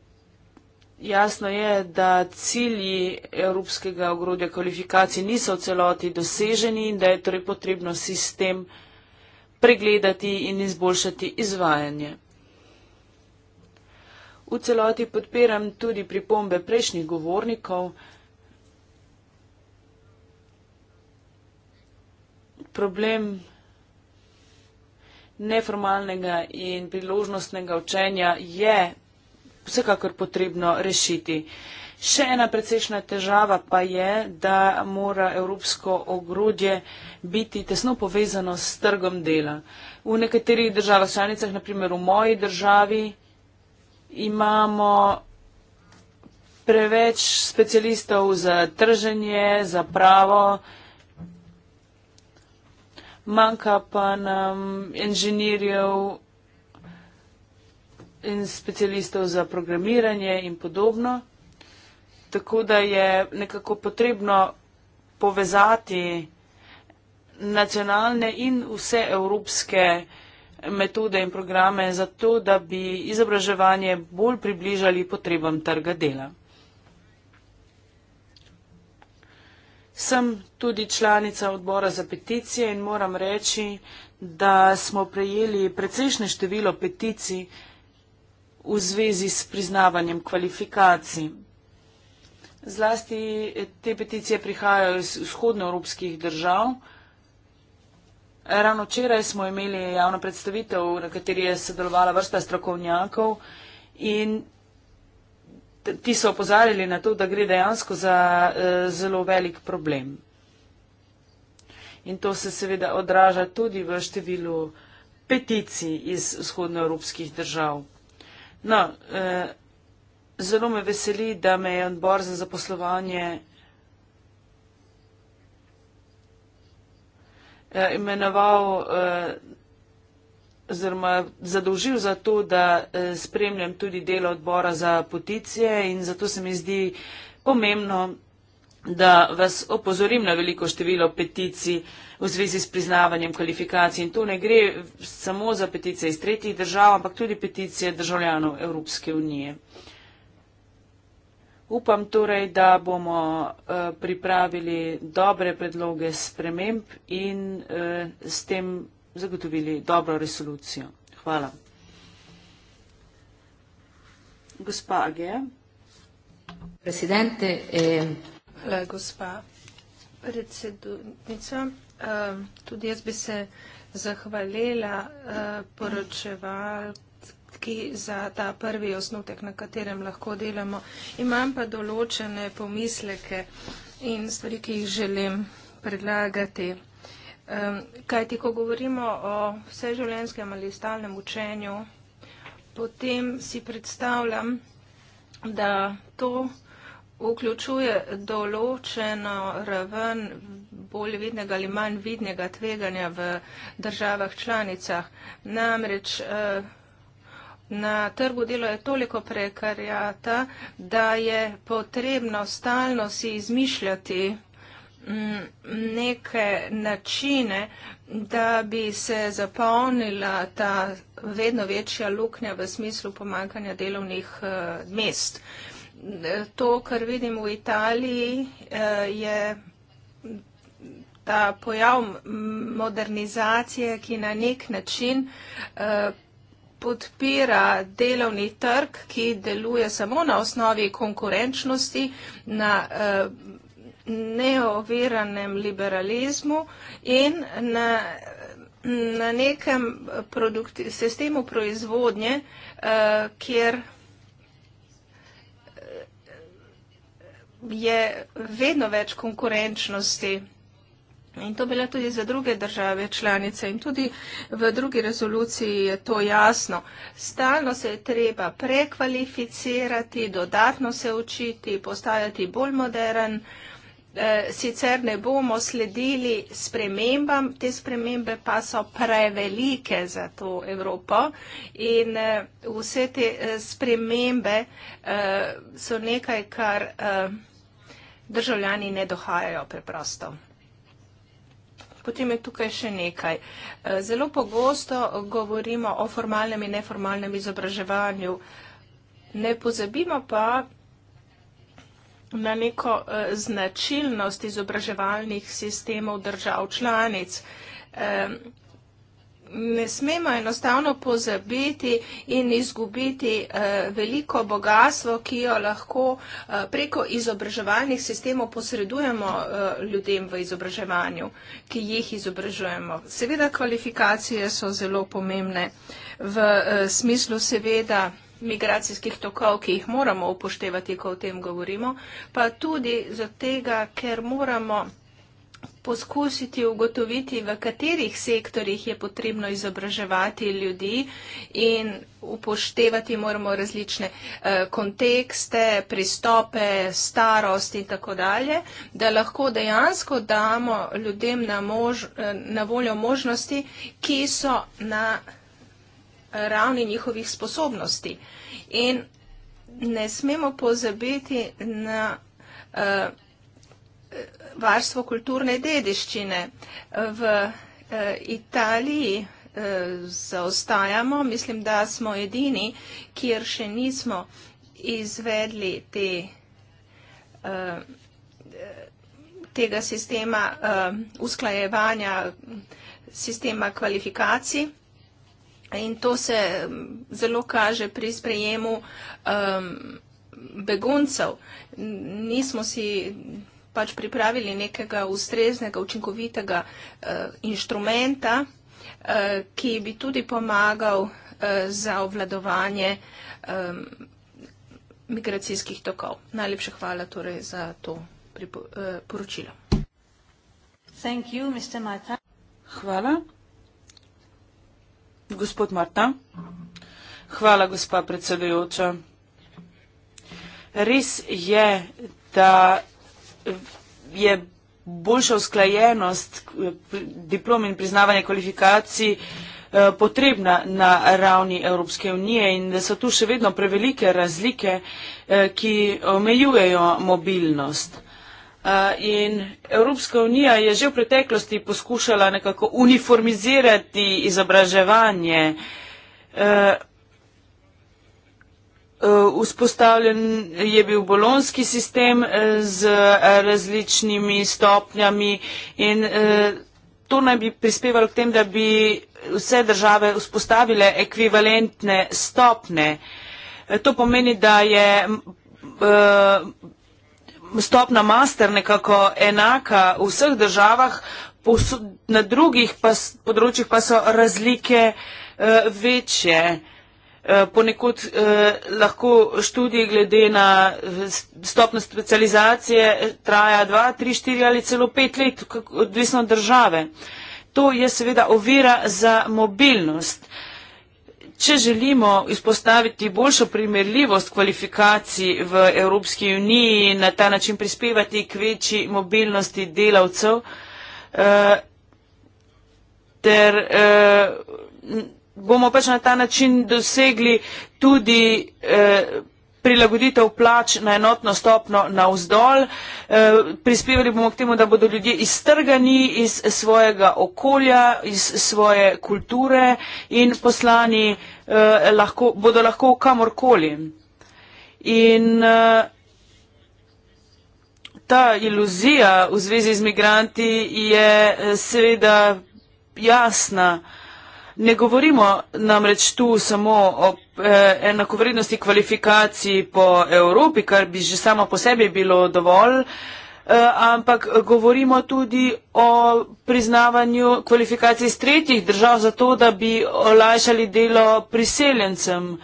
jasno je, da cilji Evropskega ogrodja kvalifikacij niso v celoti doseženi in da je torej potrebno sistem pregledati in izboljšati izvajanje. V celoti podpiram tudi pripombe prejšnjih govornikov, problem neformalnega in priložnostnega učenja je vsekakor potrebno rešiti. Še ena precejšna težava pa je, da mora evropsko ogrodje biti tesno povezano s trgom dela. V nekaterih državah članicah, naprimer v moji državi, imamo preveč specialistov za trženje, za pravo, manjka pa nam inženirjev in specialistov za programiranje in podobno. Tako da je nekako potrebno povezati nacionalne in vse evropske metode in programe za to, da bi izobraževanje bolj približali potrebam trga dela. Sem tudi članica odbora za peticije in moram reči, da smo prejeli precejšnje število peticij v zvezi s priznavanjem kvalifikacij. Zlasti te peticije prihajajo iz vzhodnoevropskih držav. Ravno včeraj smo imeli javno predstavitev, na kateri je sodelovala vrsta strokovnjakov in ti so opozarjali na to, da gre dejansko za uh, zelo velik problem. In to se seveda odraža tudi v številu peticij iz vzhodnoevropskih držav. No, uh, zelo me veseli, da me je odbor za zaposlovanje uh, imenoval. Uh, oziroma zadolžil za to, da eh, spremljam tudi delo odbora za poticije in zato se mi zdi pomembno, da vas opozorim na veliko število peticij v zvezi s priznavanjem kvalifikacij. In tu ne gre samo za peticije iz tretjih držav, ampak tudi peticije državljanov Evropske unije. Upam torej, da bomo eh, pripravili dobre predloge sprememb in eh, s tem zagotovili dobro resolucijo. Hvala. Gospa Agija. Presidente. Eh, Hvala, gospa predsednica. Eh, tudi jaz bi se zahvalila eh, poročevalki za ta prvi osnutek, na katerem lahko delamo. Imam pa določene pomisleke in stvari, ki jih želim predlagati. Kaj ti, ko govorimo o vseživljenjskem ali stalnem učenju, potem si predstavljam, da to vključuje določeno raven bolj vidnega ali manj vidnega tveganja v državah članicah. Namreč eh, na trgu delo je toliko prekarjata, da je potrebno stalno si izmišljati neke načine, da bi se zapolnila ta vedno večja luknja v smislu pomankanja delovnih eh, mest. To, kar vidim v Italiji, eh, je ta pojav modernizacije, ki na nek način eh, podpira delovni trg, ki deluje samo na osnovi konkurenčnosti, na neoviranem liberalizmu in na, na nekem sistemu proizvodnje, eh, kjer je vedno več konkurenčnosti. In to velja tudi za druge države članice in tudi v drugi rezoluciji je to jasno. Stalno se je treba prekvalificirati, dodatno se učiti, postajati bolj modern. Uh, Eh, sicer ne bomo sledili spremembam, te spremembe pa so prevelike za to Evropo in eh, vse te eh, spremembe so nekaj, kar državljani ne dohajajo preprosto. Potem je tukaj še nekaj. Zelo pogosto govorimo o formalnem in neformalnem izobraževanju. Ne pozabimo pa, na neko uh, značilnost izobraževalnih sistemov držav članic. Um, ne smemo enostavno pozabiti in izgubiti eh, veliko bogatstvo, ki jo lahko eh, preko izobraževalnih sistemov posredujemo eh, ljudem v izobraževanju, ki jih izobražujemo. Seveda kvalifikacije so zelo pomembne v eh, smislu seveda migracijskih tokov, ki jih moramo upoštevati, ko o tem govorimo, pa tudi zato, ker moramo poskusiti ugotoviti, v katerih sektorjih je potrebno izobraževati ljudi in upoštevati moramo različne eh, kontekste, pristope, starost in tako dalje, da lahko dejansko damo ljudem na, mož, eh, na voljo možnosti, ki so na ravni njihovih sposobnosti. In ne smemo pozabiti na uh, varstvo kulturne dediščine. V uh, Italiji uh, zaostajamo, mislim, da smo edini, kjer še nismo izvedli te, uh, tega sistema uh, usklajevanja, sistema kvalifikacij. In to se mm, zelo kaže pri sprejemu um, beguncev. Nismo si pač pripravili nekega ustreznega, učinkovitega uh, inštrumenta, uh, ki bi tudi pomagal uh, za obvladovanje um, migracijskih tokov. Najlepša hvala torej za to poročilo. Hvala. Gospod Marta. Hvala, gospa predsedujoča. Res je, da je boljša usklajenost diplom in priznavanje kvalifikacij eh, potrebna na ravni Evropske unije in da so tu še vedno prevelike razlike, eh, ki omejujejo mobilnost. In Evropska unija je že v preteklosti poskušala nekako uniformizirati izobraževanje. E, e, vzpostavljen je bil bolonski sistem e, z različnimi stopnjami in to naj bi prispevalo k tem, da bi vse države vzpostavile ekvivalentne stopne. To pomeni, da je stopna master nekako enaka v vseh državah, na drugih pa, področjih pa so razlike uh, večje. Eh, Ponekud eh, lahko študij glede na eh, stopno specializacije traja 2, 3, 4 ali celo 5 let, odvisno od države. To je seveda ovira za mobilnost. Eh, če želimo izpostaviti boljšo primerljivost kvalifikacij v Evropski uniji in na ta način prispevati k večji mobilnosti delavcev eh, ter eh, bomo pač na ta način dosegli tudi eh, prilagoditev plač na enotno stopno navzdol. Eh, prispevali bomo k temu, da bodo ljudje iztrgani iz svojega okolja, iz svoje kulture in poslani eh, lahko, bodo lahko kamorkoli. In eh, ta iluzija v zvezi z migranti je seveda jasna. Ne govorimo namreč tu samo o eh, enakovrednosti kvalifikacij po Evropi, kar bi že samo po sebi bilo dovolj, eh, ampak govorimo tudi o priznavanju kvalifikacij iz tretjih držav za to, da bi olajšali delo priseljencem.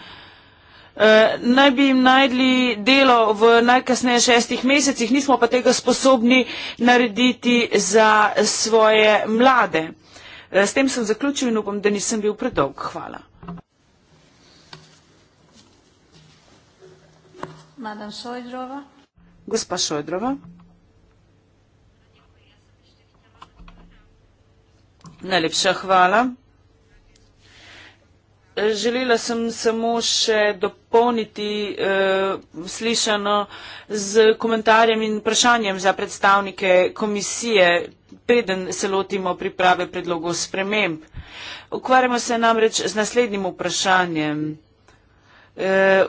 Eh, naj bi jim najdli delo v najkasneje šestih mesecih, nismo pa tega sposobni narediti za svoje mlade. Eh, s tem sem zaključil in upam, da nisem bil predolg. Hvala. Gospa Šojdrova. Najlepša hvala. Želela sem samo še dopolniti eh, slišano z komentarjem in vprašanjem za predstavnike komisije preden se lotimo priprave predlogov sprememb. Ukvarjamo se namreč z naslednjim vprašanjem. E,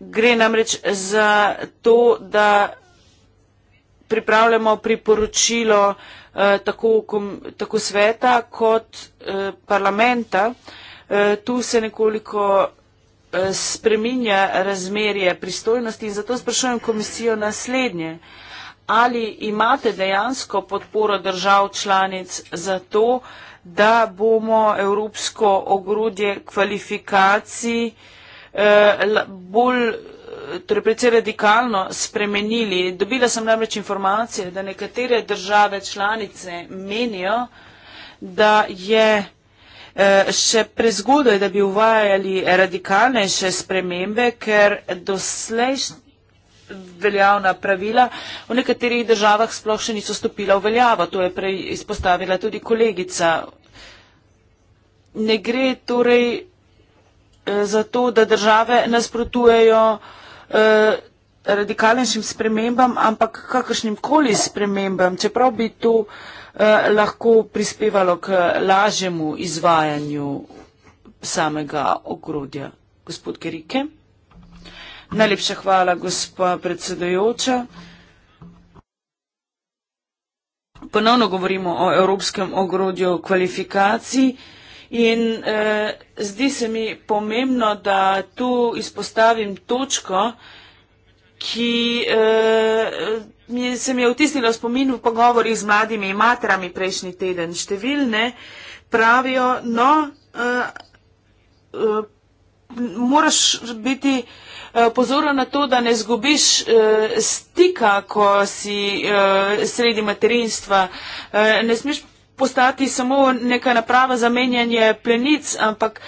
gre namreč za to, da pripravljamo priporočilo e, tako, kom, tako sveta kot e, parlamenta. E, tu se nekoliko e, spreminja razmerje pristojnosti in zato sprašujem komisijo naslednje. E, ali imate dejansko podporo držav članic za to, da bomo evropsko ogrodje kvalifikacij eh, bolj, eh, torej precej radikalno spremenili. Dobila sem namreč informacije, da nekatere države članice menijo, da je eh, še prezgodaj, da bi uvajali radikalnejše spremembe, ker doslej veljavna pravila v nekaterih državah sploh še niso stopila v veljavo. To je prej izpostavila tudi kolegica. Ne gre torej eh, za to, da države nasprotujejo eh, radikalnejšim spremembam, ampak kakršnim koli spremembam, čeprav bi to eh, lahko prispevalo k lažjemu izvajanju samega ogrodja. Gospod Kerike. Najlepša hvala, gospa predsedojoča. Ponovno govorimo o evropskem ogrodju kvalifikacij in eh, zdi se mi pomembno, da tu izpostavim točko, ki eh, mi se mi je vtisnila v spomin v pogovorih z mladimi materami prejšnji teden. Številne pravijo, no, eh, eh, moraš biti. Eh, Eh, pozoril na to, da ne zgubiš eh, stika, ko si eh, sredi materinstva. Ne smeš postati samo neka naprava za menjanje plenic, ampak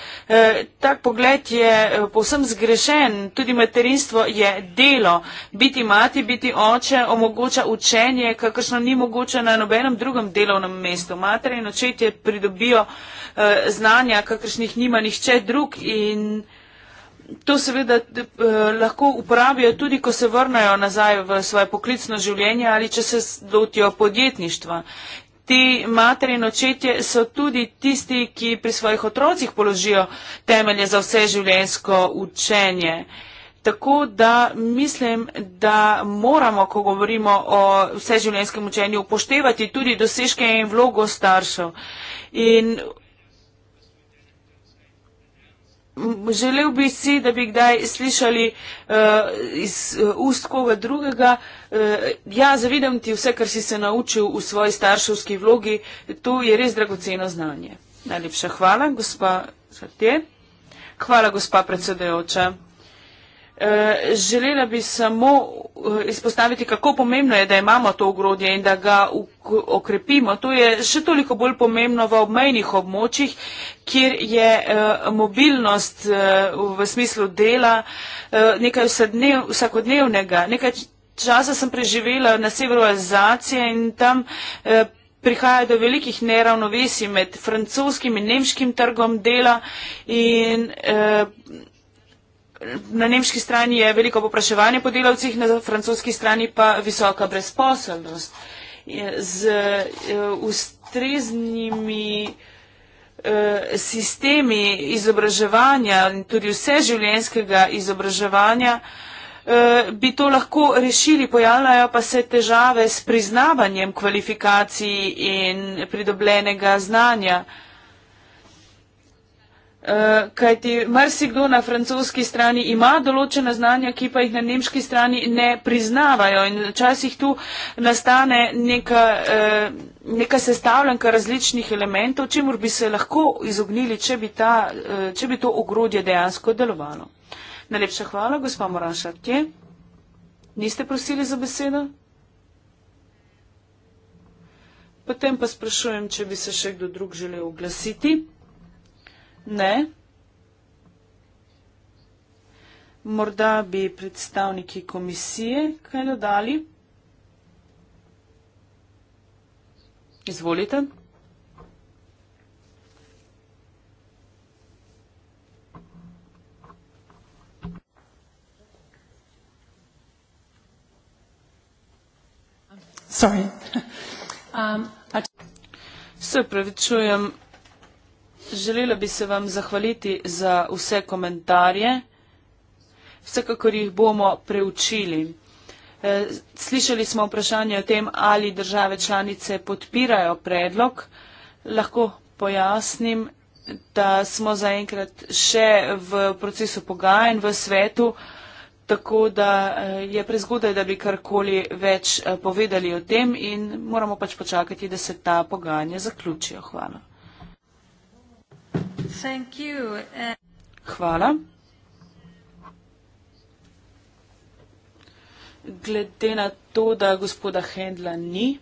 tak pogled je povsem zgrešen. Tudi materinstvo je delo. Biti mati, biti oče omogoča učenje, kakršno ni mogoče na nobenem drugem delovnem mestu. Matere in očetje pridobijo znanja, kakršnih nima nihče drug. In to seveda de, eh, lahko uporabijo tudi, ko se vrnajo nazaj v svoje poklicno življenje ali če se dotijo podjetništva. Ti materi in očetje so tudi tisti, ki pri svojih otrocih položijo temelje za vse življenjsko učenje. Tako da mislim, da moramo, ko govorimo o vseživljenjskem učenju, upoštevati tudi dosežke in vlogo staršev. In želel bi si, da bi kdaj slišali uh, iz uh, ust koga drugega. Uh, ja, zavidam ti vse, kar si se naučil v svoji starševski vlogi. To je res dragoceno znanje. Najlepša hvala, gospa Svartje. Hvala, gospa predsedajoča. Eh, želela bi samo eh, izpostaviti, kako pomembno je, da imamo to ogrodje in da ga okrepimo. To je še toliko bolj pomembno v obmejnih območjih, kjer je eh, mobilnost v smislu dela nekaj vsakodnevnega. Nekaj časa sem preživela na severu Azacije in tam prihaja do velikih neravnovesij med francoskim in nemškim trgom dela in eh, na nemški strani je veliko popraševanje po delavcih, na francoski strani pa visoka brezposelnost. Z e, ustreznimi e, sistemi izobraževanja in tudi vseživljenjskega izobraževanja e, bi to lahko rešili, pojavljajo pa se težave s priznavanjem kvalifikacij in pridobljenega znanja. Eh, kajti marsikdo na francoski strani ima določena znanja, ki pa jih na nemški strani ne priznavajo in včasih tu nastane neka, eh, neka sestavljanka različnih elementov, čemur bi se lahko izognili, če bi, ta, eh, če bi to ogrodje dejansko delovalo. Najlepša hvala, gospa Moranša. Kje? Niste prosili za besedo? Potem pa sprašujem, če bi se še kdo drug želel oglasiti. Ne. Morda bi predstavniki komisije kaj dodali. Izvolite. Sorry. um, Se pravičujem, Želela bi se vam zahvaliti za vse komentarje, vsekakor jih bomo preučili. Eh, slišali smo vprašanje o tem, ali države članice podpirajo predlog. Lahko pojasnim, da smo zaenkrat še v procesu pogajanj v svetu, tako da eh, je prezgodaj, da bi karkoli več eh, povedali o tem in moramo pač počakati, da se ta pogajanja zaključijo. Hvala. Eh. Hvala. Glede na to, da gospoda Hendla ni,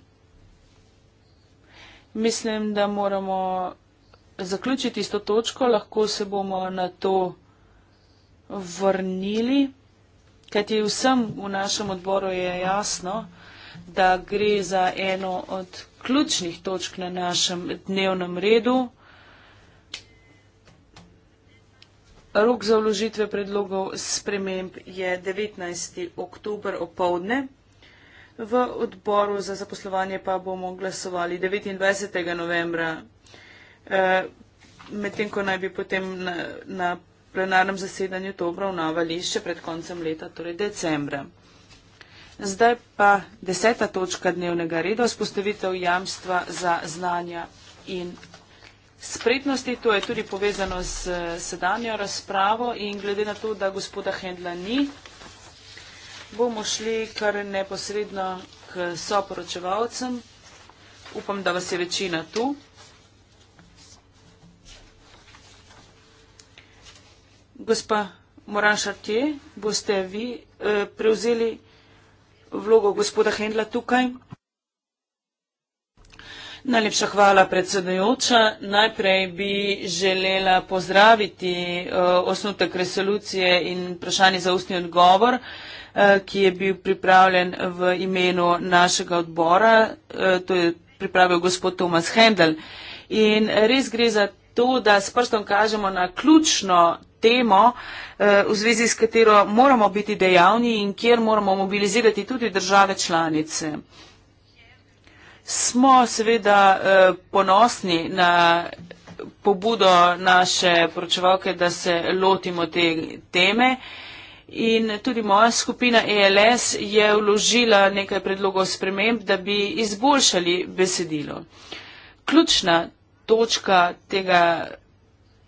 mislim, da moramo zaključiti s to točko, lahko se bomo na to vrnili, kajti vsem v našem odboru je jasno, da gre za eno od ključnih točk na našem dnevnem redu. Rok za vložitve predlogov sprememb je 19. oktober opovdne. V odboru za zaposlovanje pa bomo glasovali 29. novembra, eh, medtem ko naj bi potem na, na plenarnem zasedanju to obravnavali še pred koncem leta, torej decembra. Zdaj pa deseta točka dnevnega reda, spostavitev jamstva za znanja in spretnosti, to je tudi povezano z eh, sedanjo razpravo in glede na to, da gospoda Hendla ni, bomo šli kar neposredno k soporočevalcem. Upam, da vas je večina tu. Gospa Moran Šartje, boste vi eh, prevzeli vlogo gospoda Hendla tukaj? Najlepša hvala, predsedajoča. Najprej bi želela pozdraviti uh, osnutek resolucije in vprašanje za ustni odgovor, uh, ki je bil pripravljen v imenu našega odbora, uh, to je pripravil gospod Tomas Hendel. In res gre za to, da s prstom kažemo na ključno temo, v zvezi s katero moramo biti dejavni in kjer moramo mobilizirati tudi države članice smo seveda eh, ponosni na pobudo naše poročevalke, da se lotimo te teme. In tudi moja skupina ELS je vložila nekaj predlogov sprememb, da bi izboljšali besedilo. Ključna točka tega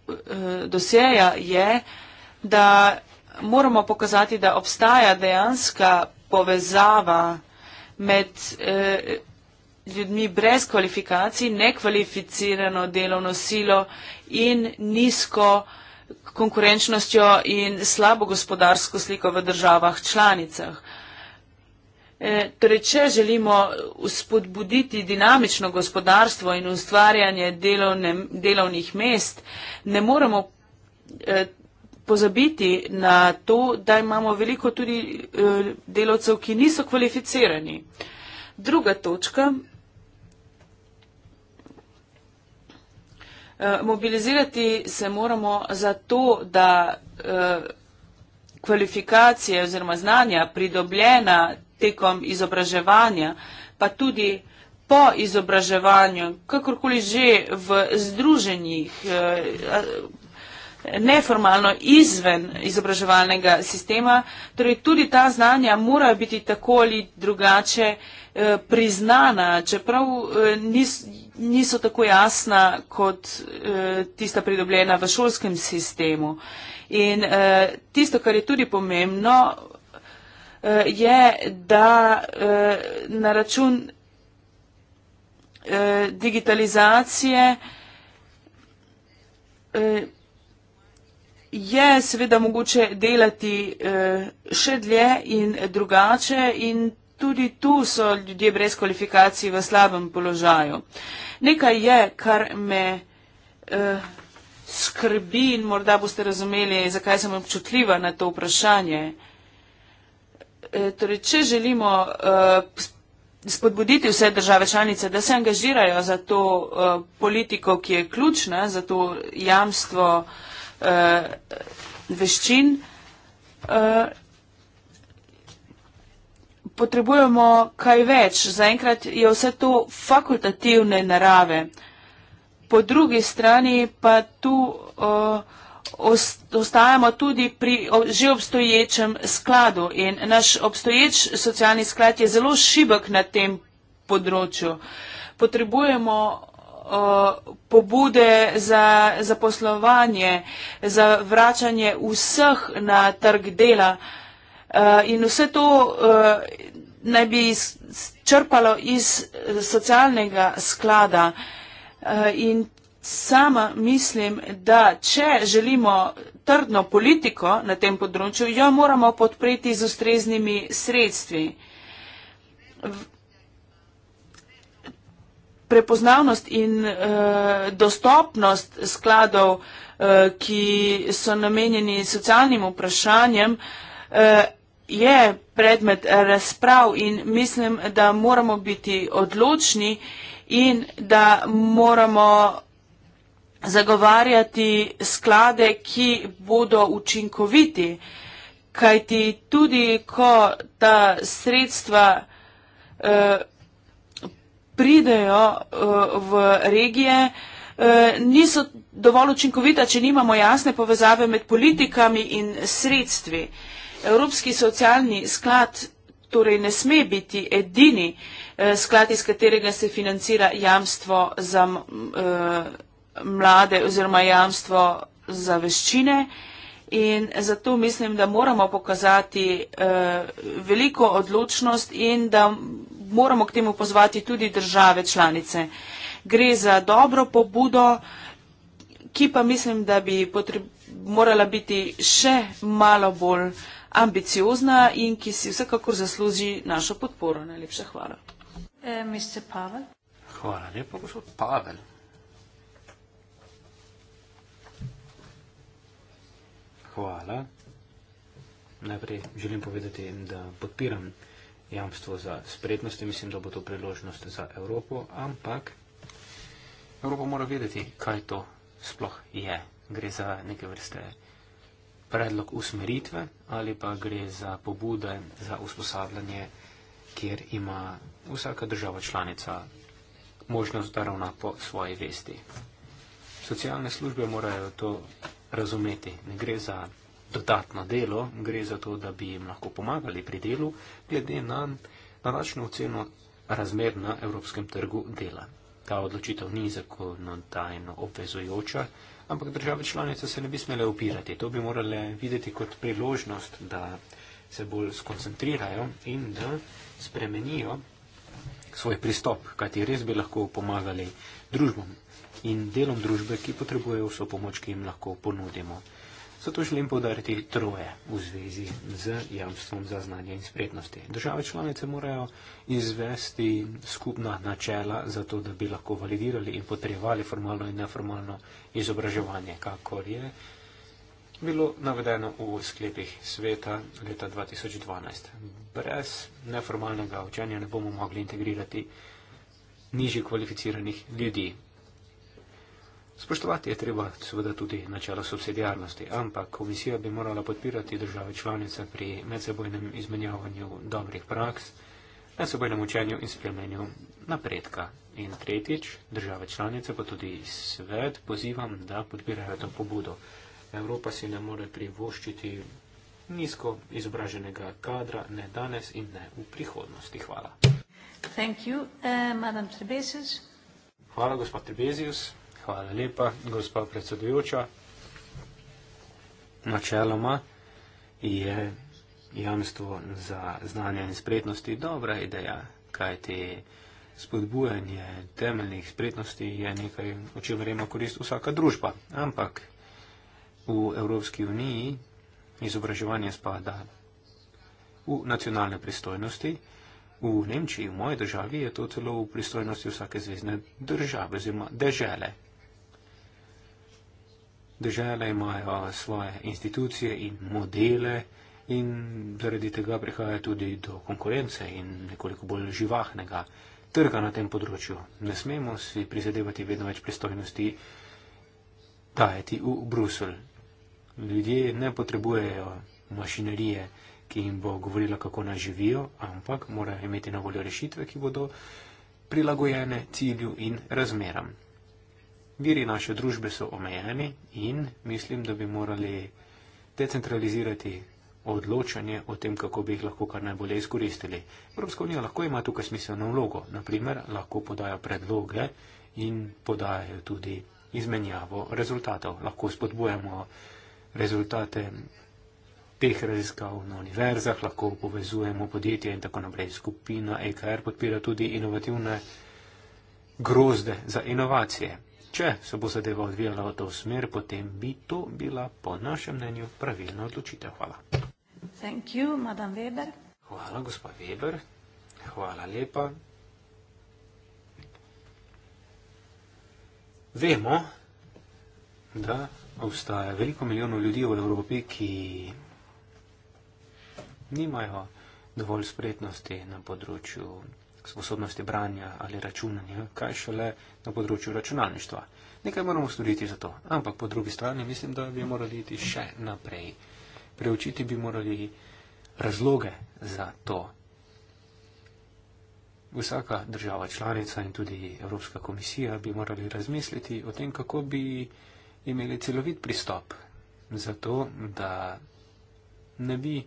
eh, dosjeja je, da moramo pokazati, da obstaja dejanska povezava med eh, ljudmi brez kvalifikacij, nekvalificirano delovno silo in nizko konkurenčnostjo in slabo gospodarsko sliko v državah članicah. E, torej, če želimo spodbuditi dinamično gospodarstvo in ustvarjanje delovne, delovnih mest, ne moremo e, pozabiti na to, da imamo veliko tudi e, delovcev, ki niso kvalificirani. E, Druga točka. Eh, mobilizirati se moramo zato, da eh, kvalifikacije oziroma znanja pridobljena tekom izobraževanja, pa tudi po izobraževanju, kakorkoli že v združenjih, eh, neformalno izven izobraževalnega sistema, torej tudi ta znanja morajo biti tako ali drugače eh, Eh, priznana, čeprav eh, nis, niso tako jasna kot eh, tista pridobljena v šolskem sistemu. In tisto, kar je tudi pomembno, je, da na račun digitalizacije je seveda mogoče delati še dlje in drugače in tudi tu so ljudje brez kvalifikacij v slabem položaju. Nekaj je, kar me eh, skrbi in morda boste razumeli, zakaj sem občutljiva na to vprašanje. E, torej, če želimo eh, spodbuditi vse države članice, da se angažirajo za to eh, politiko, ki je ključna, za to jamstvo eh, veščin, eh, potrebujemo kaj več. Zaenkrat je vse to fakultativne narave. Po drugi strani pa tu uh, ostajamo tudi pri že obstoječem skladu in naš obstoječ socialni sklad je zelo šibek na tem področju. Potrebujemo uh, pobude za zaposlovanje, za vračanje vseh na trg dela. Uh, Eh, in vse to eh, naj bi črpalo iz eh, socialnega sklada. In sama mislim, da če želimo trdno politiko na tem področju, jo moramo podpreti z ustreznimi sredstvi. Prepoznavnost in uh, dostopnost skladov, uh, ki so namenjeni socialnim vprašanjem, uh, je predmet razprav in mislim, da moramo biti odločni in da moramo zagovarjati sklade, ki bodo učinkoviti, kajti tudi, ko ta sredstva eh, pridejo eh, v regije, eh, niso dovolj učinkovita, če nimamo jasne povezave med politikami in sredstvi. Eh, Evropski socialni sklad torej ne sme biti edini eh, sklad, iz katerega se financira jamstvo za eh, mlade oziroma jamstvo za veščine. In zato mislim, da moramo pokazati eh, veliko odločnost in da moramo k temu pozvati tudi države članice. Gre za dobro pobudo, ki pa mislim, da bi potreb, morala biti še malo bolj eh, ambiciozna in ki si vsekakor zasluži našo podporo. Najlepša hvala. E, eh, Mr. Pavel. Hvala lepo, gospod Pavel. Hvala. Najprej želim povedati, da podpiram jamstvo za spretnosti. Mislim, da bo to priložnost za Evropo, ampak Evropa mora vedeti, kaj to sploh je. Gre za neke vrste predlog usmeritve ali pa gre za pobude za usposabljanje, kjer ima vsaka država članica možnost, da ravna po svoji vesti. Socialne službe morajo to razumeti. Ne gre za dodatno delo, gre za to, da bi jim lahko pomagali pri delu, glede na naračno oceno razmer na evropskem trgu dela. Ta odločitev ni zakonodajno obvezujoča ampak države članice se ne bi smele upirati. To bi morale videti kot priložnost, da se bolj skoncentrirajo in da spremenijo svoj pristop, kajti res bi lahko pomagali družbam in delom družbe, ki potrebujejo vso pomoč, ki jim lahko ponudimo so to želim povdariti troje v zvezi z jamstvom za znanje in spretnosti. Države članice morajo izvesti skupna načela za to, da bi lahko validirali in potrebovali formalno in neformalno izobraževanje, kakor je bilo navedeno v sklepih sveta leta 2012. Brez neformalnega učenja ne bomo mogli integrirati nižje kvalificiranih ljudi. Spoštovati je treba seveda tudi načelo subsidijarnosti, ampak komisija bi morala podpirati države članice pri medsebojnem izmenjavanju dobrih praks, medsebojnem učenju in spremenju napredka. In tretjič, države članice pa tudi svet pozivam, da podpirajo to pobudo. Evropa si ne more privoščiti nizko izobraženega kadra, ne danes in ne v prihodnosti. Hvala. Eh, Hvala, gospod Trebezius. Hvala lepa, gospa predsedujoča. Načeloma je jamstvo za znanje in spretnosti dobra ideja, kajti spodbujanje temeljnih spretnosti je nekaj, o čem verjema korist vsaka družba. Ampak v Evropski uniji izobraževanje spada v nacionalne pristojnosti. V Nemčiji, v moji državi, je to celo v pristojnosti vsake zvezdne države oziroma dežele države imajo svoje institucije in modele in zaradi tega prihaja tudi do konkurence in nekoliko bolj živahnega trga na tem področju. Ne smemo si prizadevati vedno več pristojnosti dajeti v Brusel. Ljudje ne potrebujejo mašinerije, ki jim bo govorila, kako naj živijo, ampak morajo imeti na voljo rešitve, ki bodo prilagojene cilju in razmeram. Viri naše družbe so omejeni in mislim, da bi morali decentralizirati odločanje o tem, kako bi jih lahko kar najbolje izkoristili. Evropska unija lahko ima tukaj smiselno vlogo. Naprimer, lahko podaja predloge in podajajo tudi izmenjavo rezultatov. Lahko spodbujamo rezultate teh raziskav na univerzah, lahko povezujemo podjetje in tako naprej. Skupina EKR podpira tudi inovativne grozde za inovacije. Če se bo zadeva odvijala v to smer, potem bi to bila po našem mnenju pravilna odločitev. Hvala. You, hvala, gospa Weber. Hvala lepa. Vemo, da obstaja veliko milijonov ljudi v Evropi, ki nimajo dovolj spretnosti na področju sposobnosti branja ali računanja, kaj šele na področju računalništva. Nekaj moramo storiti za to, ampak po drugi strani mislim, da bi morali iti še naprej. Preučiti bi morali razloge za to. Vsaka država članica in tudi Evropska komisija bi morali razmisliti o tem, kako bi imeli celovit pristop za to, da ne bi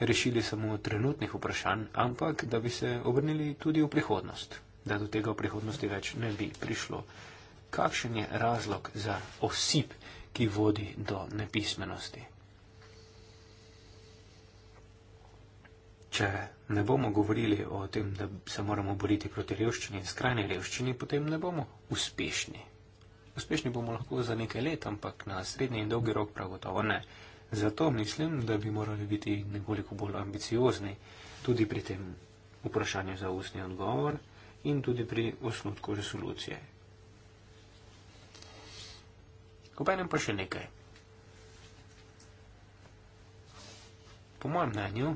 rešili samo trenutnih vprašanj, ampak da bi se obrnili tudi v prihodnost, da do tega v prihodnosti več ne bi prišlo. Kakšen je razlog za osip, ki vodi do nepismenosti? Če ne bomo govorili o tem, da se moramo boriti proti revščini in skrajni revščini, potem ne bomo uspešni. Uspešni bomo lahko za nekaj let, ampak na srednji in dolgi rok prav gotovo ne. Zato mislim, da bi morali biti nekoliko bolj ambiciozni tudi pri tem vprašanju za ustni odgovor in tudi pri osnutku resolucije. Obenem pa še nekaj. Po mojem mnenju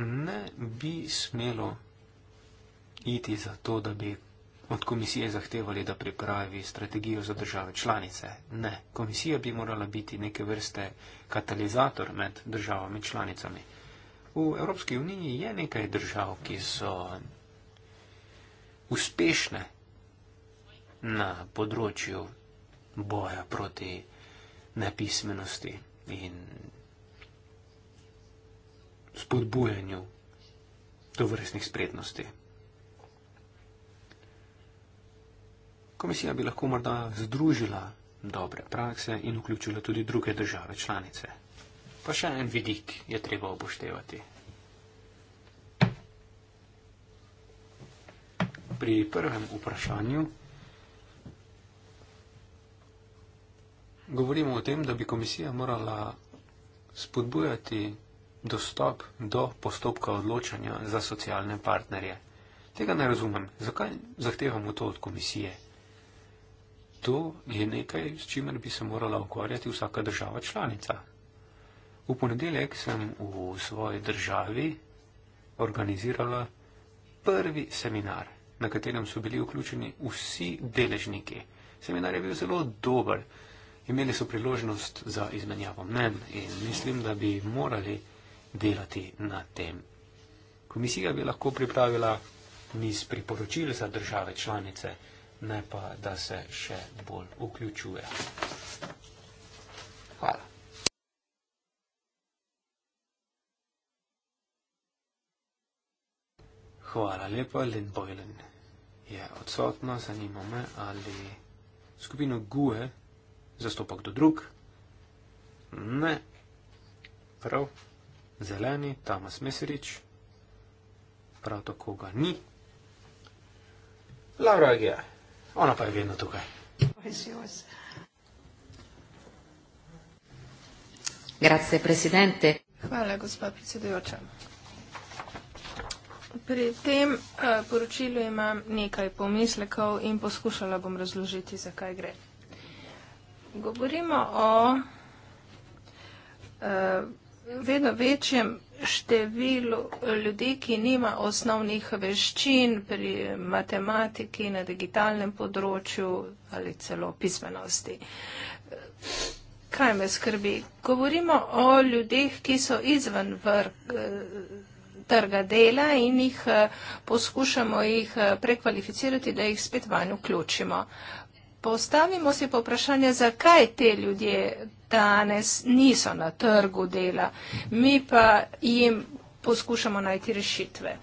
ne bi smelo iti za to, da bi od komisije zahtevali, da pripravi strategijo za države članice. Ne, komisija bi morala biti neke vrste katalizator med državami članicami. V Evropski uniji je nekaj držav, ki so uspešne na področju boja proti nepismenosti in spodbujanju do vrstnih spretnosti. Komisija bi lahko morda združila dobre prakse in vključila tudi druge države članice. Pa še en vidik je treba upoštevati. Pri prvem vprašanju govorimo o tem, da bi komisija morala spodbujati dostop do postopka odločanja za socialne partnerje. Tega ne razumem. Zakaj zahtevamo to od komisije? To je nekaj, s čimer bi se morala ukvarjati vsaka država članica. V ponedeljek sem v svoji državi organizirala prvi seminar, na katerem so bili vključeni vsi deležniki. Seminar je bil zelo dober. Imeli so priložnost za izmenjavo mnen in mislim, da bi morali delati na tem. Komisija bi lahko pripravila niz priporočil za države članice ne pa, da se še bolj vključuje. Hvala. Hvala lepa, Lin Boylan. Je odsotna, zanima me, ali skupino GUE zastopa kdo drug? Ne. Prav, zeleni, Tamas Meserič. Prav tako ga ni. Laura Gia. Yeah. Ona pa je vedno tukaj. Grazie, presidente. Hvala, gospa predsedujoča. Pri tem uh, poročilu imam nekaj pomislekov in poskušala bom razložiti, zakaj gre. Govorimo o uh, vedno večjem številu ljudi, ki nima osnovnih veščin pri matematiki na digitalnem področju ali celo pismenosti. Kaj me skrbi? Govorimo o ljudeh, ki so izven vrh eh, trga dela in jih eh, poskušamo jih eh, prekvalificirati, da jih spet vanj vključimo. Uh, postavimo si poprašanje, zakaj te ljudje danes niso na trgu dela, mi pa jim poskušamo najti rešitve.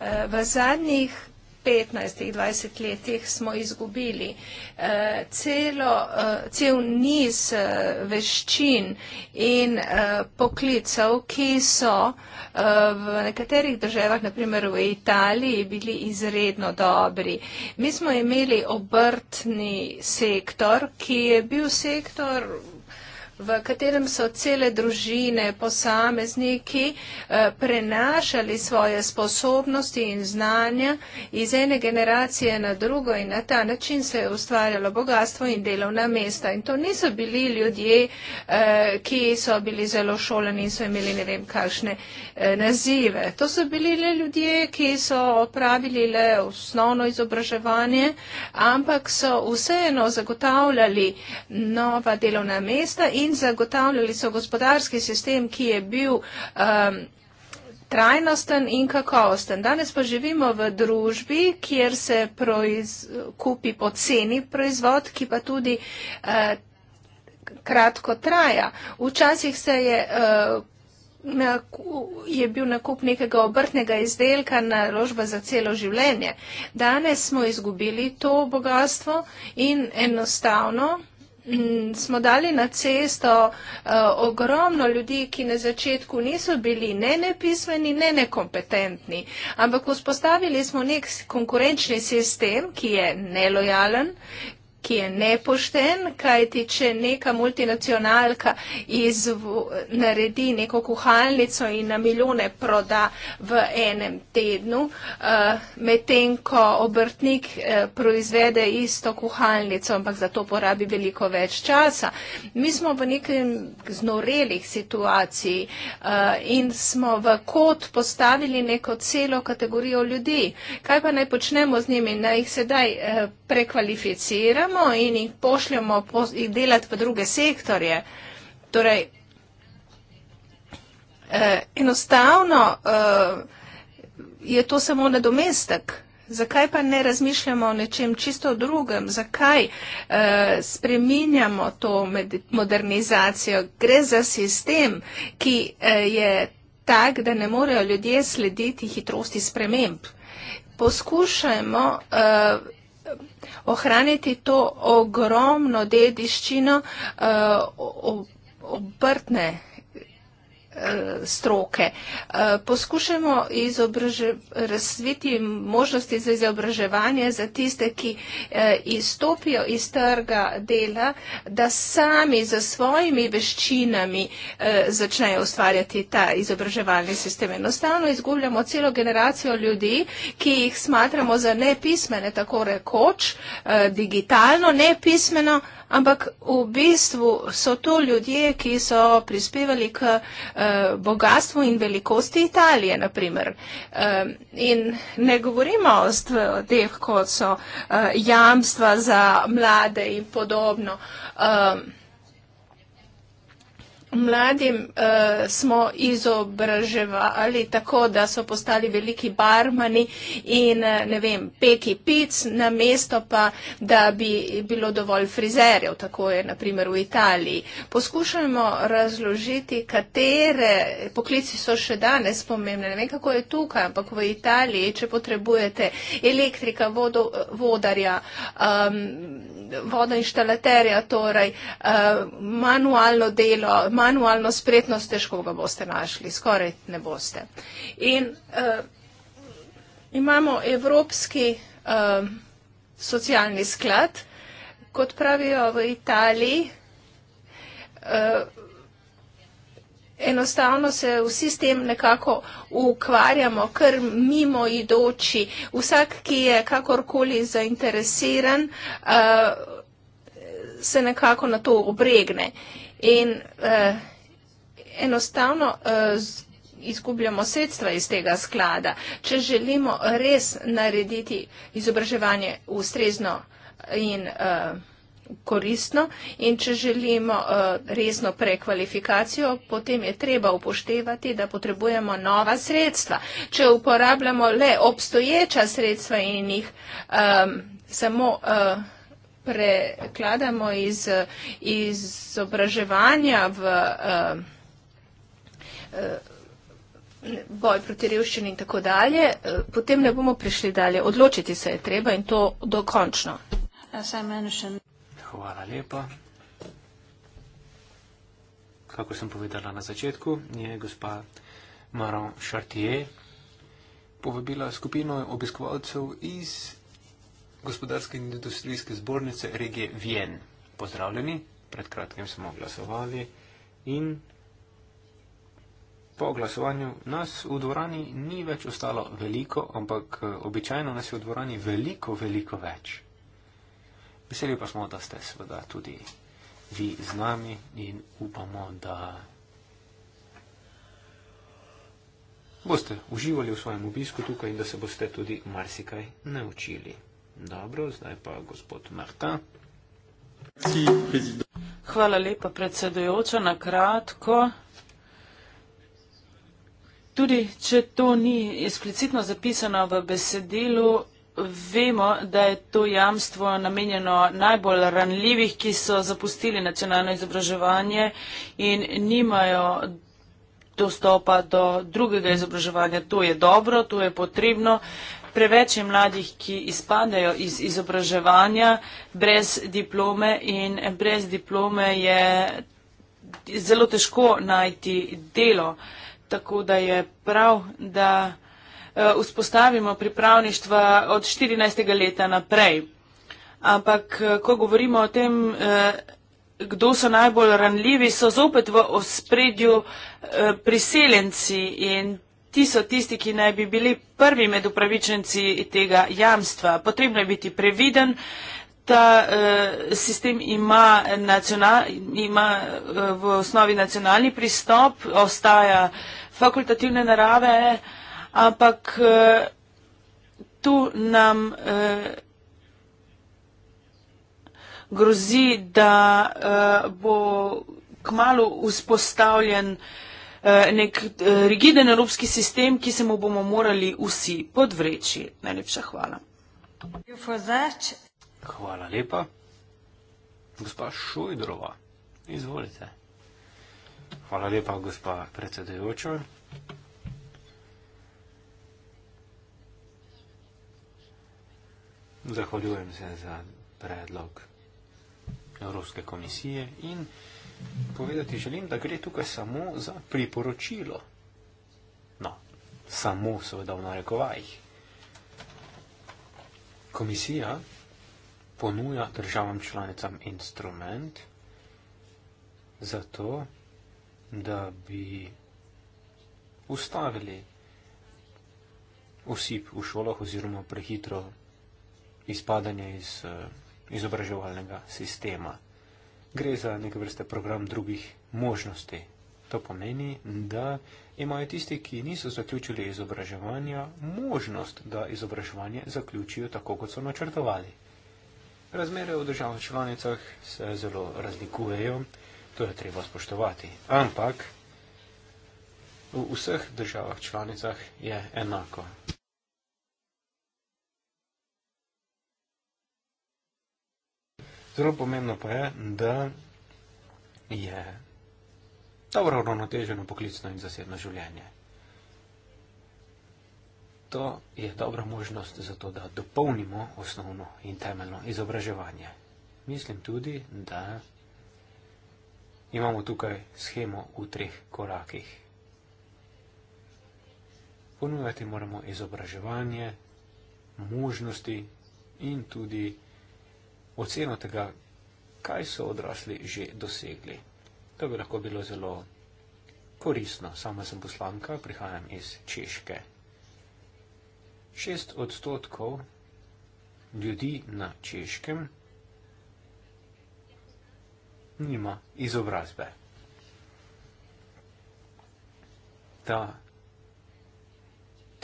Eh, v zadnjih 15-20 letih smo izgubili eh, celo, eh, cel niz eh, veščin in poklicev, ki so v nekaterih državah, naprimer v Italiji, bili izredno dobri. Mi smo imeli obrtni sektor, ki je bil sektor v katerem so cele družine, posamezniki eh, prenašali svoje sposobnosti in znanja iz ene generacije na drugo in na ta način se je ustvarjalo bogatstvo in delovna mesta. In to niso bili ljudje, eh, ki so bili zelo šoleni in so imeli ne vem kakšne eh, nazive. To so bili le ljudje, ki so opravili le osnovno izobraževanje, ampak so vseeno zagotavljali nova delovna mesta in in zagotavljali so gospodarski sistem, ki je bil um, trajnosten in kakovosten. Danes pa živimo v družbi, kjer se proiz, kupi poceni proizvod, ki pa tudi uh, kratko traja. Včasih se je. Uh, je bil nakup nekega obrtnega izdelka na rožba za celo življenje. Danes smo izgubili to bogatstvo in enostavno Mm, smo dali na cesto eh, ogromno ljudi, ki na začetku niso bili ne nepismeni, ne nekompetentni, ampak vzpostavili smo nek konkurenčni sistem, ki je nelojalen, ki je nepošten, kajti če neka multinacionalka izvo, naredi neko kuhalnico in na milijone proda v enem tednu, eh, medtem ko obrtnik eh, proizvede isto kuhalnico, ampak za to porabi veliko več časa. Mi smo v nekem znorelih situaciji eh, in smo v kot postavili neko celo kategorijo ljudi. Kaj pa naj počnemo z njimi? Naj jih sedaj prekvalificiramo in jih pošljamo jih delati v druge sektorje. Torej, eh, enostavno eh, je to samo nadomestek. Zakaj pa ne razmišljamo o nečem čisto drugem? Zakaj eh, spreminjamo to med, modernizacijo? Gre za sistem, ki eh, je tak, da ne morejo ljudje slediti hitrosti sprememb. Poskušajmo. Eh, ohraniti to ogromno dediščino uh, obrtne Eh, stroke. Eh, poskušamo razviti možnosti za izobraževanje za tiste, ki eh, izstopijo iz trga dela, da sami za svojimi veščinami začnejo ustvarjati ta izobraževalni sistem. Enostavno izgubljamo celo generacijo ljudi, ki jih smatramo za nepismene, tako rekoč, digitalno, nepismeno, ampak v bistvu so to ljudje, ki so prispevali k eh, bogatstvu in velikosti Italije, naprimer. Eh, in ne govorimo o teh, kot so eh, jamstva za mlade in podobno. Eh, mladim uh, smo izobraževali tako, da so postali veliki barmani in eh, ne vem, peki pic na mesto pa, da bi bilo dovolj frizerjev, tako je naprimer v Italiji. Poskušajmo razložiti, katere poklici so še danes pomembne. Ne vem, kako je tukaj, ampak v Italiji, če potrebujete elektrika, vodo, vodarja, um, vodoinštalaterja, torej uh, manualno delo, manualno manualno spretnost, težko ga boste našli, skoraj ne boste. In uh, imamo Evropski uh, socialni sklad, kot pravijo v Italiji, uh, enostavno se vsi s tem nekako ukvarjamo, ker mimo idoči, vsak, ki je kakorkoli zainteresiran, uh, se nekako na to obregne. Uh, in uh, enostavno uh, izgubljamo sredstva iz tega sklada. Če želimo res narediti izobraževanje ustrezno in uh, koristno in če želimo uh, resno prekvalifikacijo, potem je treba upoštevati, da potrebujemo nova sredstva. Če uporabljamo le obstoječa sredstva in jih um, samo uh, prekladamo iz izobraževanja v eh, eh, boj proti revščini in tako dalje, eh, potem ne bomo prišli dalje. Odločiti se je treba in to dokončno. Hvala lepa. Kako sem povedala na začetku, je gospa Maron Chartier povabila skupino obiskovalcev iz gospodarske in industrijske zbornice regije Vien. Pozdravljeni, pred kratkim smo glasovali in po glasovanju nas v dvorani ni več ostalo veliko, ampak eh, običajno nas je v dvorani veliko, veliko več. Veseli pa smo, da ste seveda tudi vi z nami in upamo, da boste uživali v svojem obisku tukaj in da se boste tudi marsikaj naučili. Dobro, zdaj pa gospod Marta. Hvala lepa, predsedujoča, na kratko. Tudi, če to ni eksplicitno zapisano v besedilu, vemo, da je to jamstvo namenjeno najbolj ranljivih, ki so zapustili nacionalno izobraževanje in nimajo dostopa do drugega izobraževanja. To je dobro, to je potrebno preveč je mladih, ki izpadajo iz izobraževanja brez diplome in brez diplome je zelo težko najti delo. Tako da je prav, da eh, vzpostavimo pripravništva od 14. leta naprej. Ampak, eh, ko govorimo o tem, eh, kdo so najbolj ranljivi, so zopet v ospredju priseljenci in Ti so tisti, ki naj bi bili prvi med upravičenci tega jamstva. Potrebno je biti previden. Ta uh, sistem ima, nacional, ima uh, v osnovi nacionalni pristop, ostaja fakultativne narave, ampak uh, tu nam uh, grozi, da uh, bo kmalo vzpostavljen uh, Eh, nek eh, rigiden evropski sistem, ki se mu bomo morali vsi podvreči. Najlepša hvala. Hvala lepa. Gospa Šujdrova, izvolite. Hvala lepa, gospa predsedujoča. Zahvaljujem se za predlog Evropske komisije in povedati želim, da gre tukaj samo za priporočilo. No, samo seveda v narekovajih. Komisija ponuja državam članicam instrument za to, da bi ustavili osip v šolah oziroma prehitro izpadanje iz eh, izobraževalnega sistema gre za neke vrste program drugih možnosti. To pomeni, da imajo tisti, ki niso zaključili izobraževanja, možnost, da izobraževanje zaključijo tako, kot so načrtovali. Razmere v državah članicah se zelo razlikujejo, to je treba spoštovati. Ampak v vseh državah članicah je enako. Zelo pomembno pa je, da je dobro uravnoteženo poklicno in zasebno življenje. To je dobra možnost za to, da dopolnimo osnovno in temeljno izobraževanje. Mislim tudi, da imamo tukaj schemo v treh korakih. Ponujati moramo izobraževanje, možnosti in tudi oceno tega, kaj so odrasli že dosegli. To bi lahko bilo zelo koristno. Sama sem poslanka, prihajam iz Češke. Šest odstotkov ljudi na Češkem nima izobrazbe. Ta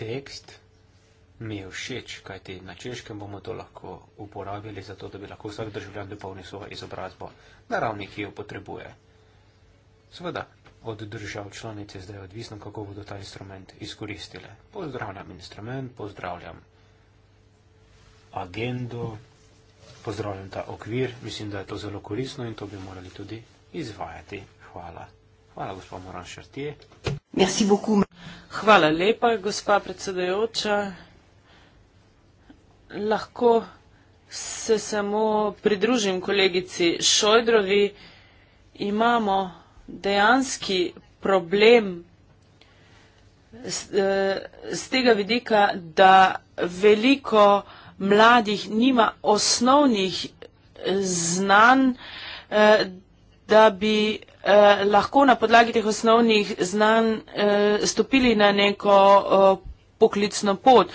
tekst mi je všeč, kajti na češkem bomo to lahko uporabili, zato da bi lahko vsak državljan dopolnil svojo izobrazbo na ravni, ki jo potrebuje. Sveda, od držav članic je zdaj odvisno, kako bodo ta instrument izkoristile. Pozdravljam instrument, pozdravljam agendo, pozdravljam ta okvir, mislim, da je to zelo koristno in to bi morali tudi izvajati. Hvala. Hvala, gospod Moran Šartije. Hvala lepa, gospa predsedajoča lahko se samo pridružim kolegici Šojdrovi. Imamo dejanski problem z, z eh, tega vidika, da veliko mladih nima osnovnih znanj, eh, da bi eh, lahko na podlagi teh osnovnih znanj stopili na neko poklicno pot.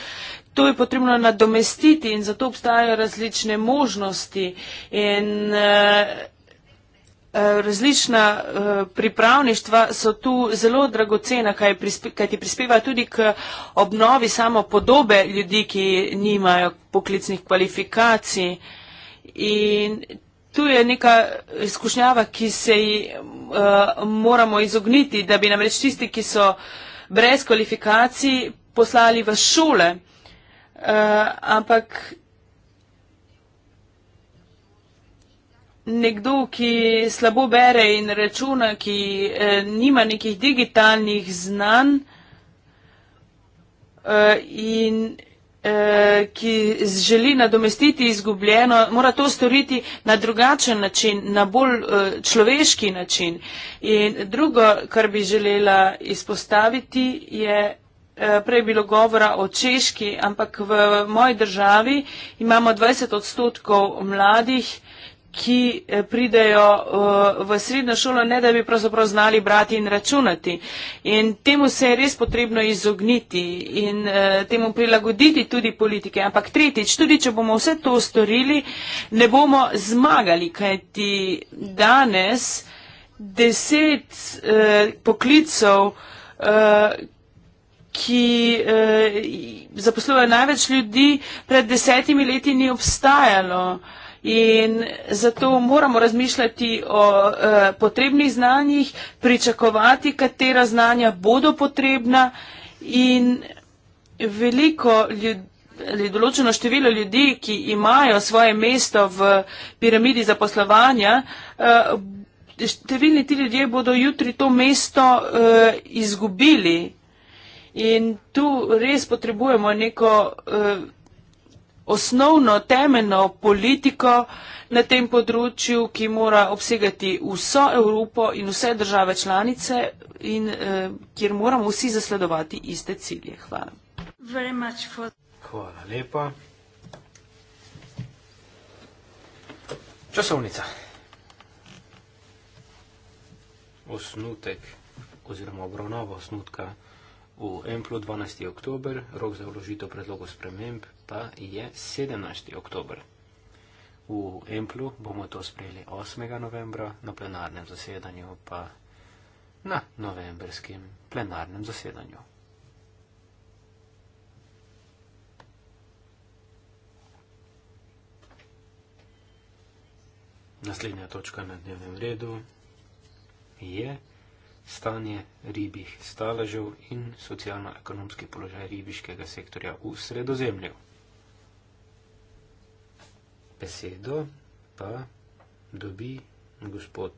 To je potrebno nadomestiti in zato obstajajo različne možnosti in eh, eh, različna eh, pripravništva so tu zelo dragocena, kaj ti prispeva tudi k obnovi samo podobe ljudi, ki nimajo poklicnih kvalifikacij. In tu je neka izkušnjava, ki se ji uh, moramo izogniti, da bi namreč tisti, ki so brez kvalifikacij, poslali v šole. Uh, Uh, ampak nekdo, ki slabo bere in računa, ki uh, nima nekih digitalnih znanj uh, in uh, ki želi nadomestiti izgubljeno, mora to storiti na drugačen način, na bolj uh, človeški način. In drugo, kar bi želela izpostaviti, je. Eh, prej bilo govora o Češki, ampak v moji državi imamo 20 odstotkov mladih, ki eh, pridejo eh, v srednjo šolo, ne da bi pravzaprav znali brati in računati. In temu se je res potrebno izogniti in temu prilagoditi tudi politike. Ampak tretjič, tudi če bomo vse to storili, ne bomo zmagali, kajti danes deset eh, poklicov, eh, ki eh, zaposlujejo največ ljudi, pred desetimi leti ni obstajalo. In zato moramo razmišljati o eh, potrebnih znanjih, pričakovati, katera znanja bodo potrebna in veliko ljudi ali določeno število ljudi, ki imajo svoje mesto v piramidi zaposlovanja, eh, številni ti ljudje bodo jutri to mesto eh, izgubili In tu res potrebujemo neko eh, osnovno, temeljno politiko na tem področju, ki mora obsegati vso Evropo in vse države članice in eh, kjer moramo vsi zasledovati iste cilje. Hvala. Hvala lepa. Časovnica. Osnutek oziroma obravnava osnutka. V Emplu 12. oktober, rok za vložitev predlogov sprememb pa je 17. oktober. V Emplu bomo to sprejeli 8. novembra, na plenarnem zasedanju pa na novembrskem plenarnem zasedanju. Naslednja točka na dnevnem redu je stanje ribjih staležev in socialno-ekonomski položaj ribiškega sektorja v sredozemlju. Besedo pa dobi gospod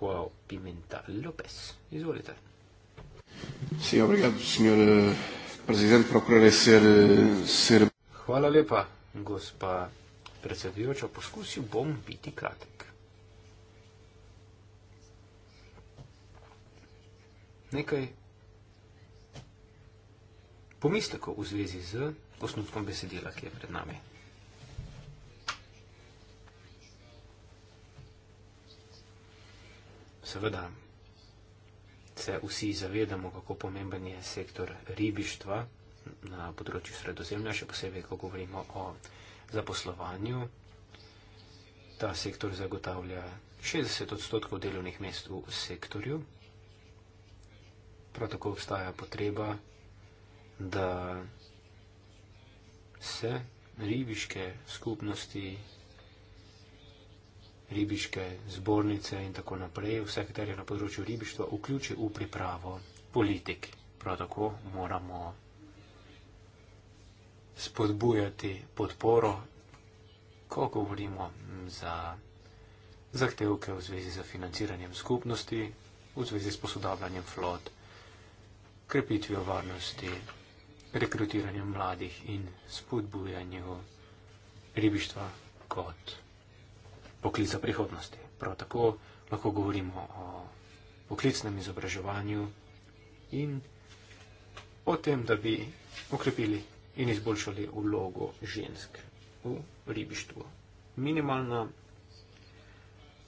Juan Pimenta López. Izvolite. Sí, obrigado, señor eh, presidente. Procuraré ser, eh, ser... Hvala lepa, gospa predsedujoča. Poskusil bom biti kratek. nekaj pomislekov v zvezi z osnutkom besedila, ki je pred nami. Seveda se vsi zavedamo, kako pomemben je sektor ribištva na področju sredozemlja, še posebej, ko govorimo o zaposlovanju. Ta sektor zagotavlja 60 odstotkov delovnih mest v sektorju prav tako obstaja potreba, da se ribiške skupnosti, ribiške zbornice in tako naprej, vse, kar je na področju ribištva, vključi v pripravo politik. Prav tako moramo spodbujati podporo, ko govorimo za zahtevke v zvezi z financiranjem skupnosti, v zvezi s posodabljanjem flot krepitvijo varnosti, rekrutiranjem mladih in spodbujanju ribištva kot poklica prihodnosti. Prav tako lahko govorimo o poklicnem izobraževanju in o tem, da bi ukrepili in izboljšali vlogo žensk v ribištvu. Minimalna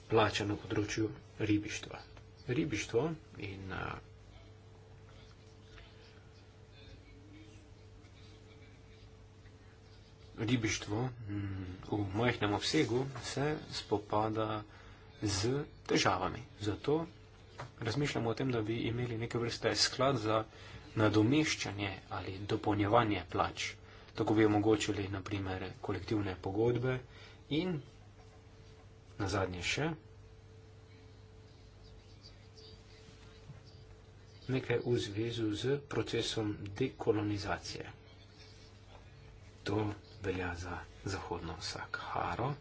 plača na področju ribištva. Ribištvo in uh, ribištvo mm, v majhnem obsegu se spopada z težavami. Zato razmišljamo o tem, da bi imeli neke vrste sklad za nadomeščanje ali dopolnjevanje plač. Tako bi omogočili naprimer kolektivne pogodbe in na zadnje še nekaj v zvezu z procesom dekolonizacije velja za zahodno Saharo.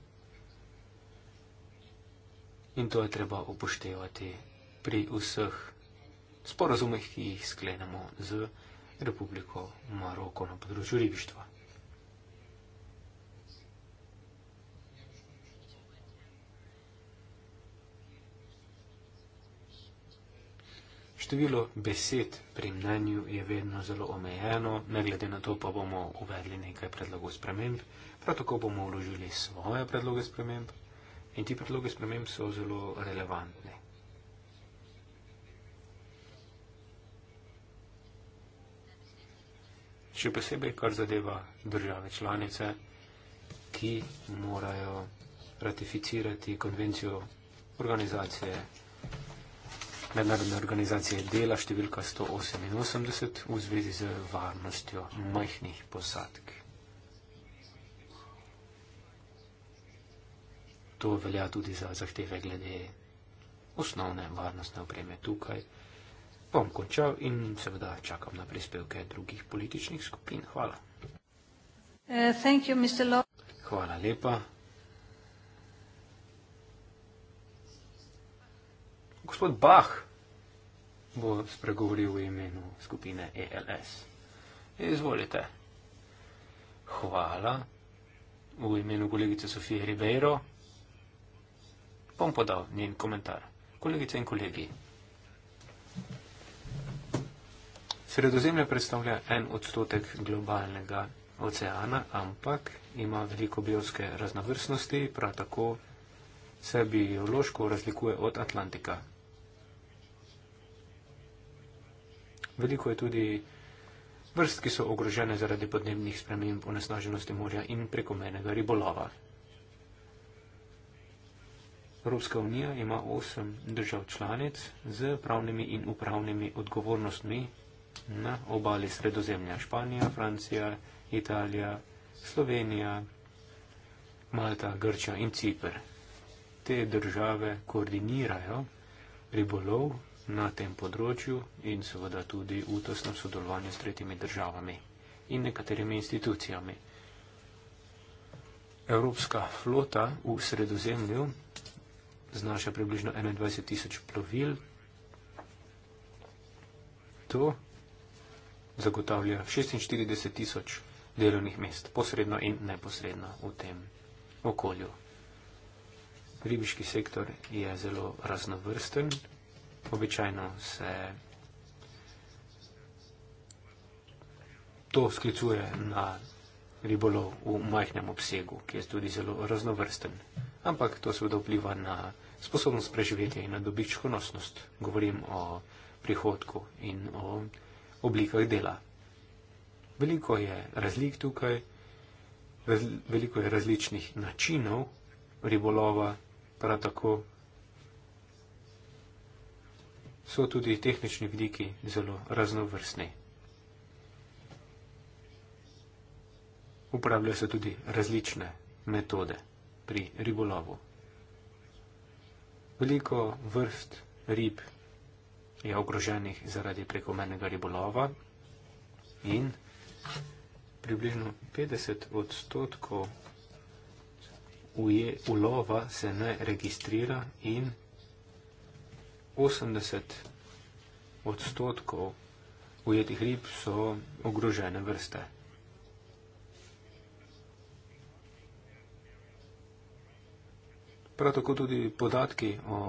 In to je treba upoštevati pri vseh sporazumeh, ki jih sklenemo z Republiko Maroko na področju ribištva. Število besed pri mnenju je vedno zelo omejeno, ne glede na to pa bomo uvedli nekaj predlogov sprememb, prav tako bomo vložili svoje predloge sprememb in ti predloge sprememb so zelo relevantni. Še posebej, kar zadeva države članice, ki morajo ratificirati konvencijo organizacije mednarodne organizacije dela številka 188 v zvezi z varnostjo majhnih posadk. To velja tudi za zahteve glede osnovne varnostne opreme tukaj. Bom končal in seveda čakam na prispevke drugih političnih skupin. Hvala. Uh, thank you, Mr. Hvala lepa. gospod Bach bo spregovoril v imenu skupine ELS. Izvolite. Hvala. V imenu kolegice Sofije Ribeiro bom podal njen komentar. Kolegice in kolegi. Sredozemlje predstavlja en odstotek globalnega oceana, ampak ima veliko biovske raznovrstnosti, prav tako se biološko razlikuje od Atlantika. Veliko je tudi vrst, ki so ogrožene zaradi podnebnih sprememb, onesnaženosti morja in prekomernega ribolova. Evropska unija ima osem držav članic z pravnimi in upravnimi odgovornostmi na obali Sredozemlja. Španija, Francija, Italija, Slovenija, Malta, Grča in Cipr. Te države koordinirajo ribolov na tem področju in seveda tudi v tesnem sodelovanju s tretjimi državami in nekaterimi institucijami. Evropska flota v sredozemlju znaša približno 21 tisoč plovil. To zagotavlja 46 tisoč delovnih mest, posredno in neposredno v tem okolju. Ribiški sektor je zelo raznovrsten, običajno se to sklicuje na ribolov v majhnem obsegu, ki je tudi zelo raznovrsten. Ampak to seveda vpliva na sposobnost preživetja in na dobičkonosnost. Govorim o prihodku in o oblikah dela. Veliko je razlik tukaj, veliko je različnih načinov ribolova, prav tako so tudi tehnični vidiki zelo raznovrstni. Uporabljajo se tudi različne metode pri ribolovu. Veliko vrst rib je ogroženih zaradi prekomernega ribolova in približno 50 odstotkov ulova se ne registrira in 80 odstotkov ujetih rib so ogrožene vrste. Prav tako tudi podatki o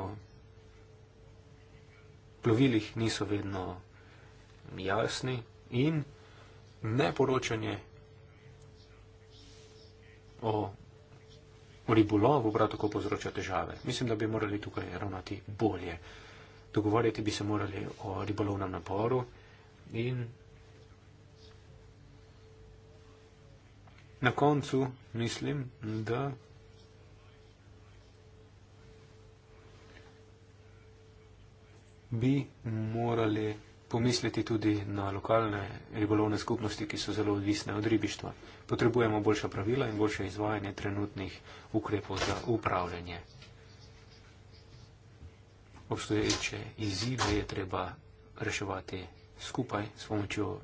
plovilih niso vedno jasni in neporočanje o ribolovu prav tako povzroča težave. Mislim, da bi morali tukaj ravnati bolje dogovoriti bi se morali o ribolovnem naporu in na koncu mislim, da bi morali pomisliti tudi na lokalne ribolovne skupnosti, ki so zelo odvisne od ribištva. Potrebujemo boljša pravila in boljše izvajanje trenutnih ukrepov za upravljanje obstoječe izzive je treba reševati skupaj s pomočjo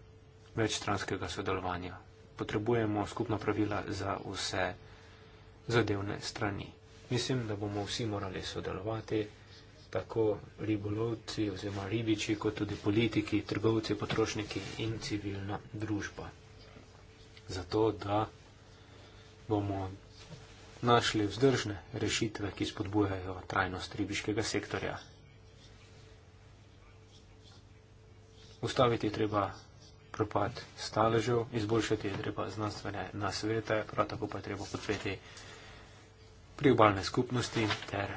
večstranskega sodelovanja. Potrebujemo skupna pravila za vse zadevne strani. Mislim, da bomo vsi morali sodelovati, tako ribolovci oziroma ribiči, kot tudi politiki, trgovci, potrošniki in civilna družba. Zato, da bomo našli vzdržne rešitve, ki spodbujajo trajnost ribiškega sektorja. ustaviti je treba propad staležev, izboljšati je treba znanstvene nasvete, prav tako pa je treba podpreti priobalne skupnosti ter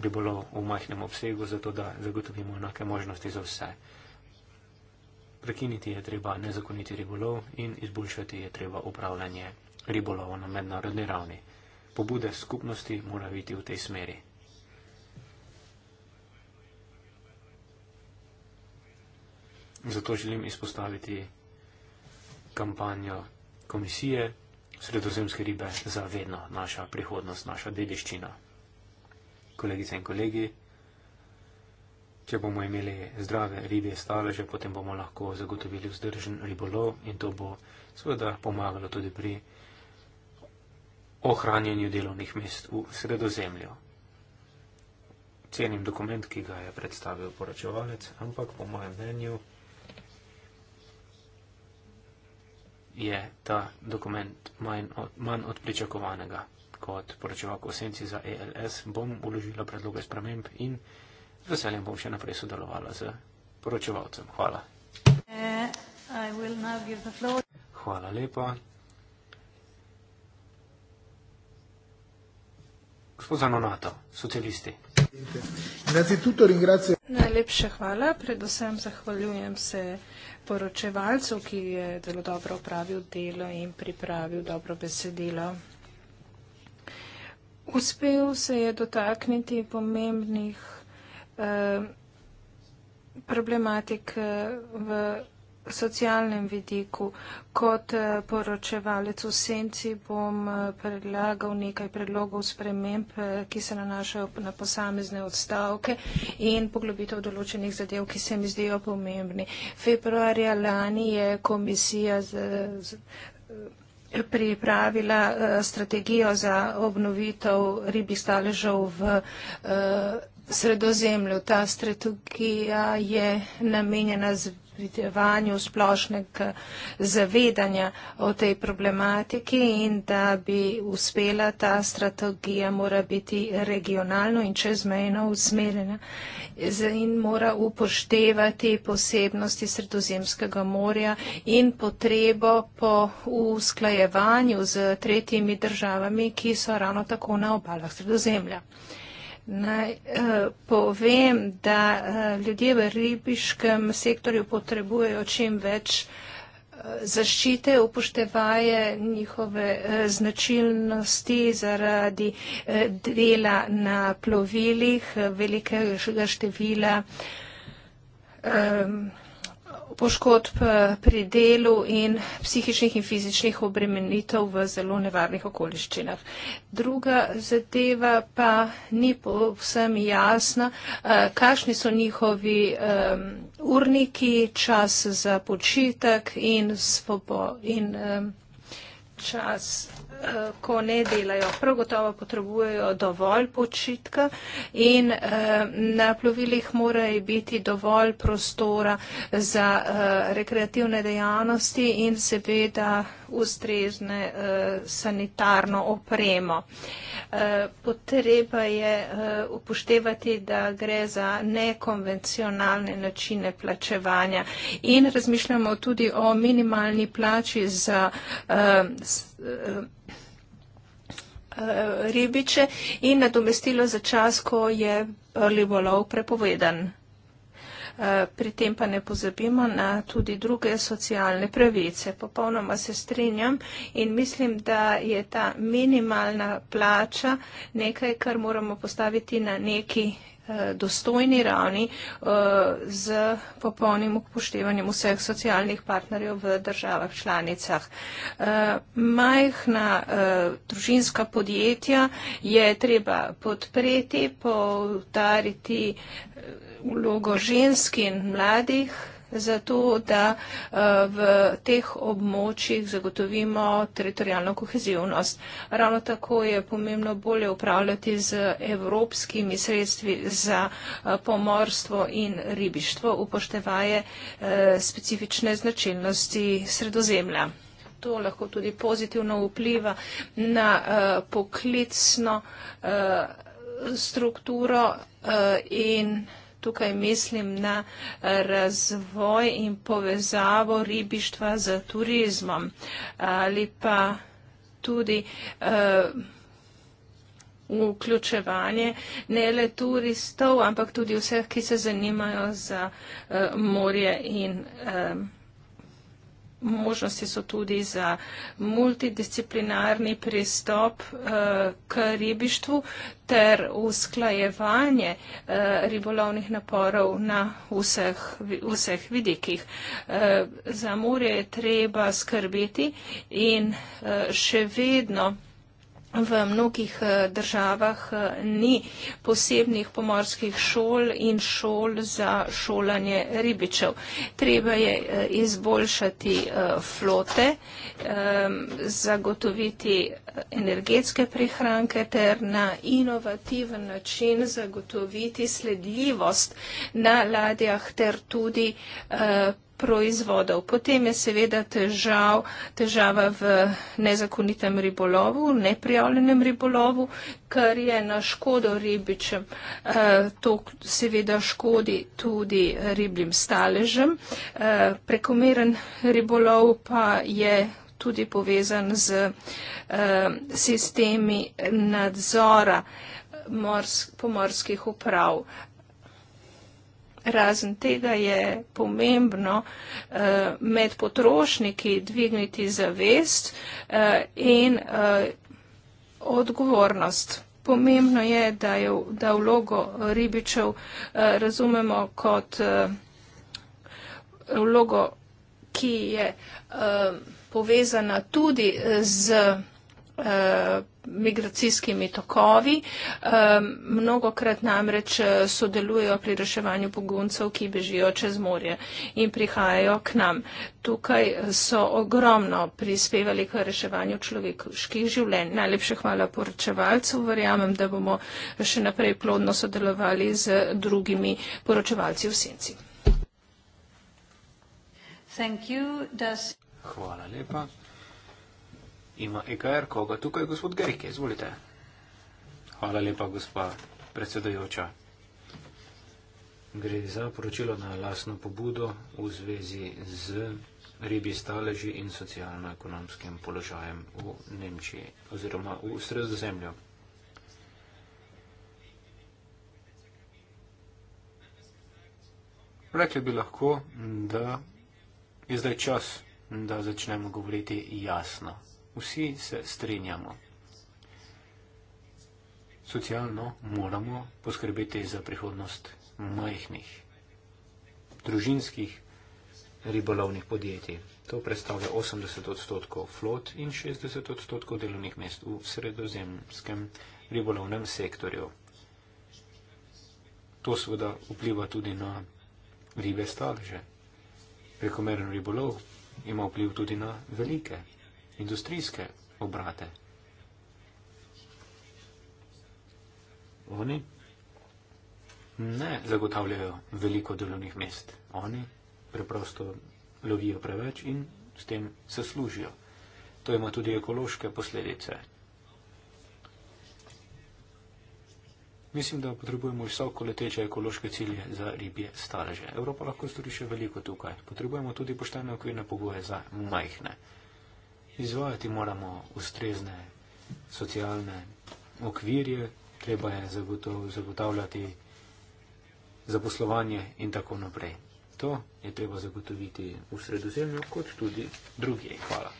ribolov v majhnem obsegu, zato da zagotovimo enake možnosti za vse. Prekiniti je treba nezakoniti ribolov in izboljšati je treba upravljanje ribolov na mednarodni ravni. Pobude skupnosti mora biti v tej smeri. Zato želim izpostaviti kampanjo komisije Sredozemske ribe za vedno, naša prihodnost, naša dediščina. Kolegice in kolegi, če bomo imeli zdrave ribje staleže, potem bomo lahko zagotovili vzdržen ribolov in to bo seveda pomagalo tudi pri ohranjanju delovnih mest v Sredozemlju. Cenim dokument, ki ga je predstavil poročevalec, ampak po mojem mnenju. je ta dokument manj od, manj od pričakovanega. Kot poročevalko osenci za ELS bom uložila predloge sprememb in z veseljem bom še naprej sodelovala z poročevalcem. Hvala. Eh, Hvala lepa. Gospod Zanonato, socialisti. Najlepša hvala. Predvsem zahvaljujem se poročevalcu, ki je zelo dobro opravil delo in pripravil dobro besedilo. Uspel se je dotakniti pomembnih eh, problematik eh, v socialnem vidiku. Kot eh, poročevalec v senci bom eh, predlagal nekaj predlogov sprememb, eh, ki se nanašajo na posamezne odstavke in poglobitev določenih zadev, ki se mi zdijo pomembni. Februarja lani je komisija z, z, pripravila strategijo za obnovitev ribih staležev v sredozemlju. Ta strategija je namenjena z izpitevanju splošnega zavedanja o tej problematiki in da bi uspela ta strategija, mora biti regionalno in čezmejno usmerjena in mora upoštevati posebnosti sredozemskega morja in potrebo po usklajevanju z tretjimi državami, ki so ravno tako na obalah sredozemlja. Naj eh, povem, da eh, ljudje v ribiškem sektorju potrebujejo čim več eh, zaščite upoštevaje njihove eh, značilnosti zaradi eh, dela na plovilih velikega števila um, poškodb eh, pri delu in psihičnih in fizičnih obremenitev v zelo nevarnih okoliščinah. Druga zadeva pa ni povsem jasna, eh, kakšni so njihovi um, urniki, čas za počitek in, svobo, in um, čas. Eh, ko ne delajo. Prav gotovo potrebujejo dovolj počitka in eh, na plovilih mora biti dovolj prostora za eh, rekreativne dejavnosti in seveda ustrezne sanitarno opremo. Potreba je upoštevati, da gre za nekonvencionalne načine plačevanja in razmišljamo tudi o minimalni plači za uh, Eh, ribiče in nadomestilo za čas, ko je ribolov prepovedan. Eh, pri tem pa ne pozabimo na tudi druge socialne pravice. Popolnoma se strinjam in mislim, da je ta minimalna plača nekaj, kar moramo postaviti na neki Eh, dostojni ravni eh, z popolnim upoštevanjem vseh socialnih partnerjev v državah članicah. Eh, majhna družinska podjetja je treba podpreti, povdariti vlogo žensk in mladih zato da eh, v teh območjih zagotovimo teritorijalno kohezivnost. Ravno tako je pomembno bolje upravljati z evropskimi sredstvi za eh, pomorstvo in ribištvo, upoštevaje eh, specifične značilnosti sredozemlja. To lahko tudi pozitivno vpliva na poklicno strukturo in strukturo Tukaj mislim na eh, razvoj in povezavo ribištva z turizmom ali pa tudi eh, vključevanje ne le turistov, ampak tudi vseh, ki se zanimajo za eh, morje in turizmom možnosti so tudi za multidisciplinarni pristop eh, k ribištvu ter usklajevanje eh, ribolovnih naporov na vseh, vseh vidikih. Eh, za morje je treba skrbeti in še vedno V mnogih eh, državah eh, ni posebnih pomorskih šol in šol za šolanje ribičev. Treba je eh, izboljšati flote, zagotoviti energetske prihranke ter na inovativen način zagotoviti sledljivost na ladjah ter tudi proizvodov. Potem je seveda težav, težava v nezakonitem ribolovu, neprijavljenem ribolovu, kar je na škodo ribičem. Eh, to seveda škodi tudi ribljim staležem. Eh, prekomeren ribolov pa je tudi povezan z eh, sistemi nadzora pomorskih uprav. Razen tega je pomembno eh, med potrošniki dvigniti zavest eh, in eh, odgovornost. Pomembno je, da, je, da vlogo ribičev eh, razumemo kot eh, vlogo, ki je eh, povezana tudi z. Eh, Eh, migracijskimi tokovi. Eh, mnogokrat namreč eh, sodelujejo pri reševanju poguncev, ki bežijo čez morje in prihajajo k nam. Tukaj so ogromno prispevali k reševanju človeških življenj. Najlepše hvala poročevalcu. Verjamem, da bomo še naprej plodno sodelovali z drugimi poročevalci v senci. Hvala lepa. Ima EKR koga tukaj, gospod Gerike, izvolite. Hvala lepa, gospa predsedojoča. Gre za poročilo na lasno pobudo v zvezi z ribi staleži in socialno-ekonomskim položajem v Nemčiji oziroma v sredozemlju. Rekli bi lahko, da je zdaj čas, da začnemo govoriti jasno vsi se strinjamo. Socialno moramo poskrbeti za prihodnost majhnih, družinskih ribolovnih podjetij. To predstavlja 80 odstotkov flot in 60 odstotkov delovnih mest v sredozemskem ribolovnem sektorju. To seveda vpliva tudi na ribe starže. Prekomeren ribolov ima vpliv tudi na velike industrijske obrate. Oni ne zagotavljajo veliko delovnih mest. Oni preprosto lovijo preveč in s tem se služijo. To ima tudi ekološke posledice. Mislim, da potrebujemo visoko leteče ekološke cilje za ribje staleže. Evropa lahko stori še veliko tukaj. Potrebujemo tudi poštene okvirne pogoje za majhne izvajati moramo ustrezne socialne okvirje, treba je zagotov, zagotavljati zaposlovanje in tako naprej. To je treba zagotoviti v sredozemlju, kot tudi druge. Hvala.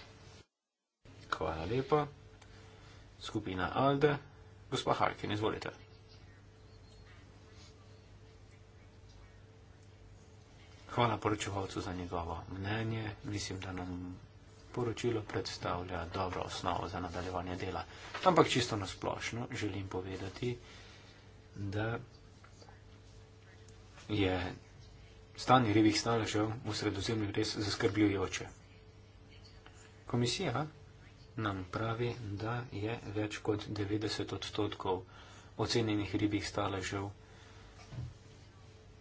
Hvala lepa. Skupina Alde, gospa Harkin, izvolite. Hvala poročevalcu za njegovo mnenje. Mislim, da nam poročilo predstavlja dobro osnovo za nadaljevanje dela. Ampak čisto nasplošno želim povedati, da je stanje rivih staležev v sredozemlju res zaskrbljujoče. Komisija nam pravi, da je več kot 90 odstotkov ocenjenih ribih staležev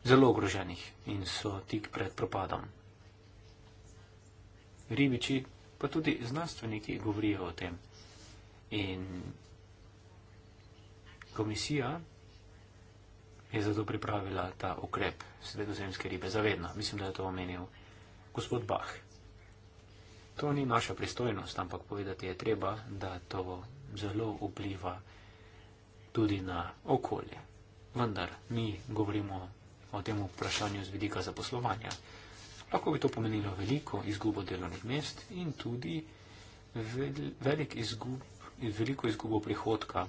zelo ogroženih in so tik pred propadom. Ribiči pa tudi znanstveniki govorijo o tem. In komisija je zato pripravila ta ukrep sredozemske ribe zavedno. Mislim, da je to omenil gospod Bach. To ni naša pristojnost, ampak povedati je treba, da to zelo vpliva tudi na okolje. Vendar mi govorimo o tem vprašanju z vidika zaposlovanja. Lahko bi to pomenilo veliko izgubo delovnih mest in tudi vel, izgub, veliko izgubo prihodka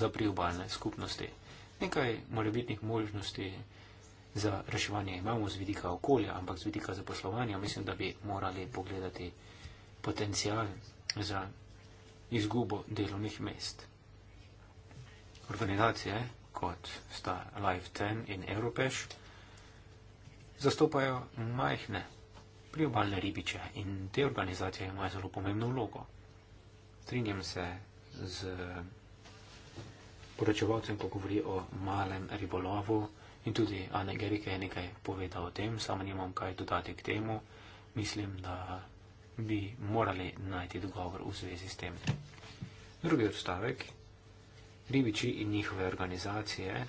za priobalne skupnosti. Nekaj morebitnih možnosti za reševanje imamo z vidika okolja, ampak z vidika zaposlovanja mislim, da bi morali pogledati potencijal za izgubo delovnih mest. Organizacije kot sta Life 10 in Europeš zastopajo majhne priobalne ribiče in te organizacije imajo zelo pomembno vlogo. Strinjam se z poročevalcem, ko govori o malem ribolovu in tudi Ana Gerike je nekaj povedal o tem, sama nimam kaj dodati k temu. Mislim, da bi morali najti dogovor v zvezi s tem. Drugi odstavek. Ribiči in njihove organizacije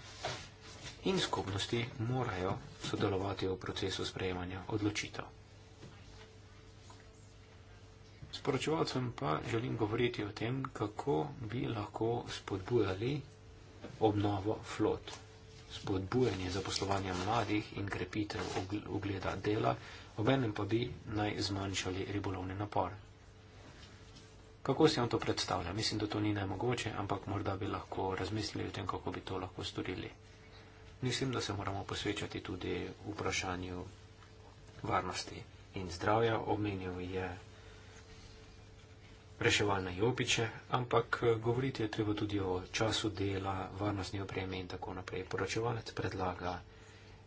in skupnosti morajo sodelovati v procesu sprejemanja odločitev. Sporočevalcem pa želim govoriti o tem, kako bi lahko spodbujali obnovo flot, spodbujanje zaposlovanja mladih in krepitev ugleda dela, obenem pa bi naj zmanjšali ribolovni napor. Kako si vam to predstavlja? Mislim, da to ni najmogoče, ampak morda bi lahko razmislili o tem, kako bi to lahko storili mislim, da se moramo posvečati tudi vprašanju varnosti in zdravja. Omenil je reševalne jopiče, ampak eh, govoriti je treba tudi o času dela, varnostni opremi in tako naprej. Poročevalec predlaga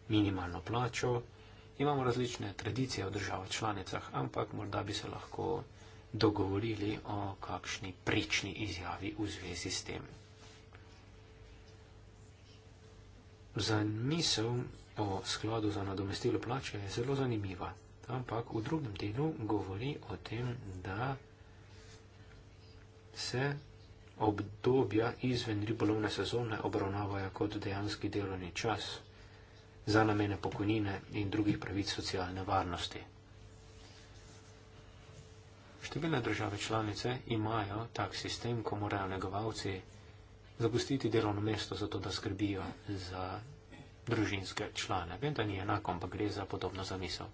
minimalno plačo. Imamo različne tradicije v državah članicah, ampak morda bi se lahko dogovorili o kakšni prični izjavi v zvezi s tem. za misel o skladu za nadomestilo plače je zelo zanimiva. Ampak v drugem delu govori o tem, da se obdobja izven ribolovne sezone obravnavajo kot dejanski delovni čas za namene pokojnine in drugih pravic socialne varnosti. Številne države članice imajo tak sistem, ko morajo negovalci zapustiti delovno mesto, zato da skrbijo za družinske člane. Vem, da ni enako, ampak gre za podobno zamisel.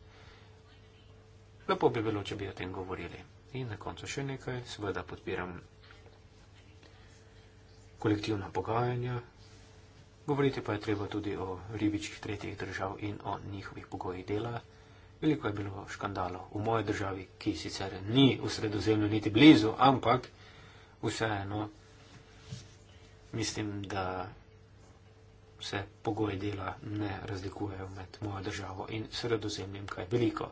Lepo bi bilo, če bi o tem govorili. In na koncu še nekaj, seveda podpiram kolektivna pogajanja. Govoriti pa je treba tudi o ribičih tretjih držav in o njihovih pogojih dela. Veliko je bilo škandalov v moji državi, ki sicer ni v sredozemlju niti blizu, ampak vseeno mislim, da se pogoji dela ne razlikujejo med mojo državo in sredozemljem kaj veliko.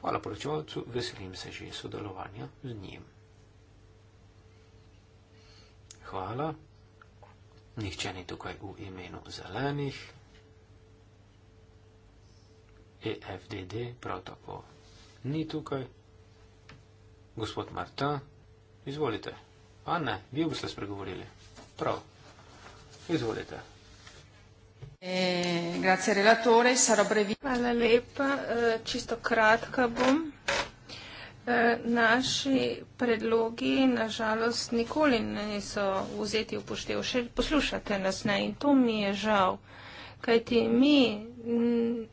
Hvala poročevalcu, veselim se že sodelovanja z njim. Hvala. Nihče ni tukaj v imenu zelenih. EFDD prav tako ni tukaj. Gospod Marta, izvolite. A ne, vi boste spregovorili. Prav. Izvolite. E, grazie relatore, sarò brevi. Hvala lepa, e, čisto kratka bom. E, naši predlogi nažalost nikoli niso vzeti v poštev. Še poslušate nas ne in to mi je žal. Kajti mi m,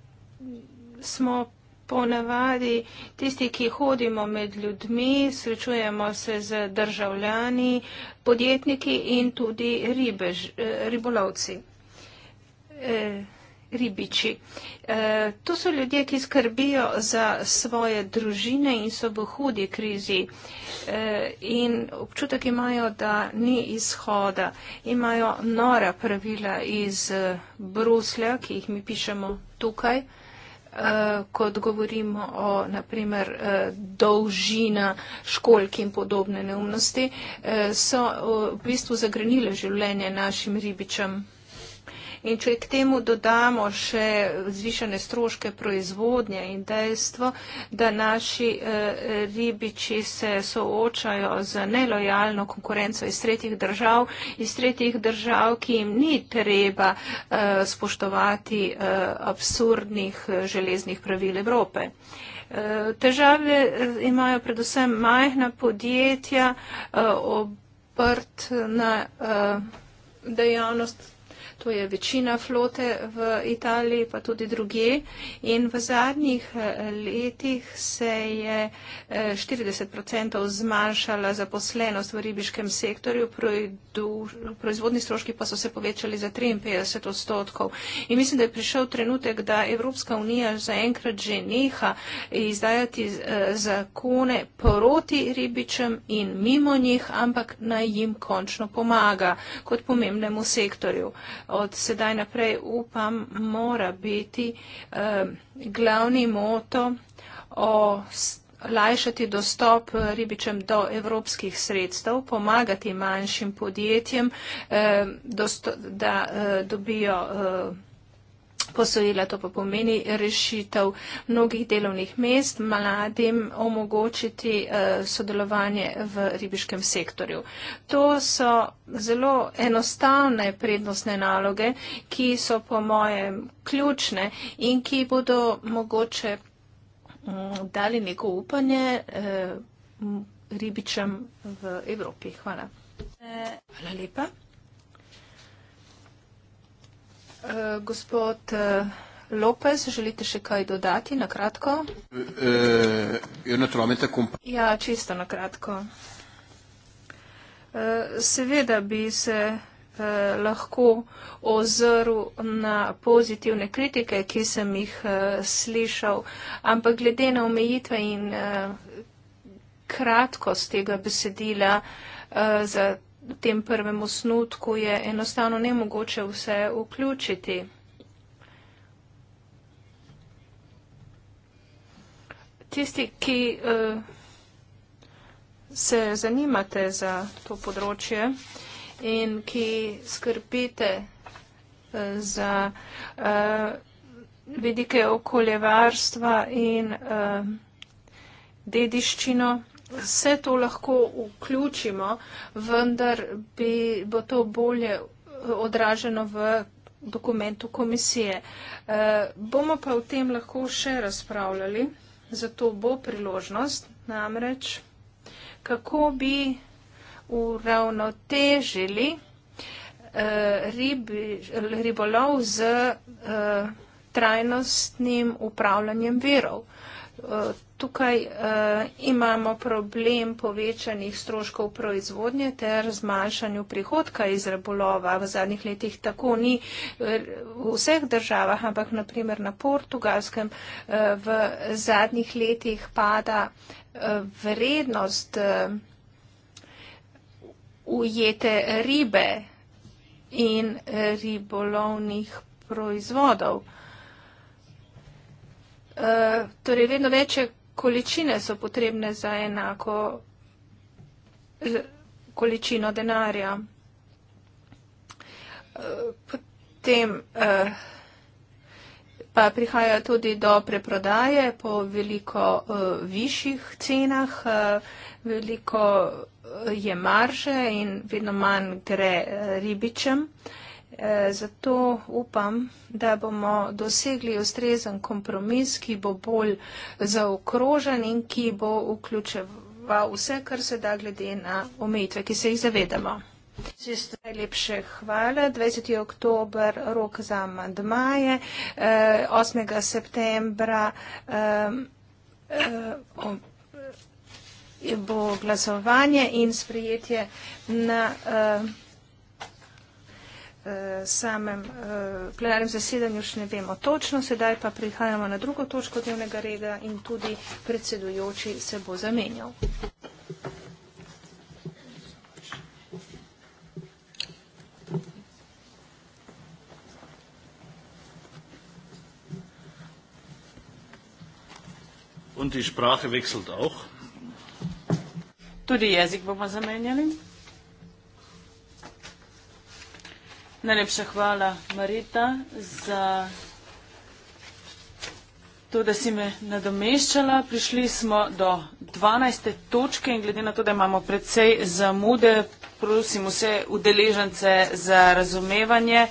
smo ponavadi tisti, ki hodimo med ljudmi, srečujemo se z državljani, podjetniki in tudi ribež, eh, ribolovci, eh, ribiči. Eh, to so ljudje, ki skrbijo za svoje družine in so v hudi krizi in občutek imajo, da ni izhoda. Imajo nora pravila iz Bruslja, ki jih mi pišemo tukaj. Eh, kot govorimo o naprimer eh, dolžina školjk in podobne neumnosti, eh, so v bistvu zagrenile življenje našim ribičem. In če k temu dodamo še zvišene stroške proizvodnje in dejstvo, da naši eh, ribiči se soočajo z nelojalno konkurenco iz tretjih držav, iz tretjih držav, ki jim ni treba eh, spoštovati eh, absurdnih železnih pravil Evrope. Težave imajo predvsem majhna podjetja, obrtna dejavnost to je večina flote v Italiji, pa tudi druge. In v zadnjih eh, letih se je 40% eh, zmanjšala zaposlenost v ribiškem sektorju, proizvodni stroški pa so se povečali za 53 odstotkov. In mislim, da je prišel trenutek, da Evropska unija zaenkrat že neha izdajati eh, zakone proti ribičem in mimo njih, ampak naj jim končno pomaga kot pomembnemu sektorju od sedaj naprej upam mora biti eh, glavni moto o lajšati dostop eh, ribičem do evropskih sredstev, pomagati manjšim podjetjem, eh, dosto, da eh, dobijo eh, posojila, to pa pomeni rešitev mnogih delovnih mest, mladim omogočiti eh, sodelovanje v ribiškem sektorju. To so zelo enostavne prednostne naloge, ki so po mojem ključne in ki bodo mogoče mm, dali neko upanje eh, ribičem v Evropi. Hvala. Hvala lepa. Eh, gospod eh, Lopez, želite še kaj dodati na kratko? Eh, ja, čisto na kratko. Seveda bi se lahko ozrl na pozitivne kritike, ki sem jih slišal, ampak glede na omejitve in kratkost tega besedila za v tem prvem osnutku je enostavno nemogoče vse vključiti. Tisti, ki uh, se zanimate za to področje in ki skrbite uh, za uh, vidike okoljevarstva in uh, dediščino, vse to lahko vključimo, vendar bi bo to bolje odraženo v dokumentu komisije. E, bomo pa o tem lahko še razpravljali, zato bo priložnost namreč, kako bi uravnotežili e, ribi, ribolov z e, trajnostnim upravljanjem verov. Tukaj eh, imamo problem povečanih stroškov proizvodnje ter zmanjšanju prihodka iz rebolova. V zadnjih letih tako ni eh, v vseh državah, ampak naprimer na portugalskem eh, v zadnjih letih pada vrednost ujete ribe in ribolovnih proizvodov. Eh, torej vedno večje količine so potrebne za enako količino denarja. Eh, potem eh, pa prihaja tudi do preprodaje po veliko višjih cenah, veliko je marže in vedno manj gre ribičem. Eh, zato upam, da bomo dosegli ustrezen kompromis, ki bo bolj zaokrožen in ki bo vključeval vse, kar se da glede na omejitve, ki se jih zavedamo. Najlepše hvala. 20. oktober rok za mandmaje, 8. Eh, septembra eh, bo glasovanje in sprejetje na samem eh, plenarnem zasedanju še ne vemo točno, sedaj pa prihajamo na drugo točko dnevnega reda in tudi predsedujoči se bo zamenjal. Tudi jezik bomo zamenjali. Najlepša hvala, Marita, za to, da si me nadomeščala. Prišli smo do 12. točke in glede na to, da imamo predvsej zamude, prosim vse udeležence za razumevanje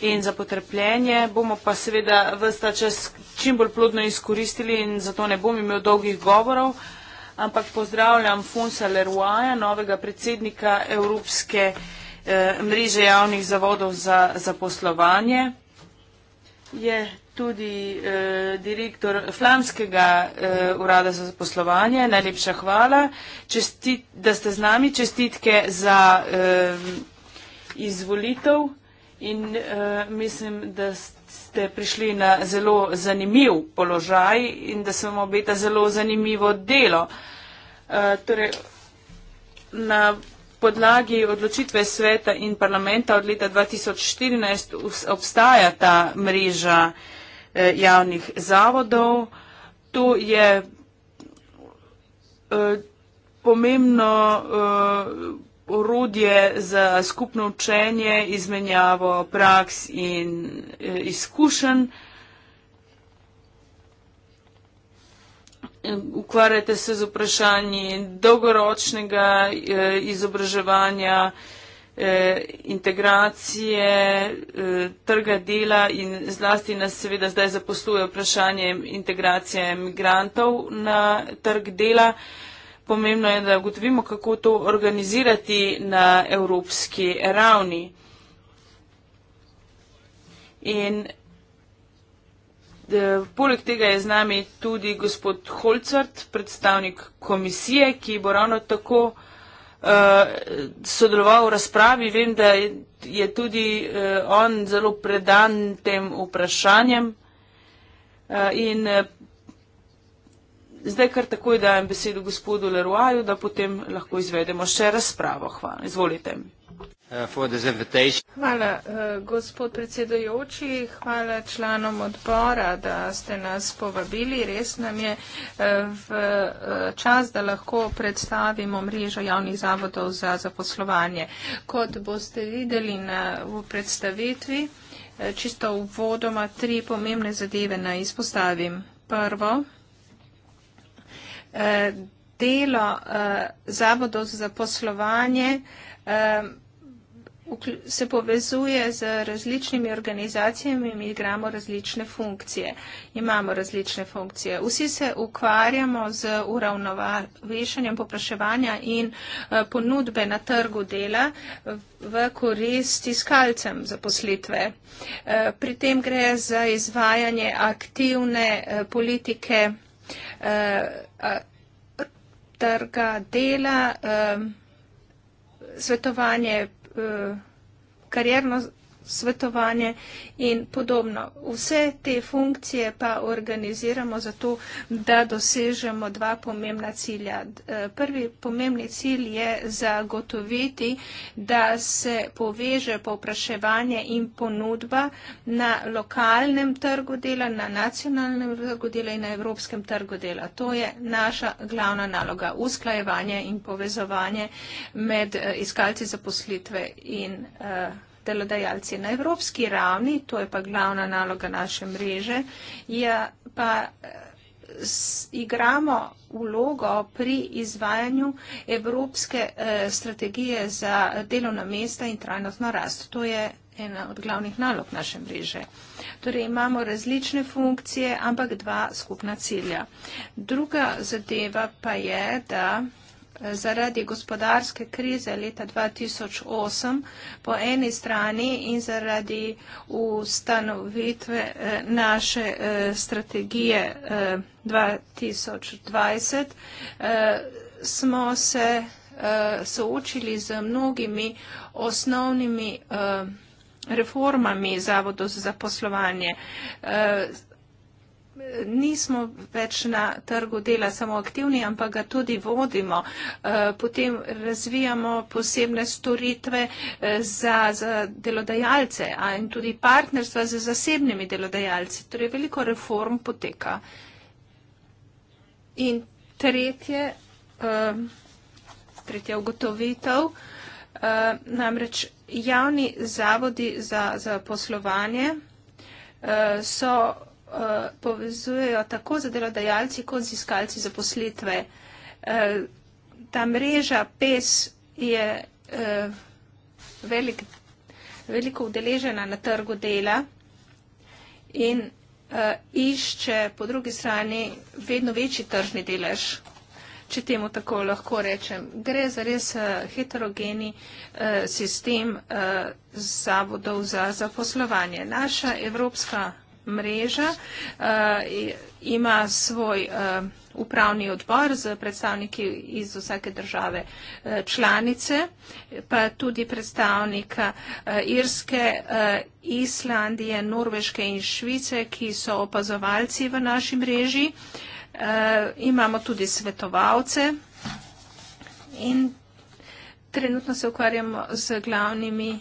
in za potrpljenje. Bomo pa seveda vsta čas čim bolj plodno izkoristili in zato ne bom imel dolgih govorov, ampak pozdravljam Funsa Leruaja, novega predsednika Evropske unije Eh, mreže javnih zavodov za zaposlovanje. Je tudi eh, direktor Flamskega eh, urada za zaposlovanje. Najlepša hvala, Čestit, da ste z nami. Čestitke za eh, izvolitev in eh, mislim, da ste prišli na zelo zanimiv položaj in da se vam obeta zelo zanimivo delo. Eh, torej, na podlagi odločitve sveta in parlamenta od leta 2014 obstaja ta mreža eh, javnih zavodov. To je eh, pomembno eh, orodje za skupno učenje, izmenjavo praks in izkušenj. ukvarjate se z vprašanji dolgoročnega eh, izobraževanja, eh, integracije, eh, trga dela in zlasti nas seveda zdaj zaposluje vprašanje integracije migrantov na trg dela. Pomembno je, da ugotovimo, kako to organizirati na evropski ravni. In Eh, poleg tega je z nami tudi gospod Holcert, predstavnik komisije, ki bo ravno tako eh, sodeloval v razpravi. Vem, da je tudi eh, on zelo predan tem vprašanjem. In zdaj kar takoj dajem besedo gospodu Leroyju, da potem lahko izvedemo še razpravo. Hvala. Izvolite mi. Uh, Hvala, uh, gospod predsedojoči. Hvala članom odbora, da ste nas povabili. Res nam je uh, v čas, da lahko predstavimo mrežo javnih zavodov za zaposlovanje. Kot boste videli na, v predstavitvi, čisto uvodoma tri pomembne zadeve naj izpostavim. Prvo, delo zavodov za poslovanje um, se povezuje z različnimi organizacijami in igramo različne funkcije. Imamo različne funkcije. Vsi se ukvarjamo z uravnovešanjem popraševanja in eh, ponudbe na trgu dela v korist iskalcem zaposlitve. Eh, pri tem gre za izvajanje aktivne eh, politike trga dela, svetovanje Eh, karierno svetovanje in podobno. Vse te funkcije pa organiziramo zato, da dosežemo dva pomembna cilja. Eh, prvi pomembni cilj je zagotoviti, da se poveže povpraševanje in ponudba na lokalnem trgu dela, na nacionalnem trgu dela in na evropskem trgu dela. To je naša glavna naloga – usklajevanje in povezovanje med eh, iskalci zaposlitve in uh, delodajalci na evropski ravni, to je pa glavna naloga naše mreže, je pa eh, igramo vlogo pri izvajanju evropske eh, strategije za delovna mesta in trajnostno rast. To je ena od glavnih nalog naše mreže. Torej imamo različne funkcije, ampak dva skupna cilja. Druga zadeva pa je, da eh, zaradi gospodarske krize leta 2008 po eni strani in zaradi ustanovitve eh, naše eh, strategije 2020 eh, smo se soočili z mnogimi osnovnimi reformami Zavodov za poslovanje nismo več na trgu dela samo aktivni, ampak ga tudi vodimo. Eh, potem razvijamo posebne storitve eh, za, za delodajalce in tudi partnerstva z zasebnimi delodajalci. Torej veliko reform poteka. In tretje, eh, tretje ugotovitev, namreč javni zavodi za, za poslovanje so povezujejo tako za delodajalci kot z iskalci zaposlitve. E, ta mreža PES je e, velik, veliko udeležena na trgu dela in e, išče po drugi strani vedno večji tržni delež, če temu tako lahko rečem. Gre za res heterogeni sistem zavodov za zaposlovanje. Naša evropska mreža uh, ima svoj uh, upravni odbor z predstavniki iz vsake države uh, članice, pa tudi predstavnika uh, Irske, uh, Islandije, Norveške in Švice, ki so opazovalci v naši mreži. Uh, imamo tudi svetovalce. Trenutno se ukvarjamo z glavnimi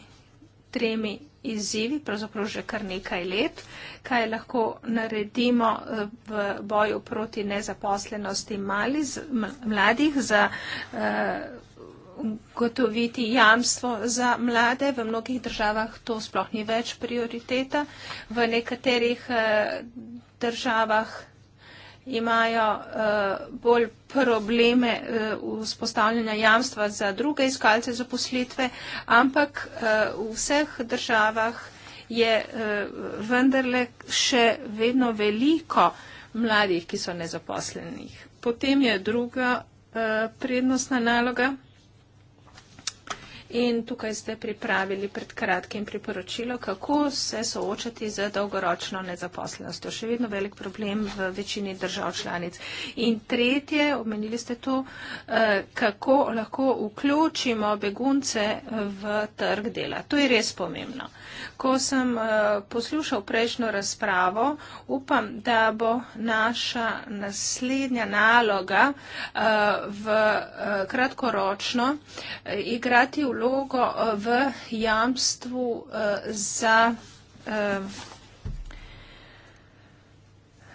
tremi izzivi, pravzaprav že kar nekaj let, kaj lahko naredimo eh, v boju proti nezaposlenosti mali, z, m, mladih za uh, eh, gotoviti jamstvo za mlade. V mnogih državah to sploh ni več prioriteta. V nekaterih uh, državah imajo uh, bolj probleme eh, vzpostavljanja uh, jamstva za druge iskalce zaposlitve, ampak uh, v vseh državah je uh, vendarle še vedno veliko mladih, ki so nezaposlenih. Potem je druga uh, prednostna naloga in tukaj ste pripravili pred kratkim priporočilo, kako se soočati z dolgoročno nezaposlenostjo. Še vedno velik problem v večini držav članic. In tretje, omenili ste to, eh, kako lahko vključimo begunce v trg dela. To je res pomembno. Ko sem eh, poslušal prejšnjo razpravo, upam, da bo naša naslednja naloga eh, v eh, kratkoročno igrati vlogo v jamstvu za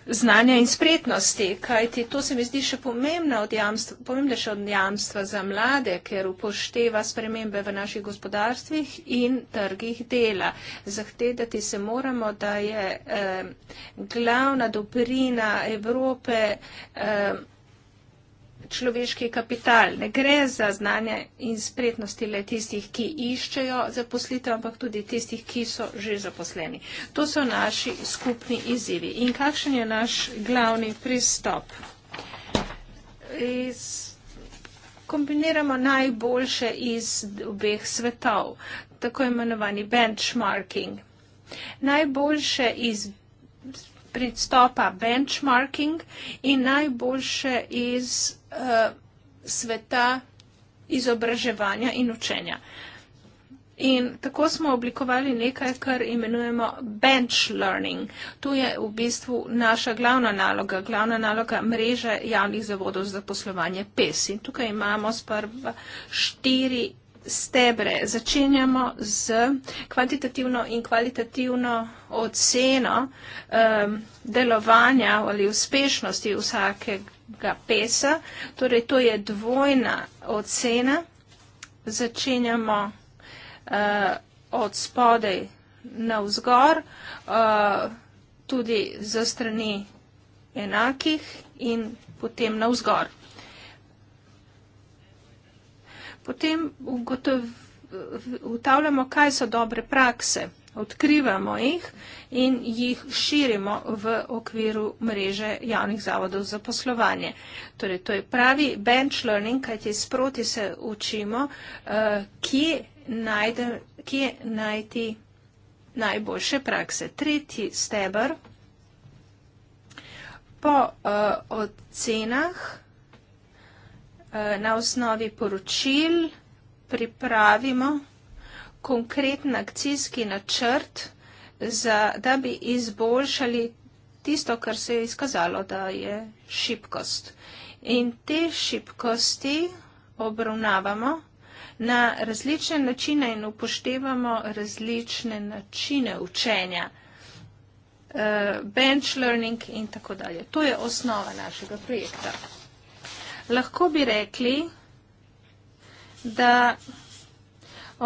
znanja in spretnosti, kajti to se mi zdi še pomembnejše od jamstva za mlade, ker upošteva spremembe v naših gospodarstvih in trgih dela. Zahtevati se moramo, da je eh, glavna dobrina Evrope eh, človeški kapital. Ne gre za znanje in spretnosti le tistih, ki iščejo zaposlitev, ampak tudi tistih, ki so že zaposleni. To so naši skupni izzivi. In kakšen je naš glavni pristop? Iz kombiniramo najboljše iz obeh svetov, tako imenovani benchmarking. Najboljše iz pristopa benchmarking in najboljše iz uh, sveta izobraževanja in učenja. In tako smo oblikovali nekaj, kar imenujemo bench learning. To je v bistvu naša glavna naloga, glavna naloga mreže javnih zavodov za poslovanje PES. In tukaj imamo sprva štiri stebre. Začenjamo z kvantitativno in kvalitativno oceno um, delovanja ali uspešnosti vsakega Ga pesa, torej to je dvojna ocena. Začenjamo uh, od spodaj na vzgor, uh, eh, tudi za strani enakih in potem na vzgor. Potem ugotovimo, kaj so dobre prakse odkrivamo jih in jih širimo v okviru mreže javnih zavodov za poslovanje. Torej, to je pravi bench learning, kajti sproti se učimo, eh, kje, najde, kje najti najboljše prakse. Tretji stebr po eh, ocenah eh, na osnovi poročil pripravimo konkreten akcijski načrt, za, da bi izboljšali tisto, kar se je izkazalo, da je šibkost. In te šibkosti obravnavamo na različne načine in upoštevamo različne načine učenja. Eh, bench learning in tako dalje. To je osnova našega projekta. Lahko bi rekli, da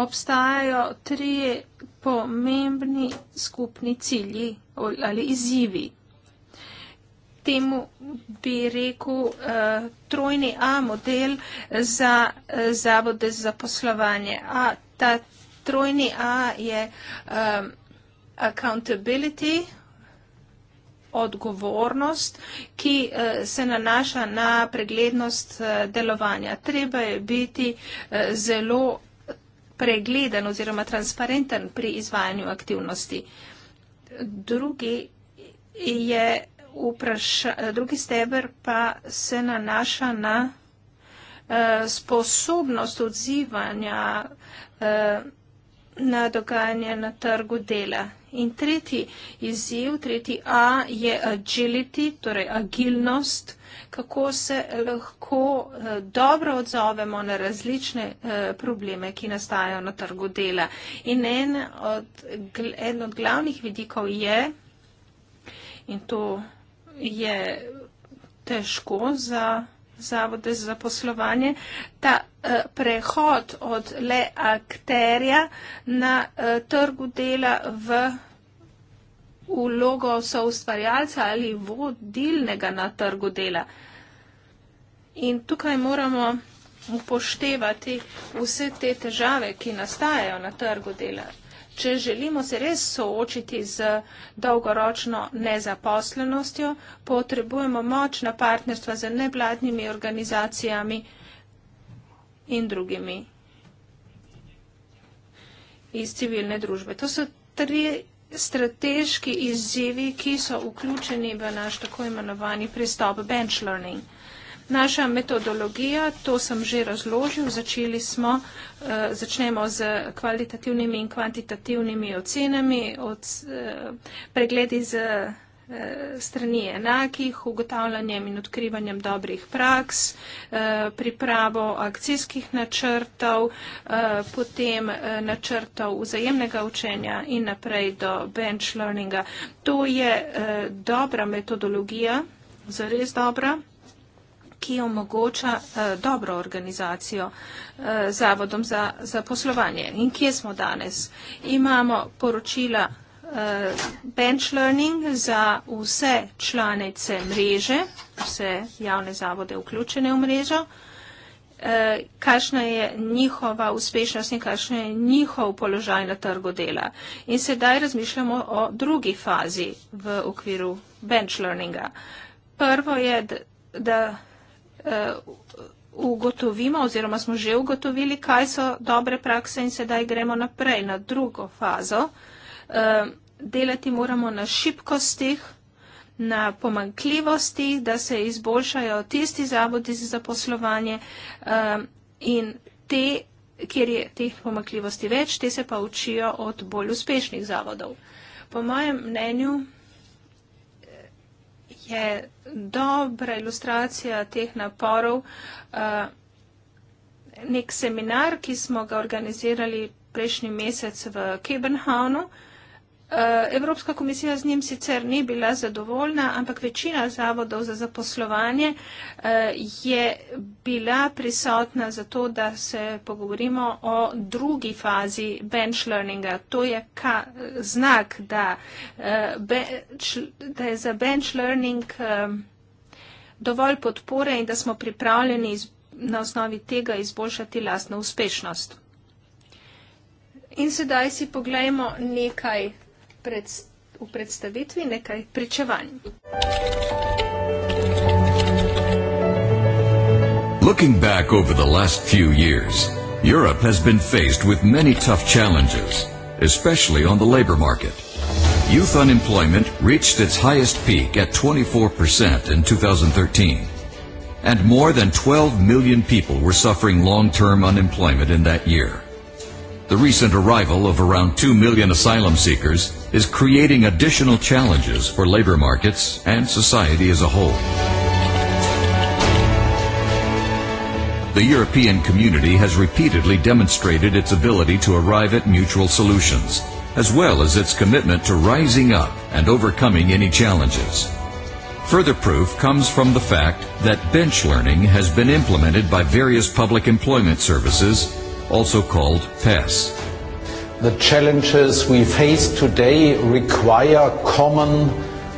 obstajajo trije pomembni skupni cilji ali izzivi. Temu bi rekel uh, trojni A model za uh, zavode za poslovanje. A ta trojni A je um, accountability, odgovornost, ki uh, se nanaša na preglednost uh, delovanja. Treba je biti uh, zelo pregleden oziroma transparenten pri izvajanju aktivnosti. Drugi, je vpraša, drugi steber pa se nanaša na eh, sposobnost odzivanja eh, na dogajanje na trgu dela. In tretji izziv, tretji A je agility, torej agilnost, kako se lahko eh, dobro odzovemo na različne eh, probleme, ki nastajajo na trgu dela. In en od, en od glavnih vidikov je, in to je težko za zavode za poslovanje, ta eh, prehod od le akterja na eh, trgu dela v vlogo soustvarjalca ali vodilnega na trgu dela. In tukaj moramo upoštevati vse te težave, ki nastajajo na trgu dela. Če želimo se res soočiti z dolgoročno nezaposlenostjo, potrebujemo močna partnerstva z nevladnimi organizacijami in drugimi iz civilne družbe. To so tri strateški izzivi, ki so vključeni v naš tako imenovani pristop bench learning. Naša metodologija, to sem že razložil, začeli smo, eh, začnemo z kvalitativnimi in kvantitativnimi ocenami, od eh, pregledi z Eh, strani enakih, ugotavljanjem in odkrivanjem dobrih praks, eh, pripravo akcijskih načrtov, eh, potem načrtov vzajemnega učenja in naprej do bench learninga. To je dobra metodologija, zares dobra, ki omogoča dobro organizacijo Zavodom za zaposlovanje. In kje smo danes? Imamo poročila Eh, bench learning za vse članice mreže, vse javne zavode vključene v mrežo, eh, kakšna je njihova uspešnost in kakšen je njihov položaj na trgu dela. In sedaj razmišljamo o drugi fazi v okviru bench learninga. Prvo je, da, da eh, ugotovimo oziroma smo že ugotovili, kaj so dobre prakse in sedaj gremo naprej na drugo fazo, Eh, delati moramo na šibkostih, na pomankljivosti, da se izboljšajo tisti zavodi za zaposlovanje eh, in te, kjer je teh pomankljivosti več, te se pa učijo od bolj uspešnih zavodov. Po mojem mnenju eh, je dobra ilustracija teh naporov nek seminar, ki smo ga organizirali prejšnji mesec v Kebenhavnu. Eh, Evropska komisija z njim sicer ni bila zadovoljna, ampak večina zavodov za zaposlovanje eh, je bila prisotna za to, da se pogovorimo o drugi fazi bench learninga. To je ka znak, da, eh, da je za bench learning dovolj podpore in da smo pripravljeni na osnovi tega izboljšati lastno uspešnost. In sedaj si poglejmo nekaj predst v predstavitvi nekaj pričevanj. Looking back over the last few years, Europe has been faced with many tough challenges, especially on the labor market. Youth unemployment reached its highest peak at 24% in 2013, and more than 12 million people were suffering long-term unemployment in that year. The recent arrival of around 2 million asylum seekers is creating additional challenges for labor markets and society as a whole. The European community has repeatedly demonstrated its ability to arrive at mutual solutions, as well as its commitment to rising up and overcoming any challenges. Further proof comes from the fact that bench learning has been implemented by various public employment services also called PES. The challenges we face today require common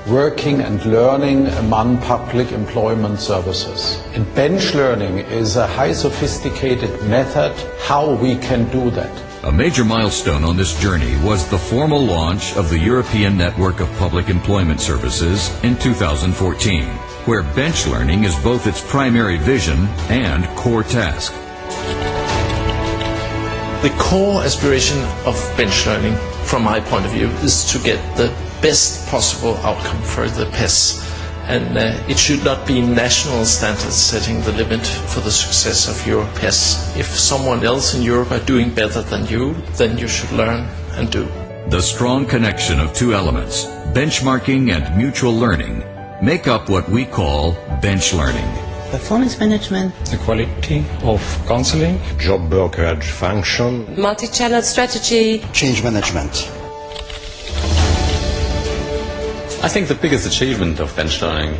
working and learning among public employment services. And bench learning is a high sophisticated method how we can do that. A major milestone on this journey was the formal launch of the European Network of Public Employment Services in 2014, where bench learning is both its primary vision and core task the core aspiration of bench learning, from my point of view, is to get the best possible outcome for the PES. And uh, it should not be national standards setting the limit for the success of your PES. If someone else in Europe are doing better than you, then you should learn and do. The strong connection of two elements, benchmarking and mutual learning, make up what we call bench learning performance management, the quality of counseling, job brokerage function, multi channel strategy, change management. I think the biggest achievement of Benchdorn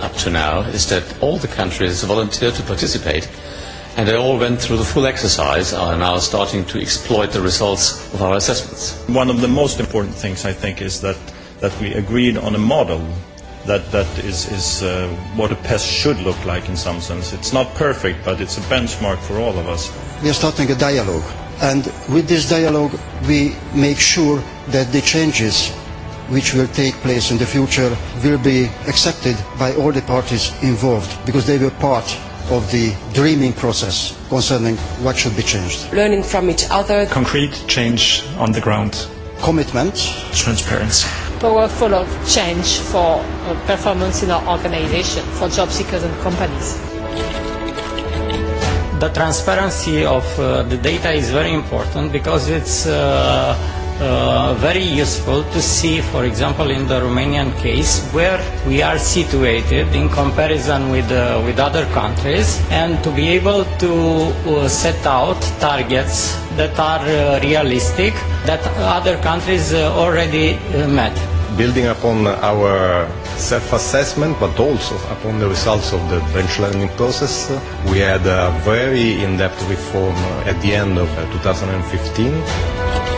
up to now is that all the countries volunteered to participate and they all went through the full exercise and are now starting to exploit the results of our assessments. One of the most important things I think is that, that we agreed on a model that that is is uh, what a PES should look like in some sense. It's not perfect, but it's a benchmark for all of us. We are starting a dialogue, and with this dialogue, we make sure that the changes which will take place in the future will be accepted by all the parties involved because they were part of the dreaming process concerning what should be changed. Learning from each other. Concrete change on the ground. Commitment. Transparency powerful of change for uh, performance in our organization, for job seekers and companies. The transparency of uh, the data is very important because it's uh, Uh, very useful to see, for example, in the Romanian case, where we are situated in comparison with uh, with other countries, and to be able to uh, set out targets that are uh, realistic that other countries uh, already uh, met. Building upon our self-assessment, but also upon the results of the bench learning process, we had a very in-depth reform at the end of 2015. Uh,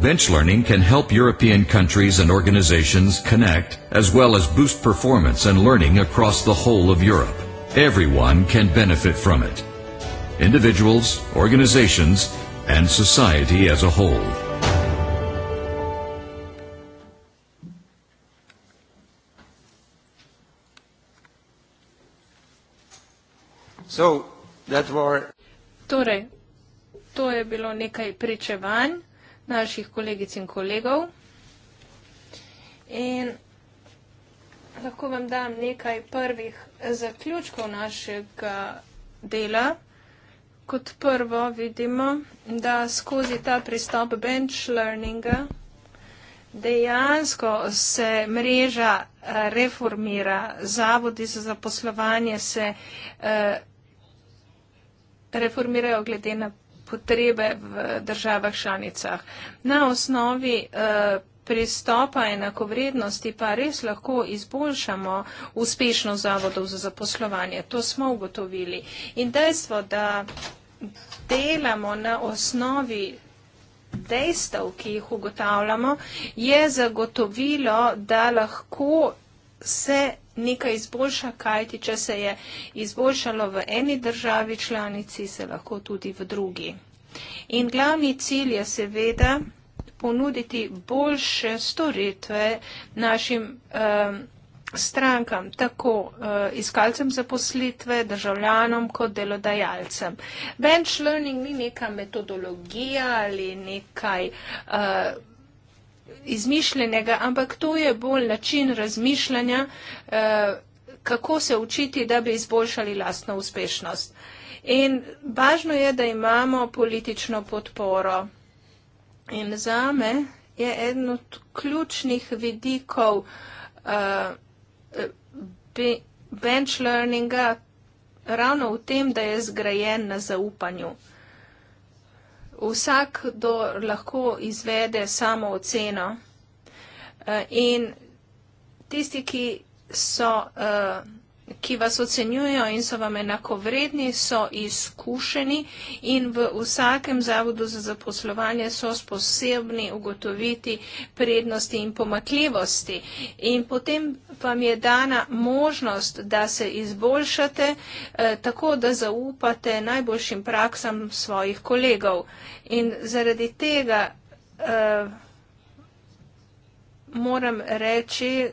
Bench learning can help European countries and organizations connect, as well as boost performance and learning across the whole of Europe. Everyone can benefit from it individuals, organizations, and society as a whole. So, that war. Torej, to je bilo nekaj pričevanj naših kolegic in kolegov. In lahko vam dam nekaj prvih zaključkov našega dela. Kot prvo vidimo, da skozi ta pristop bench learninga dejansko se mreža eh, reformira, zavodi za zaposlovanje se eh, reformirajo glede na potrebe v državah članicah. Na osnovi eh, pristopa enakovrednosti pa res lahko izboljšamo uspešno zavodov za zaposlovanje. To smo ugotovili. In dejstvo, da delamo na osnovi dejstev, ki jih ugotavljamo, je zagotovilo, da lahko se nekaj izboljša, kajti če se je izboljšalo v eni državi članici, se lahko tudi v drugi. In glavni cilj je seveda ponuditi boljše storitve našim um, strankam, tako uh, iskalcem zaposlitve, državljanom kot delodajalcem. Benchlearning ni neka metodologija ali nekaj. Uh, izmišljenega, ampak to je bolj način razmišljanja, eh, kako se učiti, da bi izboljšali lastno uspešnost. In važno je, da imamo politično podporo. In za me je eden od ključnih vidikov eh, bench learninga ravno v tem, da je zgrajen na zaupanju vsak do lahko izvede samo oceno eh, in tisti, ki so uh, ki vas ocenjujejo in so vam enakovredni, so izkušeni in v vsakem zavodu za zaposlovanje so sposebni ugotoviti prednosti in pomakljivosti. In potem vam je dana možnost, da se izboljšate, eh, tako da zaupate najboljšim praksam svojih kolegov. In zaradi tega eh, moram reči,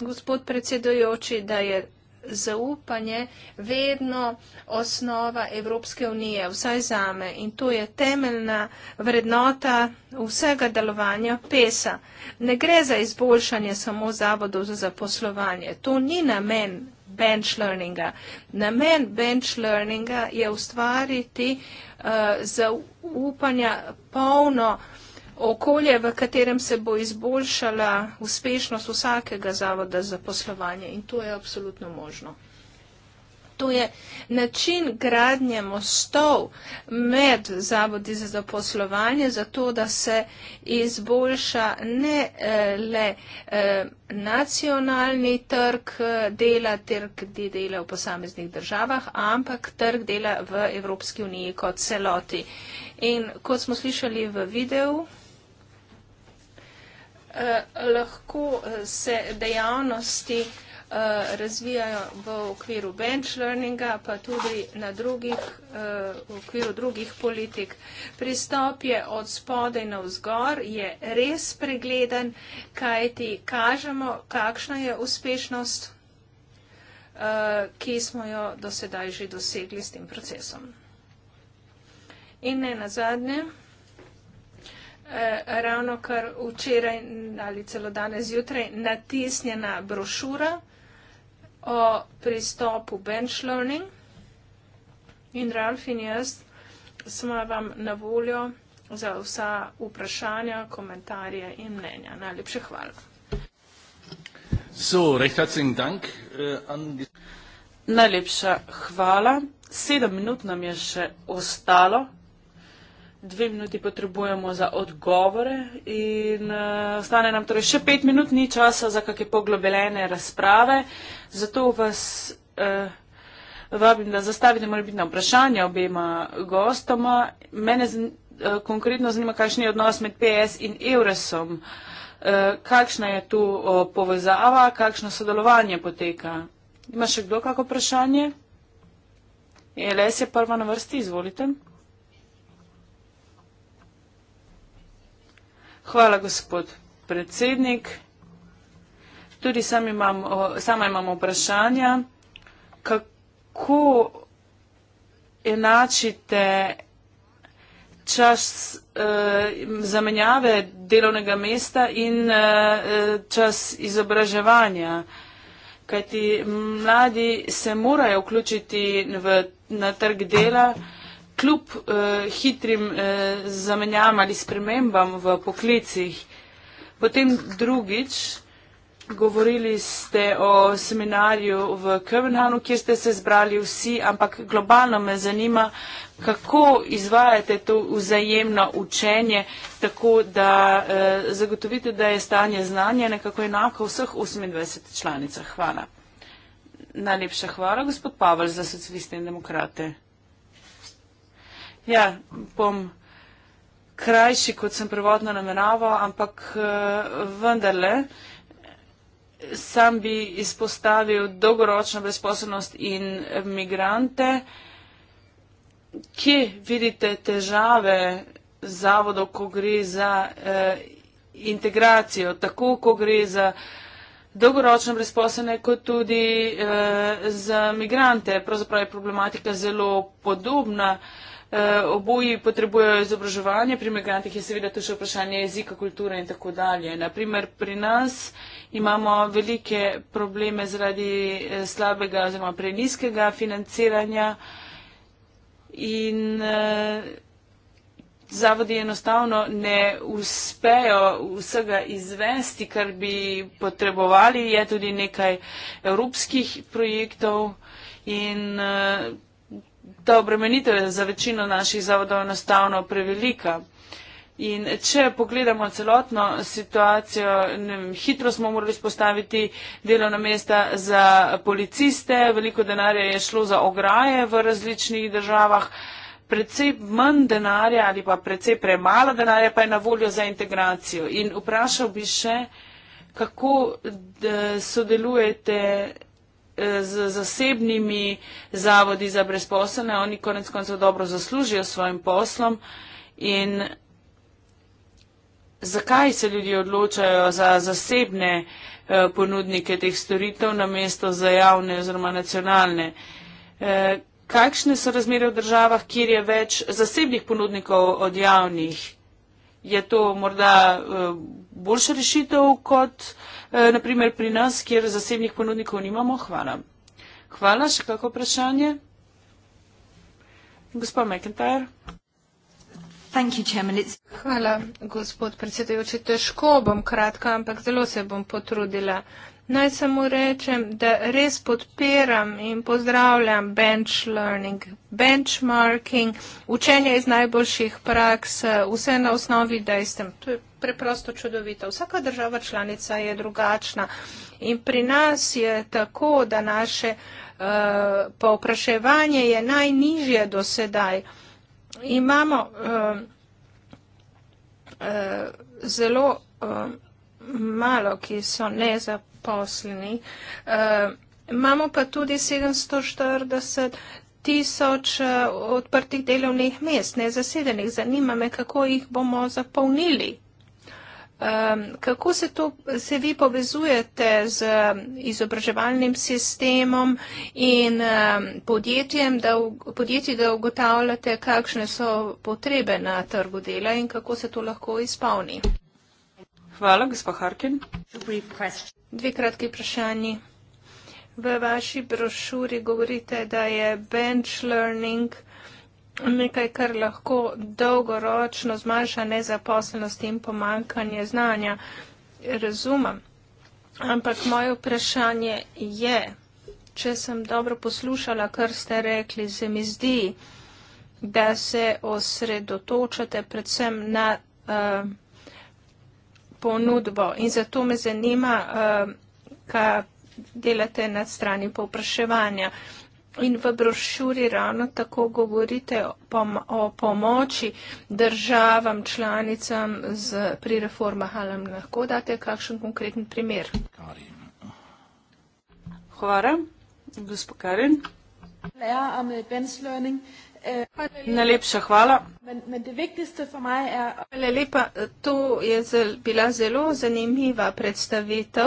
gospod predsedojoči, da je zaupanje vedno osnova Evropske unije, vsaj zame. In to je temeljna vrednota vsega delovanja PESA. Ne gre za izboljšanje samo zavodov za zaposlovanje. To ni namen bench learninga. Namen bench learninga je ustvariti uh, zaupanja polno okolje, v katerem se bo izboljšala uspešnost vsakega zavoda za poslovanje in to je absolutno možno. To je način gradnje mostov med zavodi za zaposlovanje, zato da se izboljša ne eh, le eh, nacionalni trg eh, dela, trg dela v posameznih državah, ampak trg dela v Evropski uniji kot celoti. In kot smo slišali v videu, Eh, lahko eh, se dejavnosti eh, razvijajo v okviru bench learninga, pa tudi na drugih, v okviru drugih politik. Pristop je od spodaj na vzgor, je res pregleden, kaj ti kažemo, kakšna je uspešnost, ki smo jo do sedaj že dosegli s tem procesom. In ne na zadnje. Eh, ravno kar včeraj ali celo danes zjutraj natisnjena brošura o pristopu bench learning. In Ralf in jaz smo vam na voljo za vsa vprašanja, komentarje in mnenja. Najlepše hvala. So, dank, uh, Najlepša hvala. Sedem minut nam je še ostalo dve minuti potrebujemo za odgovore in uh, ostane nam torej še pet minut, ni časa za kakšne poglobljene razprave. Zato vas uh, vabim, da zastavite morebitna vprašanja obema gostoma. Mene uh, konkretno zanima, kakšen je odnos med PS in Euresom. Kakšna je tu povezava, kakšno sodelovanje poteka? Ima še kdo kako vprašanje? E, LS je prva na vrsti, izvolite. Hvala, gospod predsednik. Tudi sam imam, sama imam vprašanja. Kako enačite čas eh, zamenjave delovnega mesta in eh, čas izobraževanja? Kajti mladi se morajo vključiti v, na trg dela kljub uh, hitrim uh, eh, zamenjam ali spremembam v poklicih. Potem drugič, govorili ste o seminarju v Kövenhanu, kjer ste se zbrali vsi, ampak globalno me zanima, kako izvajate to vzajemno učenje, tako da uh, zagotovite, da je stanje znanja nekako enako vseh 28 članicah. Hvala. Najlepša hvala, gospod Pavel, za socialiste in demokrate. Ja, bom krajši, kot sem prvotno nameraval, ampak eh, vendarle. Sam bi izpostavil dolgoročno brezposobnost in migrante. Kje vidite težave zavodov, ko gre za eh, integracijo, tako ko gre za dolgoročno brezposobne, kot tudi eh, za migrante? Pravzaprav je problematika zelo podobna. Eh, Eh, oboji potrebujejo izobraževanje, pri migrantih je seveda to še vprašanje jezika, kulture in tako dalje. Naprimer, pri nas imamo velike probleme zaradi eh, slabega oziroma preniskega financiranja in eh, zavodi enostavno ne uspejo vsega izvesti, kar bi potrebovali. Je tudi nekaj evropskih projektov in. Eh, ta obremenitev je za večino naših zavodov enostavno prevelika. In če pogledamo celotno situacijo, vem, hitro smo morali spostaviti delovna mesta za policiste, veliko denarja je šlo za ograje v različnih državah, predvsej manj denarja ali pa predvsej premalo denarja pa je na voljo za integracijo. In vprašal bi še, kako sodelujete Eh, z zasebnimi zavodi za brezposelne, oni konec koncev dobro zaslužijo svojim poslom in zakaj se ljudje odločajo za zasebne eh, ponudnike teh storitev na mesto za javne oziroma nacionalne. Eh, kakšne so razmere v državah, kjer je več zasebnih ponudnikov od javnih? je to morda eh, boljša rešitev kot eh, naprimer pri nas, kjer zasebnih ponudnikov nimamo? Hvala. Hvala, še kako vprašanje? Gospod McIntyre. Hvala, gospod predsedujoči. Težko bom kratka, ampak zelo se bom potrudila. Naj samo rečem, da res podpiram in pozdravljam bench learning, benchmarking, učenje iz najboljših praks, vse na osnovi dejstem. To je preprosto čudovito. Vsaka država članica je drugačna in pri nas je tako, da naše uh, povpraševanje je najnižje do sedaj. Imamo uh, uh, zelo. Uh, malo, ki so nezaposleni brezposljeni. E, eh, imamo pa tudi 740 tisoč eh, odprtih delovnih mest, nezasedenih. Zanima me, kako jih bomo zapolnili. Kako se, to, se vi povezujete z izobraževalnim sistemom in podjetjem, da, podjetji, da ugotavljate, kakšne so potrebe na trgu dela in kako se to lahko izpolni? Hvala, gospod Harkin. Dve kratki vprašanji. V vaši brošuri govorite, da je bench learning nekaj, kar lahko dolgoročno zmanjša nezaposlenost in pomankanje znanja. Razumem. Ampak moje vprašanje je, če sem dobro poslušala, kar ste rekli, se mi zdi, da se osredotočate predvsem na. Uh, ponudbo in zato me zanima, uh, kaj delate na strani povpraševanja. In v brošuri ravno tako govorite o pomoči državam, članicam z, pri reformah. Ali nam lahko date kakšen konkreten primer? Hvala, gospod Karen. Eh, Najlepša hvala. Er hvala lepa. To je bila zelo zanimiva predstavitev,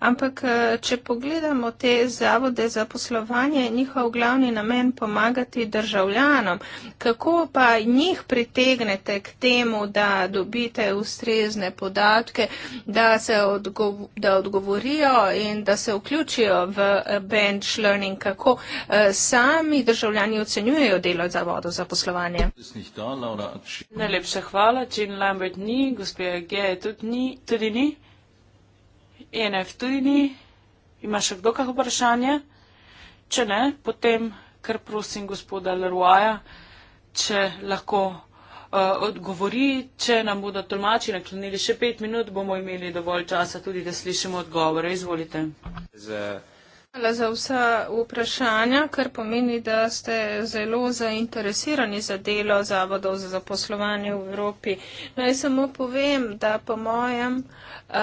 ampak eh, če pogledamo te zavode za poslovanje, njihov glavni namen pomagati državljanom, kako pa njih pritegnete k temu, da dobite ustrezne podatke, da se odgovo, da odgovorijo in da se vključijo v eh, bench learning, kako sami državljani ocenjujejo delo? zavodu za poslovanje. Najlepša hvala. Jean Lambert ni, gospe G. tudi ni, tudi ni, e NF tudi ni. Ima še kdo kakšno vprašanje? Če ne, potem kar prosim gospoda Leroyja, če lahko eh, odgovori, če nam bodo tolmači naklonili še pet minut, bomo imeli dovolj časa tudi, da slišimo odgovore. Izvolite. Z, uh, Hvala za vsa vprašanja, kar pomeni, da ste zelo zainteresirani za delo Zavodov za zaposlovanje v Evropi. Naj samo povem, da po mojem eh,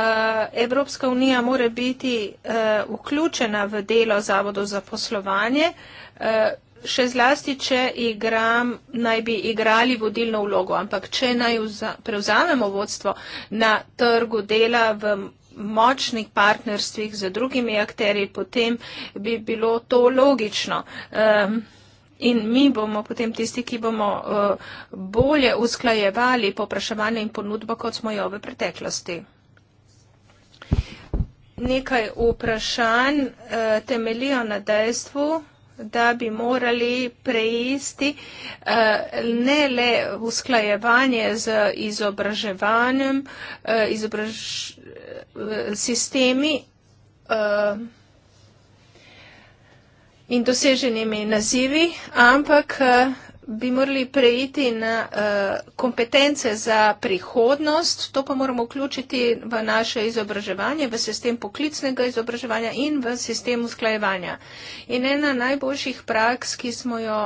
Evropska unija more biti eh, vključena v delo Zavodov za poslovanje, eh, še zlasti, če igram, naj bi igrali vodilno vlogo, ampak če naj prevzamemo vodstvo na trgu dela v Evropi, močnih partnerstvih z drugimi akteri, potem bi bilo to logično. Um, in mi bomo potem tisti, ki bomo uh, bolje usklajevali popraševanje in ponudbo, kot smo jo v preteklosti. Nekaj vprašanj uh, e, temelijo na dejstvu, da bi morali preisti eh, ne le usklajevanje z izobraževanjem, eh, izobraž, eh, sistemi in doseženimi nazivi, ampak bi morali preiti na uh, kompetence za prihodnost, to pa moramo vključiti v naše izobraževanje, v sistem poklicnega izobraževanja in v sistem usklajevanja. In ena najboljših praks, ki smo jo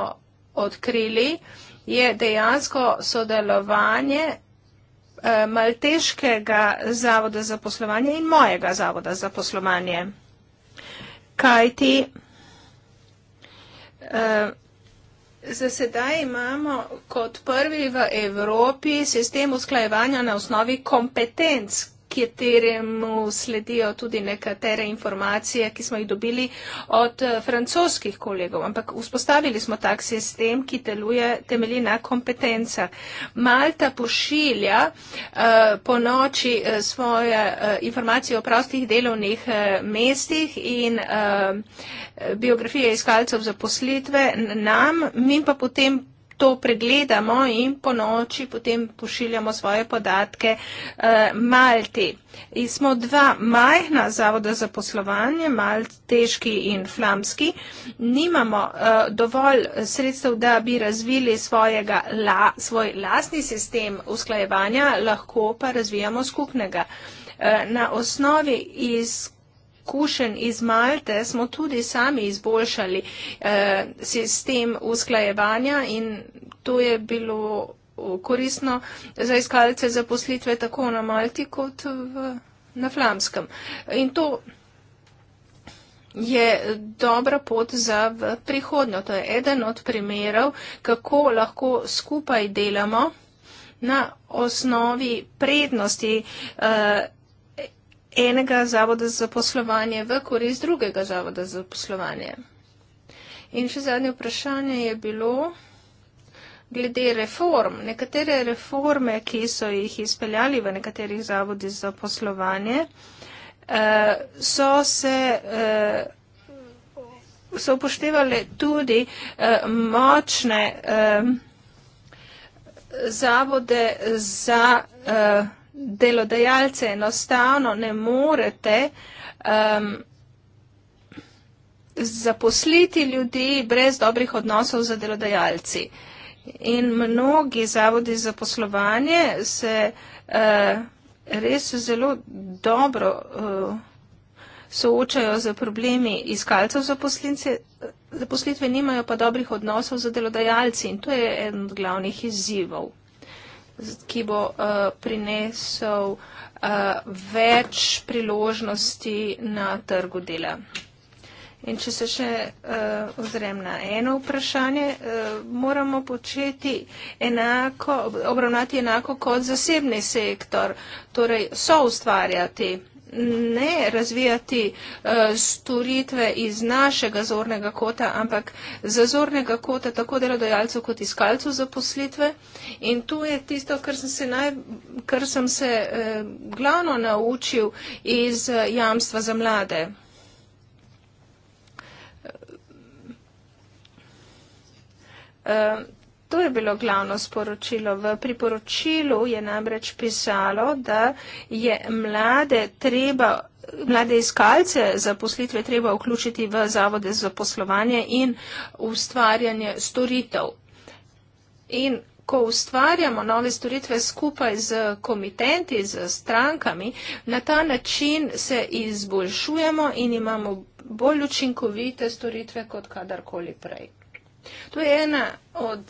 odkrili, je dejansko sodelovanje uh, Malteškega zavoda za poslovanje in mojega zavoda za poslovanje. Kajti, uh, Za sedaj imamo kot prvi v Evropi sistem usklajevanja na osnovi kompetenc, kateremu sledijo tudi nekatere informacije, ki smo jih dobili od eh, francoskih kolegov. Ampak vzpostavili smo tak sistem, ki deluje temelji na kompetenca. Malta pošilja eh, po noči eh, svoje informacije o prostih delovnih mestih in biografije iskalcev zaposlitve nam, mi pa potem to pregledamo in po noči potem pošiljamo svoje podatke eh, Malti. In smo dva majhna zavoda za poslovanje, Malteški in Flamski, nimamo eh, dovolj sredstev, da bi razvili svojega, la, svoj lastni sistem usklajevanja, lahko pa razvijamo skupnega. Eh, na osnovi izkušnja izkušenj iz Malte smo tudi sami izboljšali eh, sistem usklajevanja in to je bilo koristno za iskalce zaposlitve tako na Malti kot v, na Flamskem. In to je dobra pot za prihodnjo. To je eden od primerov, kako lahko skupaj delamo na osnovi prednosti. Eh, enega zavoda za poslovanje v korist drugega zavoda za poslovanje. In še zadnje vprašanje je bilo glede reform. Nekatere reforme, ki so jih izpeljali v nekaterih zavodih za poslovanje, eh, so se eh, so upoštevali tudi eh, močne eh, zavode za eh, delodajalce enostavno ne morete um, zaposliti ljudi brez dobrih odnosov za delodajalci. In mnogi zavodi za poslovanje se uh, res zelo dobro uh, soočajo z problemi iskalcev za poslitve, nimajo pa dobrih odnosov za delodajalci in to je eden od glavnih izzivov ki bo uh, prinesel uh, več priložnosti na trgu dela. In če se še uh, ozrem na eno vprašanje, uh, moramo početi enako, obravnati enako kot zasebni sektor, torej so ustvarjati uh, ne razvijati eh, storitve iz našega zornega kota, ampak zazornega kota tako delodajalcev kot iskalcev zaposlitve. In tu je tisto, kar sem se, naj, kar sem se eh, glavno naučil iz eh, jamstva za mlade. Uh, To je bilo glavno sporočilo. V priporočilu je namreč pisalo, da je mlade treba. Mlade iskalce za poslitve treba vključiti v zavode za poslovanje in ustvarjanje storitev. In ko ustvarjamo nove storitve skupaj z komitenti, z strankami, na ta način se izboljšujemo in imamo bolj učinkovite storitve kot kadarkoli prej. To je ena od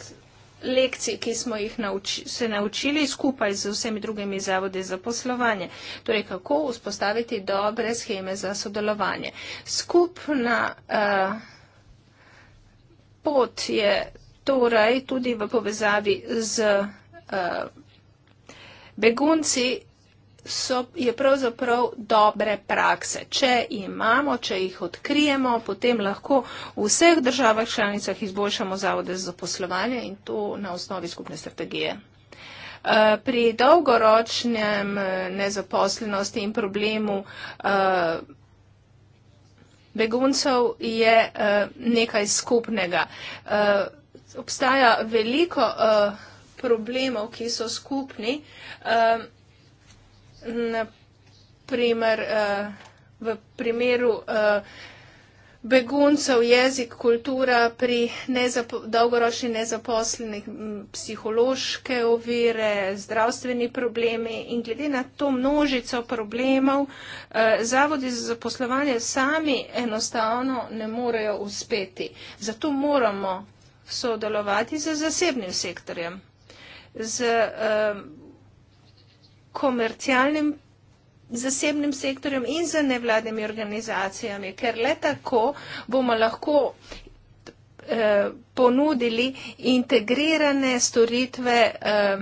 lekcij, ki smo jih nauči, se naučili skupaj z vsemi drugimi zavodi za poslovanje. Torej, kako vzpostaviti dobre scheme za sodelovanje. Skupna uh, pot je torej tudi v povezavi z uh, begunci so, je pravzaprav dobre prakse. Če imamo, če jih odkrijemo, potem lahko v vseh državah članicah izboljšamo zavode za poslovanje in to na osnovi skupne strategije. Eh, pri dolgoročnem eh, nezaposlenosti in problemu eh, beguncev je nekaj skupnega. Obstaja veliko problemov, ki so skupni naprimer uh, eh, v primeru uh, beguncev jezik, kultura pri nezapo dolgoročni nezaposlenih, psihološke ovire, zdravstveni problemi in glede na to množico problemov, uh, zavodi za zaposlovanje sami enostavno ne morejo uspeti. Zato moramo sodelovati z zasebnim sektorjem. Z, uh, komercialnim zasebnim sektorjem in za nevladnimi organizacijami, ker le tako bomo lahko eh, ponudili integrirane storitve eh,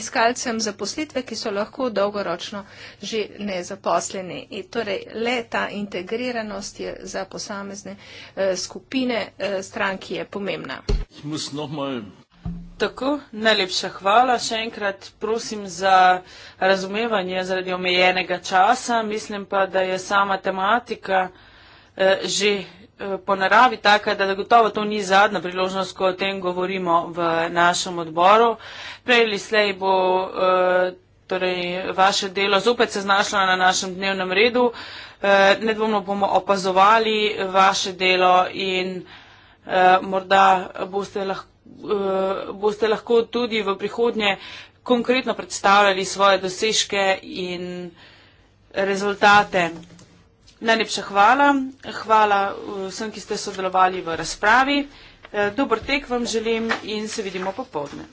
iskalcem zaposlitve, ki so lahko dolgoročno že nezaposleni. In torej, le ta integriranost je za posamezne eh, skupine eh, stranki je pomembna. Tako, najlepša hvala. Še enkrat prosim za razumevanje zaradi omejenega časa. Mislim pa, da je sama tematika eh, že eh, po naravi taka, da gotovo to ni zadnja priložnost, ko o tem govorimo v našem odboru. Prej ali slej bo eh, torej, vaše delo zopet se znašlo na našem dnevnem redu. Eh, nedvomno bomo opazovali vaše delo in eh, morda boste lahko. Eh, boste lahko tudi v prihodnje konkretno predstavljali svoje dosežke in rezultate. Najlepša hvala. Hvala eh, vsem, ki ste sodelovali v razpravi. Eh, Dobro tek vam želim in se vidimo popovdne.